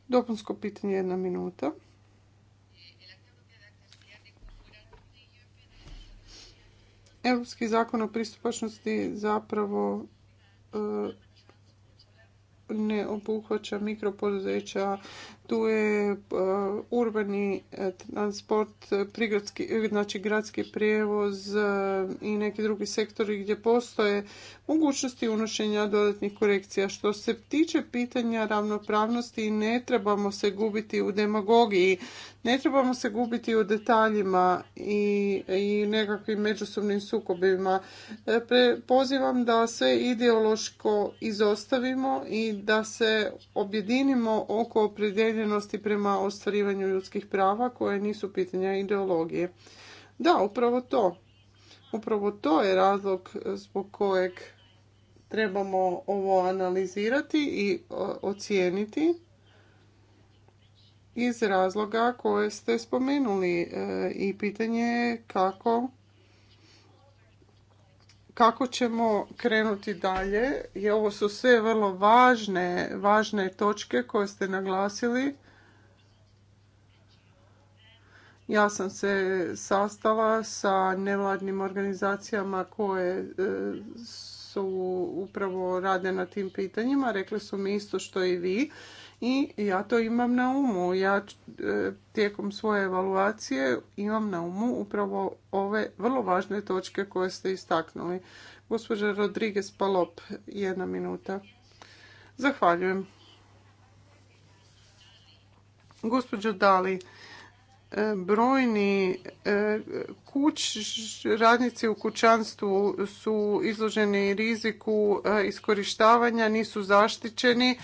Dopunsko pitanje jedna minuta. Europski zakon o pristupačnosti zapravo e, ne obuhvaća mikropoduzeća, tu je e, urbani e, transport, e, znači gradski prijevoz i neki drugi sektori gdje postoje mogućnosti unošenja dodatnih korekcija. Što se tiče pitanja ravnopravnosti, ne trebamo se gubiti u demagogiji, ne trebamo se gubiti u detaljima i, nekakvim međusobnim sukobima. pozivam da sve ideološko izostavimo i da se objedinimo oko opredjeljenja prema ostvarivanju ljudskih prava koje nisu pitanja ideologije. Da, upravo to. Upravo to je razlog zbog kojeg trebamo ovo analizirati i ocijeniti iz razloga koje ste spomenuli e, i pitanje je kako kako ćemo krenuti dalje. I ovo su sve vrlo važne, važne točke koje ste naglasili. Ja sam se sastala sa nevladnim organizacijama koje e, su upravo rade na tim pitanjima. Rekli su mi isto što i vi i ja to imam na umu. Ja e, tijekom svoje evaluacije imam na umu upravo ove vrlo važne točke koje ste istaknuli. Gospođa Rodriguez Palop, jedna minuta. Zahvaljujem. Gospođo Dali, E, brojni e, kuć, radnici u kućanstvu su izloženi riziku e, iskorištavanja, nisu zaštićeni,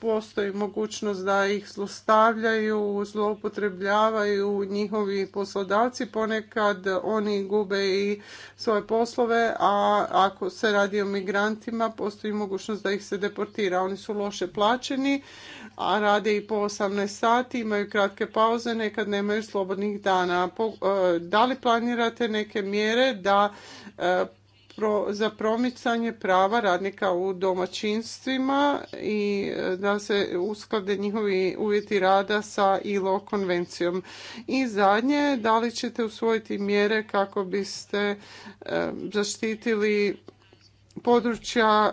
postoji mogućnost da ih zlostavljaju, zloupotrebljavaju njihovi poslodavci, ponekad oni gube i svoje poslove, a ako se radi o migrantima postoji mogućnost da ih se deportira. Oni su loše plaćeni, a rade i po 18 sati, imaju kratke pauze, nekad nemaju slobodnih dana. E, da li planirate neke mjere da e, za promicanje prava radnika u domaćinstvima i e, da se usklade njihovi uvjeti rada sa ILO konvencijom. I zadnje, da li ćete usvojiti mjere kako biste zaštitili područja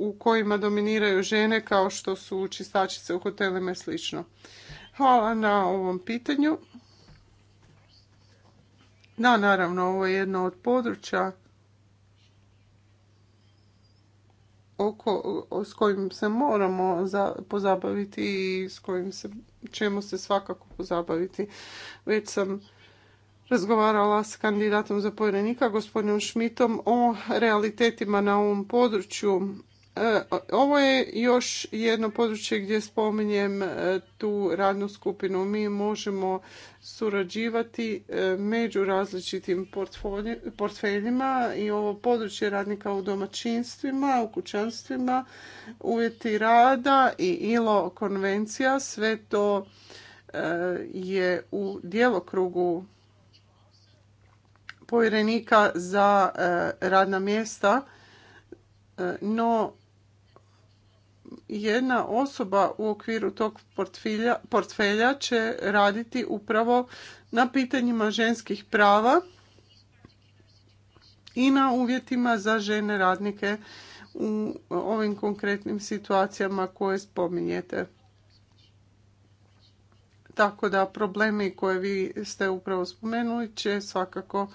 u kojima dominiraju žene kao što su čistačice u hotelima i slično. Hvala na ovom pitanju. Da, naravno, ovo je jedno od područja s kojim se moramo pozabaviti i s kojim se, ćemo se svakako pozabaviti. Već sam razgovarala s kandidatom za povjerenika, gospodinom Šmitom, o realitetima na ovom području E, ovo je još jedno područje gdje spominjem e, tu radnu skupinu. Mi možemo surađivati e, među različitim portfeljima i ovo područje radnika u domaćinstvima, u kućanstvima, uvjeti rada i ILO konvencija. Sve to je u djelokrugu povjerenika za radna mjesta no jedna osoba u okviru tog portfelja, portfelja će raditi upravo na pitanjima ženskih prava i na uvjetima za žene radnike u ovim konkretnim situacijama koje spominjete. Tako da problemi koje vi ste upravo spomenuli će svakako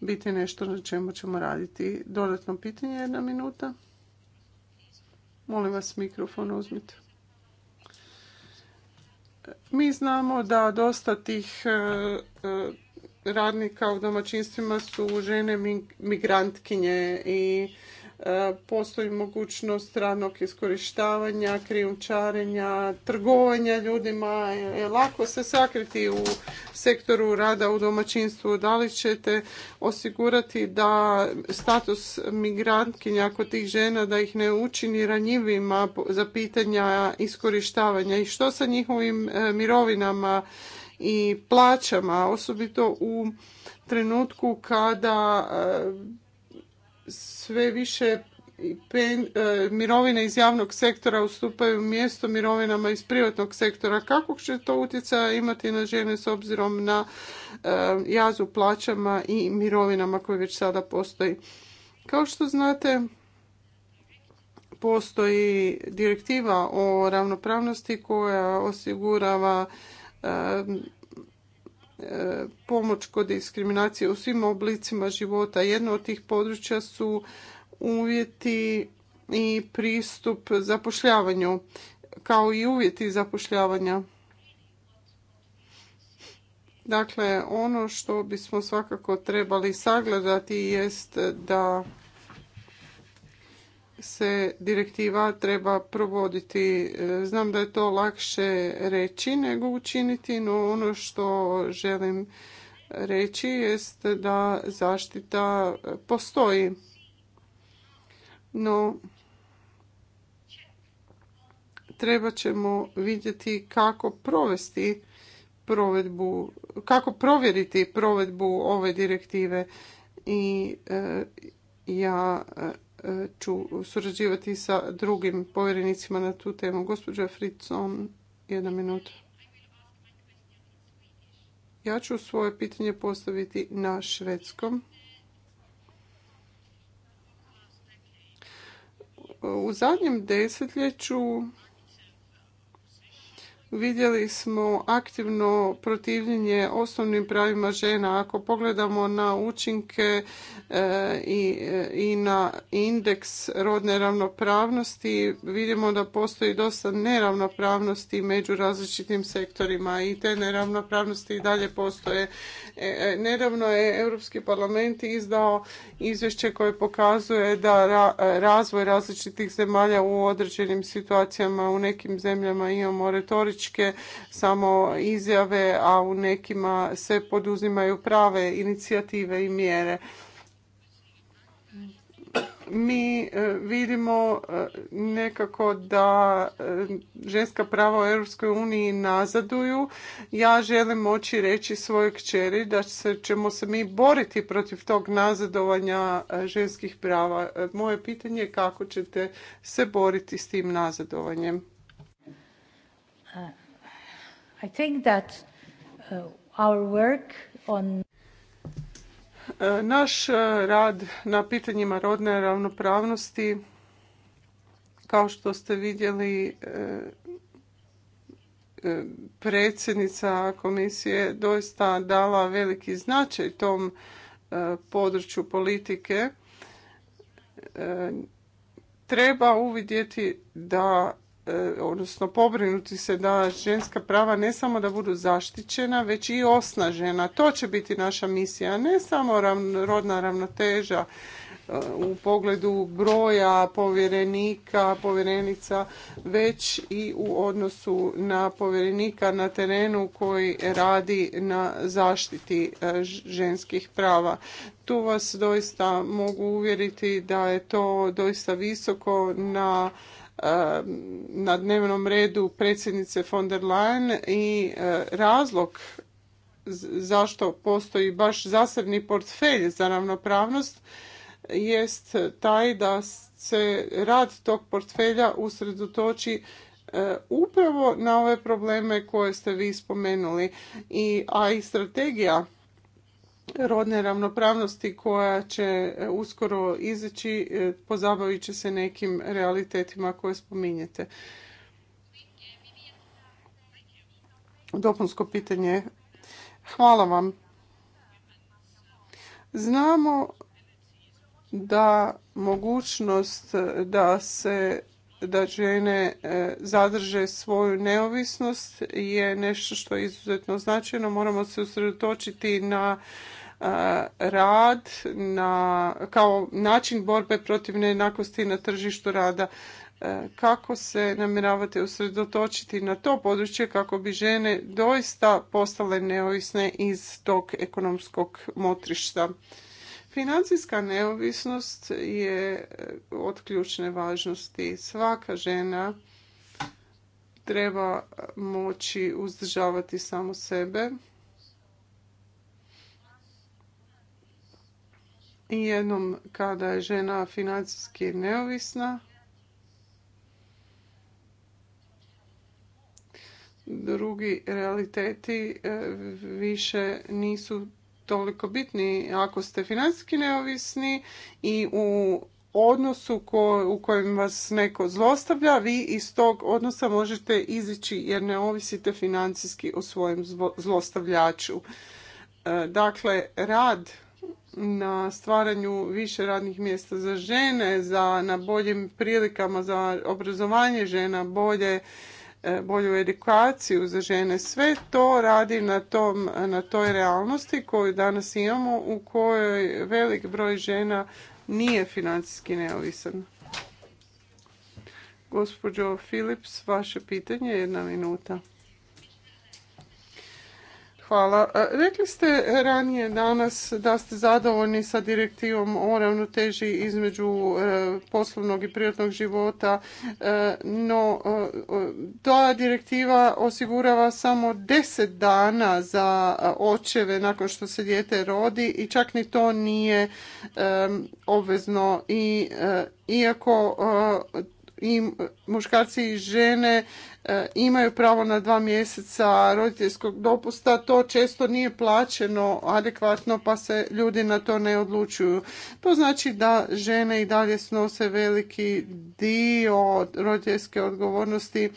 biti nešto na čemu ćemo raditi. Dodatno pitanje, jedna minuta. Molim vas mikrofon uzmite. Mi znamo da dosta tih e, e, radnika u domaćinstvima su žene migrantkinje i E, postoji mogućnost stranog iskorištavanja, krijumčarenja, trgovanja ljudima. E, e, lako se sakriti u sektoru rada u domaćinstvu. Da li ćete osigurati da status migrantkinja kod tih žena da ih ne učini ranjivima za pitanja iskorištavanja i što sa njihovim mirovinama i plaćama, osobito u trenutku kada sve više e, mirovine iz javnog sektora ustupaju mjesto mirovinama iz privatnog sektora. Kako će to utjecaja imati na žene s obzirom na e, jazu plaćama i mirovinama koje već sada postoji? Kao što znate, postoji direktiva o ravnopravnosti koja osigurava e, pomoć kod diskriminacije u svim oblicima života. Jedno od tih područja su uvjeti i pristup zapošljavanju, kao i uvjeti zapošljavanja. Dakle, ono što bismo svakako trebali sagledati jest da se direktiva treba provoditi. E, znam da je to lakše reći nego učiniti, no ono što želim reći jest da zaštita postoji. No, treba ćemo vidjeti kako provesti provedbu, kako provjeriti provedbu ove direktive i e, ja ću surađivati sa drugim povjerenicima na tu temu. Gospođa Fritzon, jedna minuta. Ja ću svoje pitanje postaviti na švedskom. U zadnjem desetljeću vidjeli smo aktivno protivljenje osnovnim pravima žena. Ako pogledamo na učinke e, i na indeks rodne ravnopravnosti, vidimo da postoji dosta neravnopravnosti među različitim sektorima i te neravnopravnosti i dalje postoje. E, e, nedavno je Europski parlament izdao izvješće koje pokazuje da razvoj različitih zemalja u određenim situacijama u nekim zemljama imamo retorič samo izjave, a u nekima se poduzimaju prave inicijative i mjere mi e, vidimo e, nekako da e, ženska prava u Europskoj uniji nazaduju. Ja želim moći reći svojoj kćeri da ćemo se mi boriti protiv tog nazadovanja ženskih prava. Moje pitanje je kako ćete se boriti s tim nazadovanjem. Uh, I think that uh, our work on uh, naš rad na pitanjima rodne ravnopravnosti kao što ste vidjeli predsjednica komisije doista dala veliki značaj tom području politike treba uvidjeti da E, odnosno pobrinuti se da ženska prava ne samo da budu zaštićena, već i osnažena. To će biti naša misija, ne samo rodna ravnoteža e, u pogledu broja povjerenika, povjerenica, već i u odnosu na povjerenika na terenu koji radi na zaštiti e, ženskih prava. Tu vas doista mogu uvjeriti da je to doista visoko na na dnevnom redu predsjednice von der Leyen i e, razlog zašto postoji baš zasebni portfelj za ravnopravnost jest taj da se rad tog portfelja usredotoči e, upravo na ove probleme koje ste vi spomenuli i a i strategija rodne ravnopravnosti koja će e, uskoro izaći, e, pozabavit će se nekim realitetima koje spominjete. Dopunsko pitanje. Hvala vam. Znamo da mogućnost da se da žene e, zadrže svoju neovisnost je nešto što je izuzetno značajno. Moramo se usredotočiti na rad na, kao način borbe protiv nejednakosti na tržištu rada. E, kako se namjeravate usredotočiti na to područje kako bi žene doista postale neovisne iz tog ekonomskog motrišta? Financijska neovisnost je e, od ključne važnosti. Svaka žena treba moći uzdržavati samo sebe i jednom kada je žena financijski neovisna, drugi realiteti e, više nisu toliko bitni. Ako ste financijski neovisni i u odnosu u kojem vas neko zlostavlja, vi iz tog odnosa možete izići jer ne ovisite financijski o svojem zlostavljaču. E, dakle, rad na stvaranju više radnih mjesta za žene, za, na boljim prilikama za obrazovanje žena, bolje, e, bolju edukaciju za žene. Sve to radi na, tom, na toj realnosti koju danas imamo u kojoj velik broj žena nije financijski neovisan. Gospođo Philips, vaše pitanje, jedna minuta. Hvala. E, rekli ste ranije danas da ste zadovoljni sa direktivom o ravnoteži između e, poslovnog i privatnog života, e, no ta direktiva osigurava samo deset dana za očeve nakon što se dijete rodi i čak ni to nije obvezno i iako i muškarci i žene E, imaju pravo na dva mjeseca roditeljskog dopusta, to često nije plaćeno adekvatno pa se ljudi na to ne odlučuju. To znači da žene i dalje snose veliki dio roditeljske odgovornosti,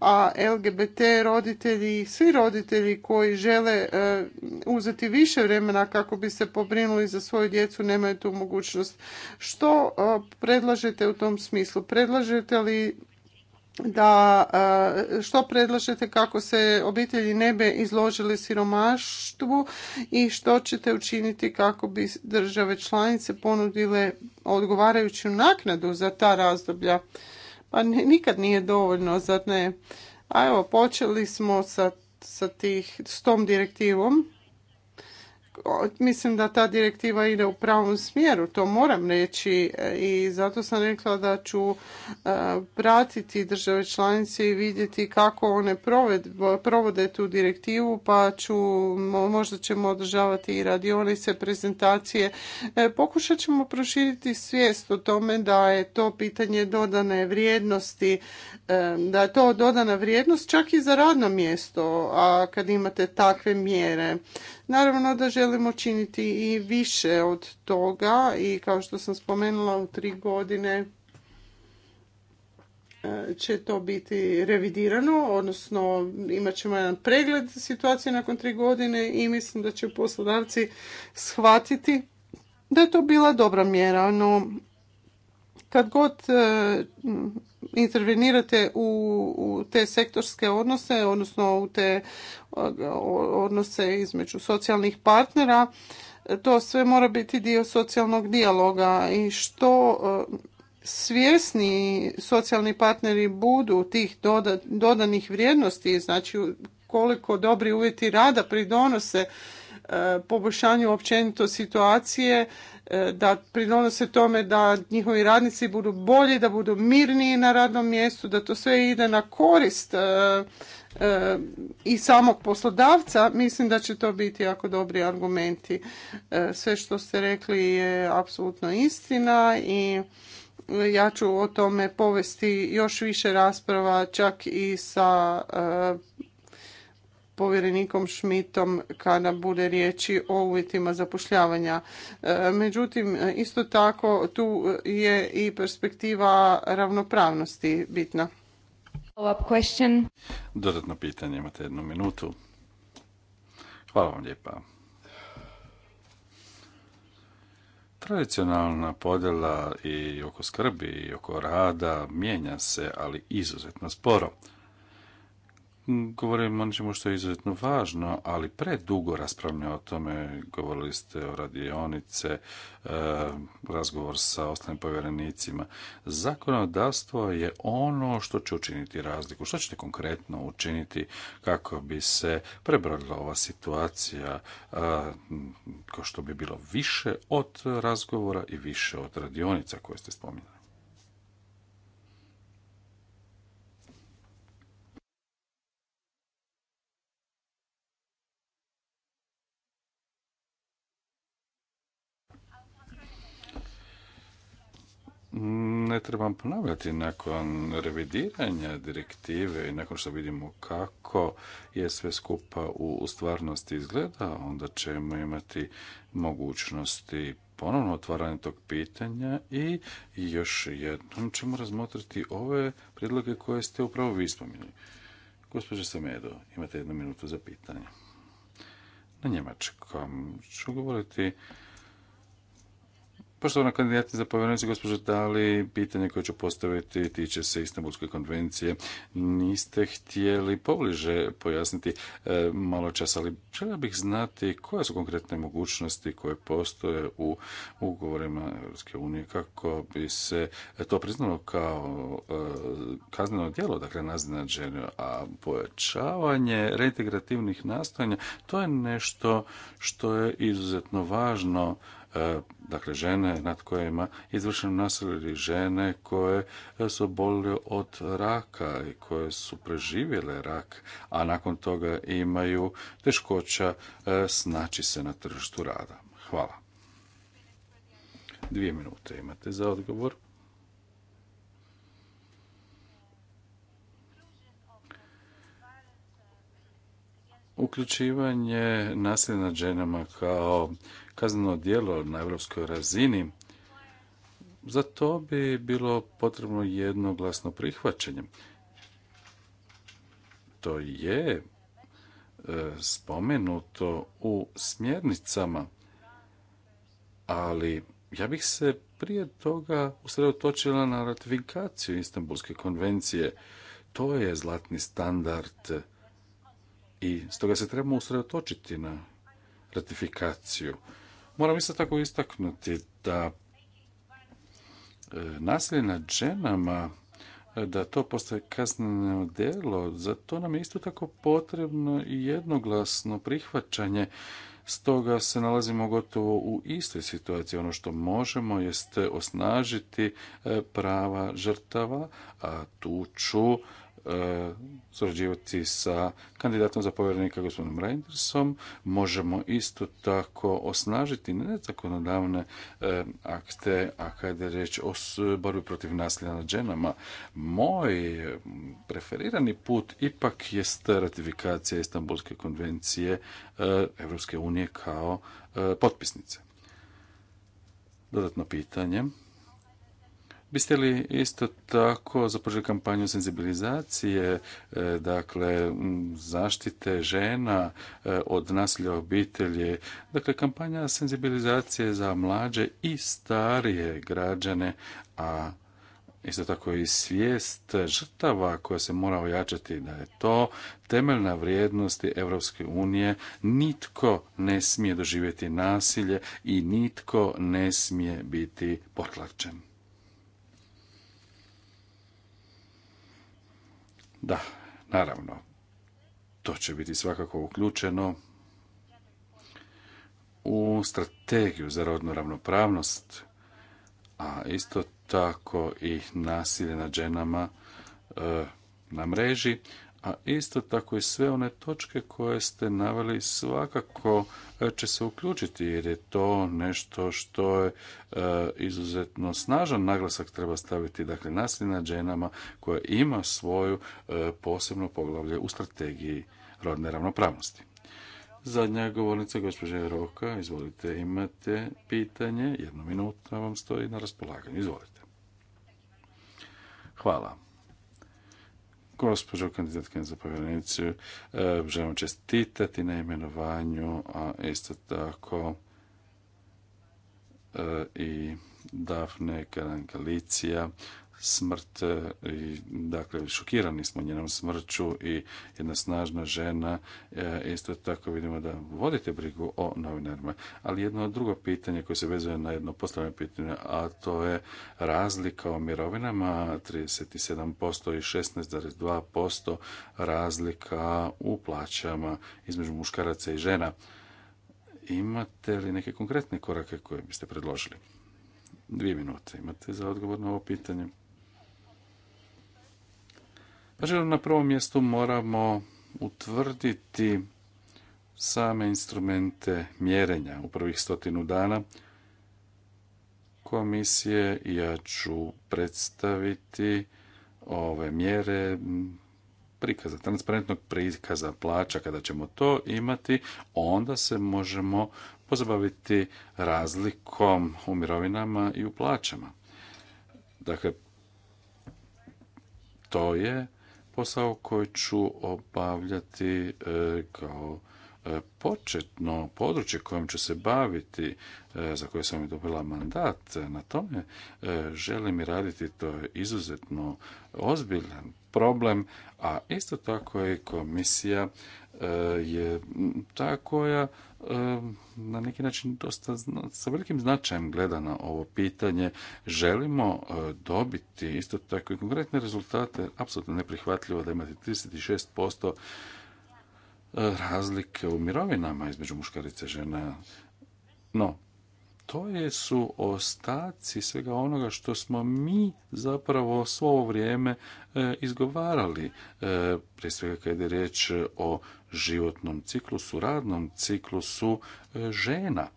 a LGBT roditelji, svi roditelji koji žele e, uzeti više vremena kako bi se pobrinuli za svoju djecu nemaju tu mogućnost. Što e, predlažete u tom smislu? Predlažete li da e, što predlažete kako se obitelji ne bi izložile siromaštvu i što ćete učiniti kako bi države članice ponudile odgovarajuću naknadu za ta razdoblja. Pa nikad nije dovoljno, zar ne? A evo, počeli smo sa, tih, s tom direktivom mislim da ta direktiva ide u pravom smjeru, to moram reći e, i zato sam rekla da ću e, pratiti države članice i vidjeti kako one provode tu direktivu, pa ću, možda ćemo održavati i radionice, prezentacije. E, pokušat ćemo proširiti svijest o tome da je to pitanje dodane vrijednosti, da je to dodana vrijednost čak i za radno mjesto, a kad imate takve mjere. Naravno da želimo činiti i više od toga i kao što sam spomenula u tri godine e, će to biti revidirano, odnosno imat ćemo jedan pregled situacije nakon tri godine i mislim da će poslodavci shvatiti da je to bila dobra mjera, no kad god e, intervenirate u te sektorske odnose, odnosno u te e, odnose između socijalnih partnera, to sve mora biti dio socijalnog dijaloga i što e, svjesni socijalni partneri budu tih dodanih vrijednosti, znači koliko dobri uvjeti rada pridonose poboljšanju općenito situacije, E, da pridonose tome da njihovi radnici budu bolji, da budu mirniji na radnom mjestu, da to sve ide na korist e, e, i samog poslodavca, mislim da će to biti jako dobri argumenti. Sve što ste rekli je apsolutno istina i ja ću o tome povesti još više rasprava čak i sa povjerenikom Šmitom kada bude riječi o uvjetima zapošljavanja. E, međutim, isto tako tu je i perspektiva ravnopravnosti bitna. Dodatno pitanje, imate jednu minutu. Hvala vam lijepa. Tradicionalna podjela i oko skrbi i oko rada mijenja se, ali izuzetno sporo. Mm, govorimo o nečemu što je izuzetno važno, ali predugo raspravljamo o tome, govorili ste o radionice, e, razgovor sa ostalim povjerenicima. Zakonodavstvo je ono što će učiniti razliku, što ćete konkretno učiniti kako bi se prebrodila ova situacija, e, kao što bi bilo više od razgovora i više od radionica koje ste spominjali. ne trebam ponavljati nakon revidiranja direktive i nakon što vidimo kako je sve skupa u stvarnosti izgleda, onda ćemo imati mogućnosti ponovno otvaranje tog pitanja i još jednom ćemo razmotriti ove predloge koje ste upravo vi spominjali. Gospođa Samedo, imate jednu minutu za pitanje. Na njemačkom ću govoriti Poštovana kandidati za povjerenicu, gospođo Dali, pitanje koje ću postaviti tiče se Istanbulske konvencije. Niste htjeli pobliže pojasniti e, malo čas, ali želio bih znati koje su konkretne mogućnosti koje postoje u ugovorima Europske unije kako bi se to priznalo kao e, kazneno djelo, dakle naznađeno, a pojačavanje reintegrativnih nastojanja, to je nešto što je izuzetno važno E, dakle žene nad kojima je izvršeno nasilje ili žene koje su bolile od raka i koje su preživjele rak, a nakon toga imaju teškoća e, snaći se na tržištu rada. Hvala. Dvije minute imate za odgovor. Uključivanje nasilja nad ženama kao kazneno djelo na europskoj razini, za to bi bilo potrebno jednoglasno prihvaćanje. To je e, spomenuto u smjernicama, ali ja bih se prije toga usredotočila na ratifikaciju Istanbulske konvencije. To je zlatni standard i stoga se trebamo usredotočiti na ratifikaciju. Moram isto tako istaknuti da e, nasilje nad ženama e, da to postoje kazneno delo, za to nam je isto tako potrebno i jednoglasno prihvaćanje. Stoga se nalazimo gotovo u istoj situaciji. Ono što možemo jeste osnažiti e, prava žrtava, a tu ću E, surađivati sa kandidatom za povjerenika gospodinom Reindersom. Možemo isto tako osnažiti nezakonodavne e, akte, a kada je reč o borbi protiv nasilja nad ženama, moj preferirani put ipak jest ratifikacija Istanbulske konvencije Europske unije kao e, potpisnice. Dodatno pitanje Biste li isto tako započeli kampanju senzibilizacije, e, dakle, zaštite žena e, od nasilja obitelji, dakle, kampanja senzibilizacije za mlađe i starije građane, a isto tako i svijest žrtava koja se mora ojačati da je to temeljna vrijednosti Europske unije, nitko ne smije doživjeti nasilje i nitko ne smije biti potlačen. Da, naravno. To će biti svakako uključeno u strategiju za rodnu ravnopravnost, a isto tako i nasilje nad ženama e, na mreži a isto tako i sve one točke koje ste naveli svakako e, će se uključiti jer je to nešto što je e, izuzetno snažan naglasak treba staviti dakle nasilje nad ženama koja ima svoju e, posebno poglavlje u strategiji rodne ravnopravnosti. Zadnja govornica, gospođa Roka, izvolite, imate pitanje, Jednu minuta vam stoji na raspolaganju, izvolite. Hvala gospođo kandidatkinja za povjerenicu, e, želim čestitati na imenovanju, a isto tako e, i davne Karan smrt e, dakle šokirani smo njenom smrću i jedna snažna žena e, isto tako vidimo da vodite brigu o novinarima ali jedno drugo pitanje koje se vezuje na jedno postavljeno pitanje a to je razlika o mirovinama 37% i 16,2% razlika u plaćama između muškaraca i žena imate li neke konkretne korake koje biste predložili Dvije minute imate za odgovor na ovo pitanje. Znači, na prvom mjestu moramo utvrditi same instrumente mjerenja u prvih stotinu dana komisije. Ja ću predstaviti ove mjere prikaza, transparentnog prikaza plaća. Kada ćemo to imati, onda se možemo pozabaviti razlikom u mirovinama i u plaćama. Dakle, to je posao koji ću obavljati e, kao E, početno područje kojim ću se baviti, e, za koje sam i dobila mandat, na tome e, želim i raditi, to je izuzetno ozbiljan problem, a isto tako i komisija je ta koja na neki način dosta sa velikim značajem gleda na ovo pitanje. Želimo dobiti isto tako i konkretne rezultate. Apsolutno neprihvatljivo da imate 36% razlike u mirovinama između muškarice i žena. No, to je su ostaci svega onoga što smo mi zapravo svo ovo vrijeme e, izgovarali, e, prije svega kada je riječ o životnom ciklusu, radnom ciklusu e, žena.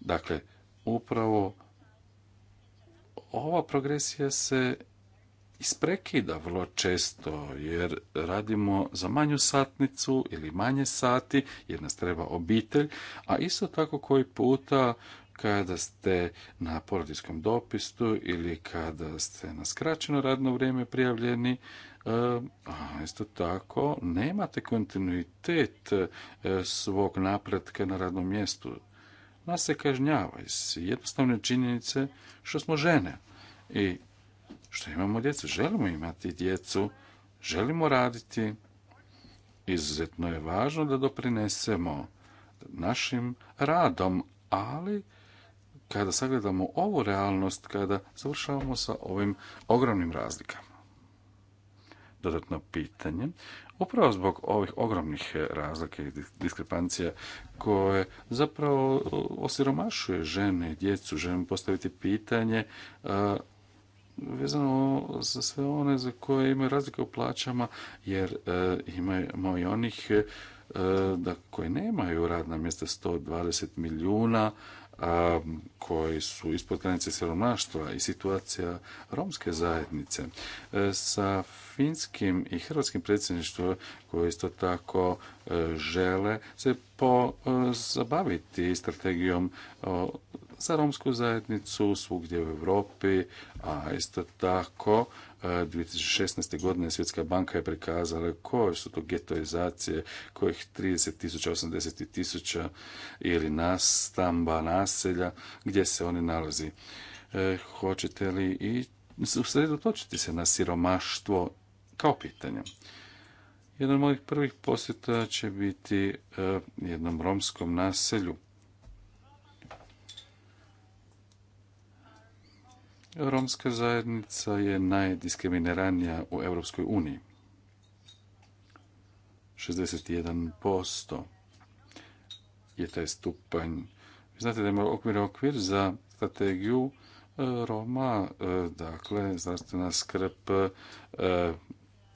Dakle, upravo ova progresija se isprekida vrlo često jer radimo za manju satnicu ili manje sati jer nas treba obitelj, a isto tako koji puta kada ste na porodijskom dopistu ili kada ste na skraćeno radno vrijeme prijavljeni, e, a isto tako nemate kontinuitet e, svog napretka na radnom mjestu. Nas se kažnjava iz jednostavne činjenice što smo žene i što imamo djecu. Želimo imati djecu, želimo raditi. Izuzetno je važno da doprinesemo našim radom, ali kada sagledamo ovu realnost, kada završavamo sa ovim ogromnim razlikama. Dodatno pitanje, upravo zbog ovih ogromnih razlika i diskrepancija koje zapravo osiromašuje žene i djecu, želim postaviti pitanje vezano za sve one za koje imaju razlike u plaćama, jer e, imamo i onih e, da koji nemaju radna mjesta 120 milijuna koji su ispod granice siromaštva i situacija romske zajednice e, sa finskim i hrvatskim predsjedništvom koji isto tako žele se pozabaviti strategijom za romsku zajednicu svugdje u Europi, a isto tako 2016. E, godine Svjetska banka je prikazala koje su to getoizacije, kojih 30.000, 80.000 ili nastamba naselja gdje se oni nalazi. E, hoćete li i usredotočiti se na siromaštvo kao pitanje? Jedan od mojih prvih posjeta će biti e, jednom romskom naselju romska zajednica je najdiskriminiranija u Europskoj uniji. 61% je taj stupanj. znate da imamo okvir okvir za strategiju e, Roma, e, dakle, zdravstvena skrp e,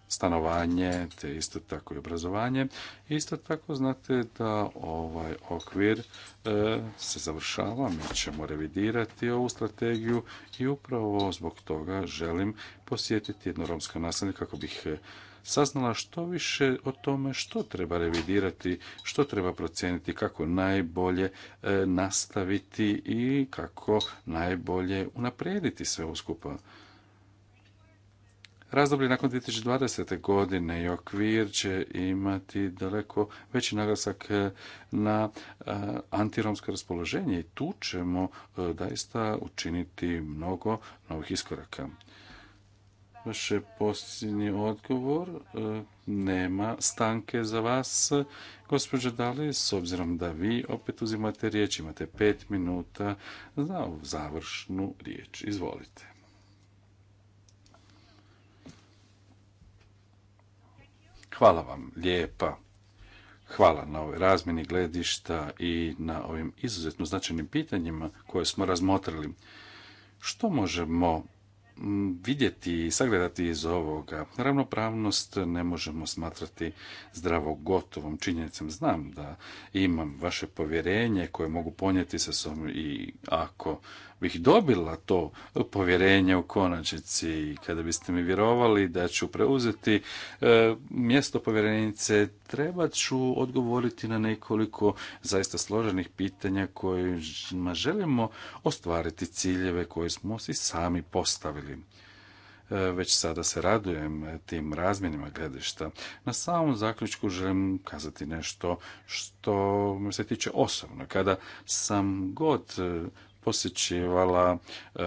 stanovanje, te isto tako i obrazovanje. Isto tako znate da ovaj okvir e, se završava, mi ćemo revidirati ovu strategiju i upravo zbog toga želim posjetiti jedno romsko naselje kako bih e, saznala što više o tome što treba revidirati, što treba procijeniti, kako najbolje e, nastaviti i kako najbolje unaprijediti sve ovo skupa. Razdoblje nakon 2020. godine i okvir će imati daleko veći naglasak e, na e, antiromsko raspoloženje i tu ćemo e, daista učiniti mnogo novih iskoraka. Vaš posljednji odgovor nema stanke za vas. Gospođo Dali, s obzirom da vi opet uzimate riječ, imate pet minuta za završnu riječ. Izvolite. Hvala vam lijepa. Hvala na ovoj razmjeni gledišta i na ovim izuzetno značajnim pitanjima koje smo razmotrili. Što možemo vidjeti i sagledati iz ovoga. Ravnopravnost ne možemo smatrati zdravo gotovom činjenicom. Znam da imam vaše povjerenje koje mogu ponijeti sa sobom i ako bih dobila to povjerenje u konačnici i kada biste mi vjerovali da ću preuzeti e, mjesto povjerenice, treba ću odgovoriti na nekoliko zaista složenih pitanja kojima želimo ostvariti ciljeve koje smo si sami postavili e, već sada se radujem tim razmjenima gledišta. Na samom zaključku želim kazati nešto što se tiče osobno. Kada sam god e, posjećivala e,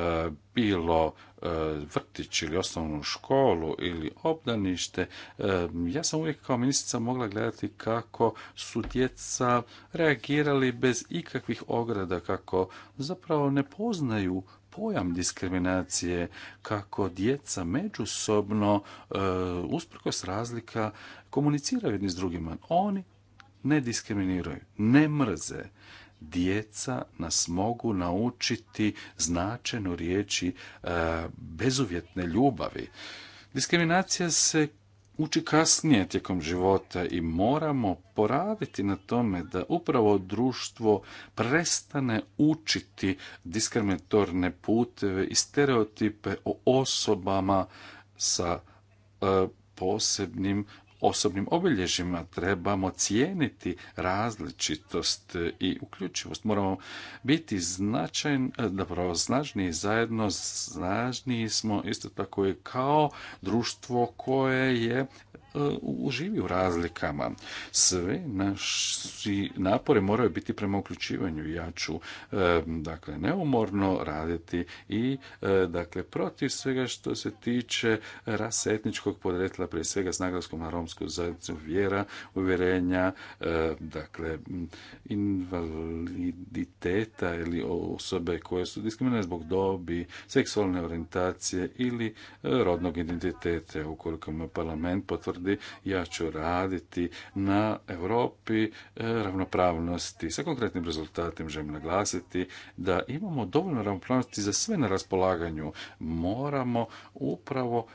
bilo e, vrtić ili osnovnu školu ili obdanište, e, ja sam uvijek kao ministrica mogla gledati kako su djeca reagirali bez ikakvih ograda, kako zapravo ne poznaju pojam diskriminacije, kako djeca međusobno, usprkos razlika, komuniciraju jedni s drugima. Oni ne diskriminiraju, ne mrze, djeca nas mogu naučiti značenu riječi e, bezuvjetne ljubavi. Diskriminacija se uči kasnije tijekom života i moramo poraviti na tome da upravo društvo prestane učiti diskriminatorne puteve i stereotipe o osobama sa e, posebnim osobnim obilježjima. Trebamo cijeniti različitost e, i uključivost. Moramo biti značajni, e, dobro snažniji zajedno, snažniji smo isto tako i kao društvo koje je uživi u razlikama. Sve naši napori moraju biti prema uključivanju. Ja ću e, dakle neumorno raditi i e, dakle protiv svega što se tiče etničkog podretla, prije svega s naglaskom na romsku zajednicu vjera, uvjerenja, e, dakle invaliditeta ili osobe koje su diskriminirane zbog dobi, seksualne orijentacije ili rodnog identiteta. Ukoliko me parlament potvrdi ja ću raditi na Europi e, ravnopravnosti. Sa konkretnim rezultatima želim naglasiti da imamo dovoljno ravnopravnosti za sve na raspolaganju. Moramo upravo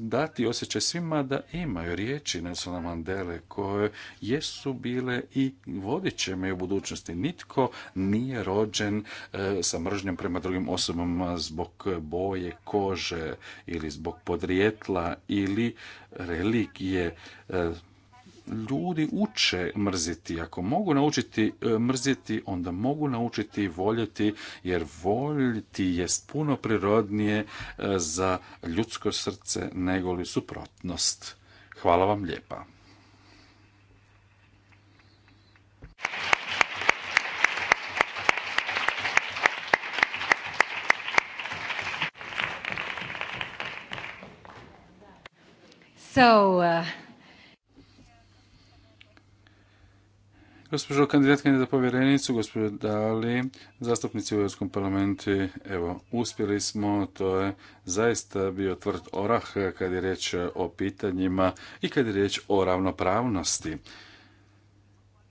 dati osjećaj svima da imaju riječi na Mandele koje jesu bile i vodit će me u budućnosti. Nitko nije rođen e, sa mržnjom prema drugim osobama zbog boje kože ili zbog podrijetla ili religije je e, ljudi uče mrziti. Ako mogu naučiti e, mrziti, onda mogu naučiti voljeti, jer voljeti je puno prirodnije e, za ljudsko srce negoli suprotnost. Hvala vam lijepa. So, uh... Gospođo kandidatkinje za povjerenicu, gospođo Dali, zastupnici u Europskom parlamentu, evo, uspjeli smo, to je zaista bio tvrd orah kad je riječ o pitanjima i kad je riječ o ravnopravnosti.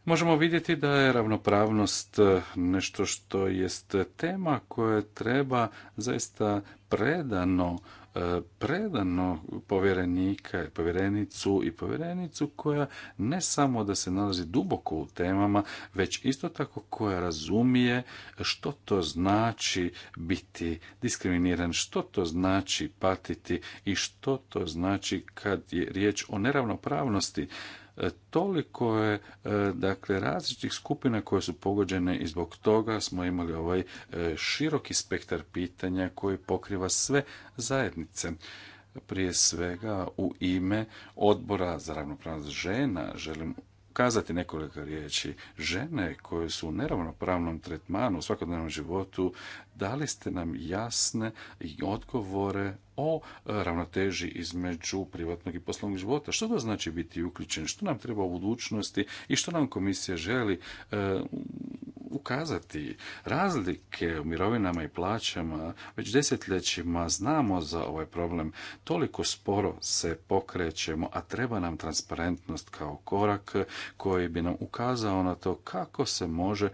Možemo vidjeti da je ravnopravnost nešto što jest tema koje treba zaista predano E, predano povjerenika i povjerenicu i povjerenicu koja ne samo da se nalazi duboko u temama, već isto tako koja razumije što to znači biti diskriminiran, što to znači patiti i što to znači kad je riječ o neravnopravnosti Toliko je e, dakle različitih skupina koje su pogođene i zbog toga smo imali ovaj e, široki spektar pitanja koji pokriva sve zajednice prije svega u ime odbora za ravnopravnost žena želim kazati nekoliko riječi. Žene koje su u neravnopravnom tretmanu u svakodnevnom životu, dali ste nam jasne odgovore o e, ravnoteži između privatnog i poslovnog života. Što to znači biti uključen? Što nam treba u budućnosti i što nam komisija želi e, ukazati? Razlike u mirovinama i plaćama već desetljećima znamo za ovaj problem. Toliko sporo se pokrećemo, a treba nam transparentnost kao korak koji bi nam ukazao na to kako se može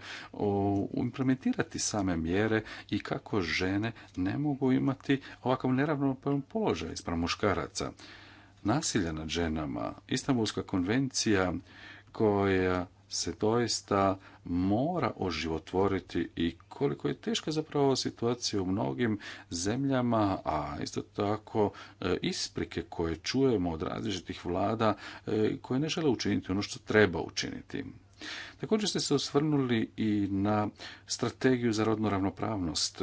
implementirati same mjere i kako žene ne mogu imati ovakav neravno ravnopravan položaj spram muškaraca. Nasilja nad ženama, Istanbulska konvencija koja se doista mora oživotvoriti i koliko je teška zapravo situacija u mnogim zemljama, a isto tako e, isprike koje čujemo od različitih vlada e, koje ne žele učiniti ono što treba učiniti. Također ste se osvrnuli i na strategiju za rodnu ravnopravnost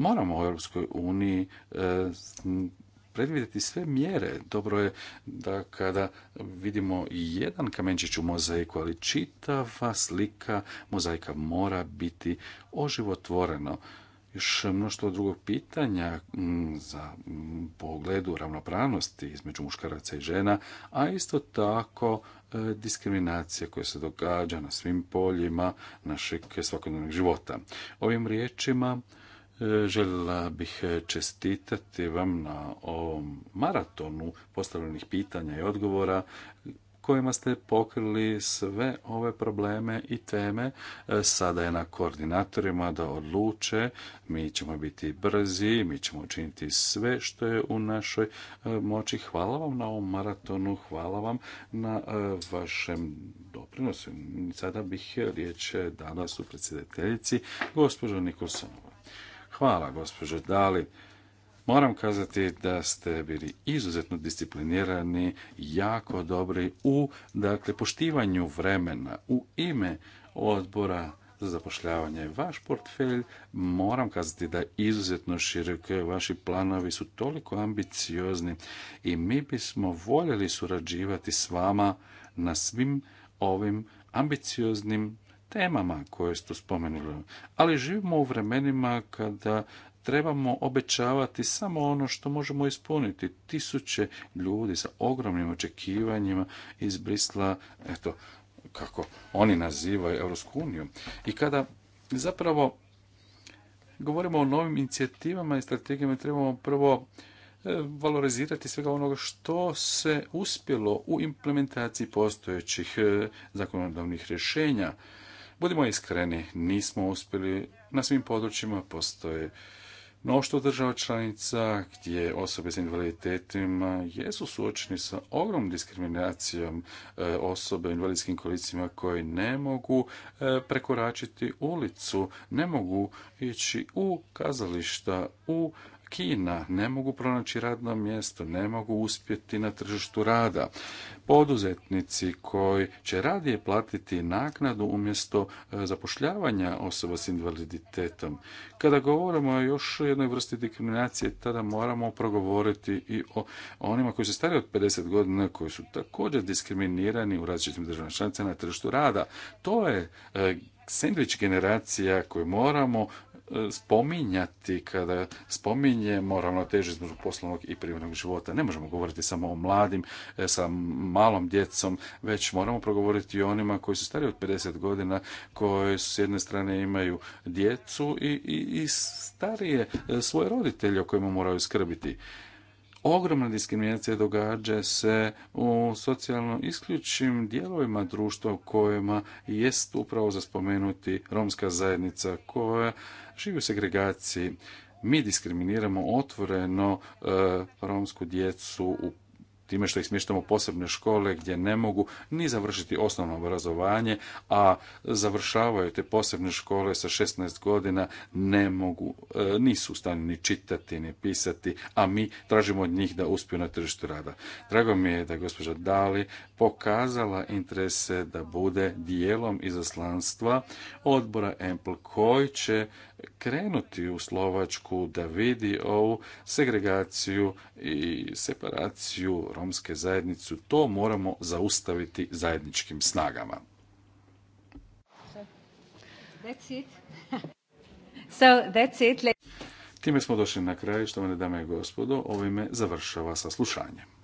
moramo u Europskoj uniji e, predvidjeti sve mjere. Dobro je da kada vidimo jedan kamenčić u mozaiku, ali čitava slika mozaika mora biti oživotvoreno. Još mnoštvo drugog pitanja za pogledu ravnopravnosti između muškaraca i žena, a isto tako e, diskriminacija koja se događa na svim poljima našeg svakodnevnog života. Ovim riječima Željela bih čestitati vam na ovom maratonu postavljenih pitanja i odgovora kojima ste pokrili sve ove probleme i teme. Sada je na koordinatorima da odluče. Mi ćemo biti brzi, mi ćemo učiniti sve što je u našoj e, moći. Hvala vam na ovom maratonu, hvala vam na e, vašem doprinosu. Sada bih riječ danas u predsjedateljici gospođo Nikolsonova. Hvala, gospođo Dali. Moram kazati da ste bili izuzetno disciplinirani, jako dobri u dakle, poštivanju vremena u ime odbora za zapošljavanje. Vaš portfelj, moram kazati da izuzetno širok, vaši planovi su toliko ambiciozni i mi bismo voljeli surađivati s vama na svim ovim ambicioznim temama koje ste spomenuli. Ali živimo u vremenima kada trebamo obećavati samo ono što možemo ispuniti. Tisuće ljudi sa ogromnim očekivanjima iz Brisla, eto, kako oni nazivaju Europsku uniju. I kada zapravo govorimo o novim inicijativama i strategijama, trebamo prvo e, valorizirati svega onoga što se uspjelo u implementaciji postojećih e, zakonodavnih rješenja Budimo iskreni, nismo uspjeli na svim područjima, postoje mnoštvo država članica gdje osobe s invaliditetima jesu suočeni sa ogromnom diskriminacijom e, osobe u invalidskim kolicima koji ne mogu e, prekoračiti ulicu, ne mogu ići u kazališta, u Kina, ne mogu pronaći radno mjesto, ne mogu uspjeti na tržištu rada. Poduzetnici koji će radije platiti naknadu umjesto e, zapošljavanja osoba s invaliditetom. Kada govorimo o još jednoj vrsti diskriminacije, tada moramo progovoriti i o onima koji su stari od 50 godina, koji su također diskriminirani u različitim državama članicama na tržištu rada. To je e, sandvič generacija koju moramo spominjati kada spominjemo ravnotežu između poslovnog i privrednog života. Ne možemo govoriti samo o mladim, e, sa malom djecom, već moramo progovoriti i o onima koji su stari od 50 godina, koji s jedne strane imaju djecu i, i, i starije e, svoje roditelje o kojima moraju skrbiti. Ogromna diskriminacija događa se u socijalno isključim dijelovima društva u kojima jest upravo za spomenuti romska zajednica koja živi u segregaciji. Mi diskriminiramo otvoreno e, romsku djecu u time što ih smještamo posebne škole gdje ne mogu ni završiti osnovno obrazovanje, a završavaju te posebne škole sa 16 godina, ne mogu, e, nisu u stanju ni čitati, ni pisati, a mi tražimo od njih da uspiju na tržištu rada. Drago mi je da je gospođa Dali pokazala interese da bude dijelom izaslanstva odbora EMPL koji će krenuti u Slovačku da vidi ovu segregaciju i separaciju romske zajednicu. To moramo zaustaviti zajedničkim snagama. Time smo došli na kraj, što mene dame i gospodo, ovime završava saslušanje.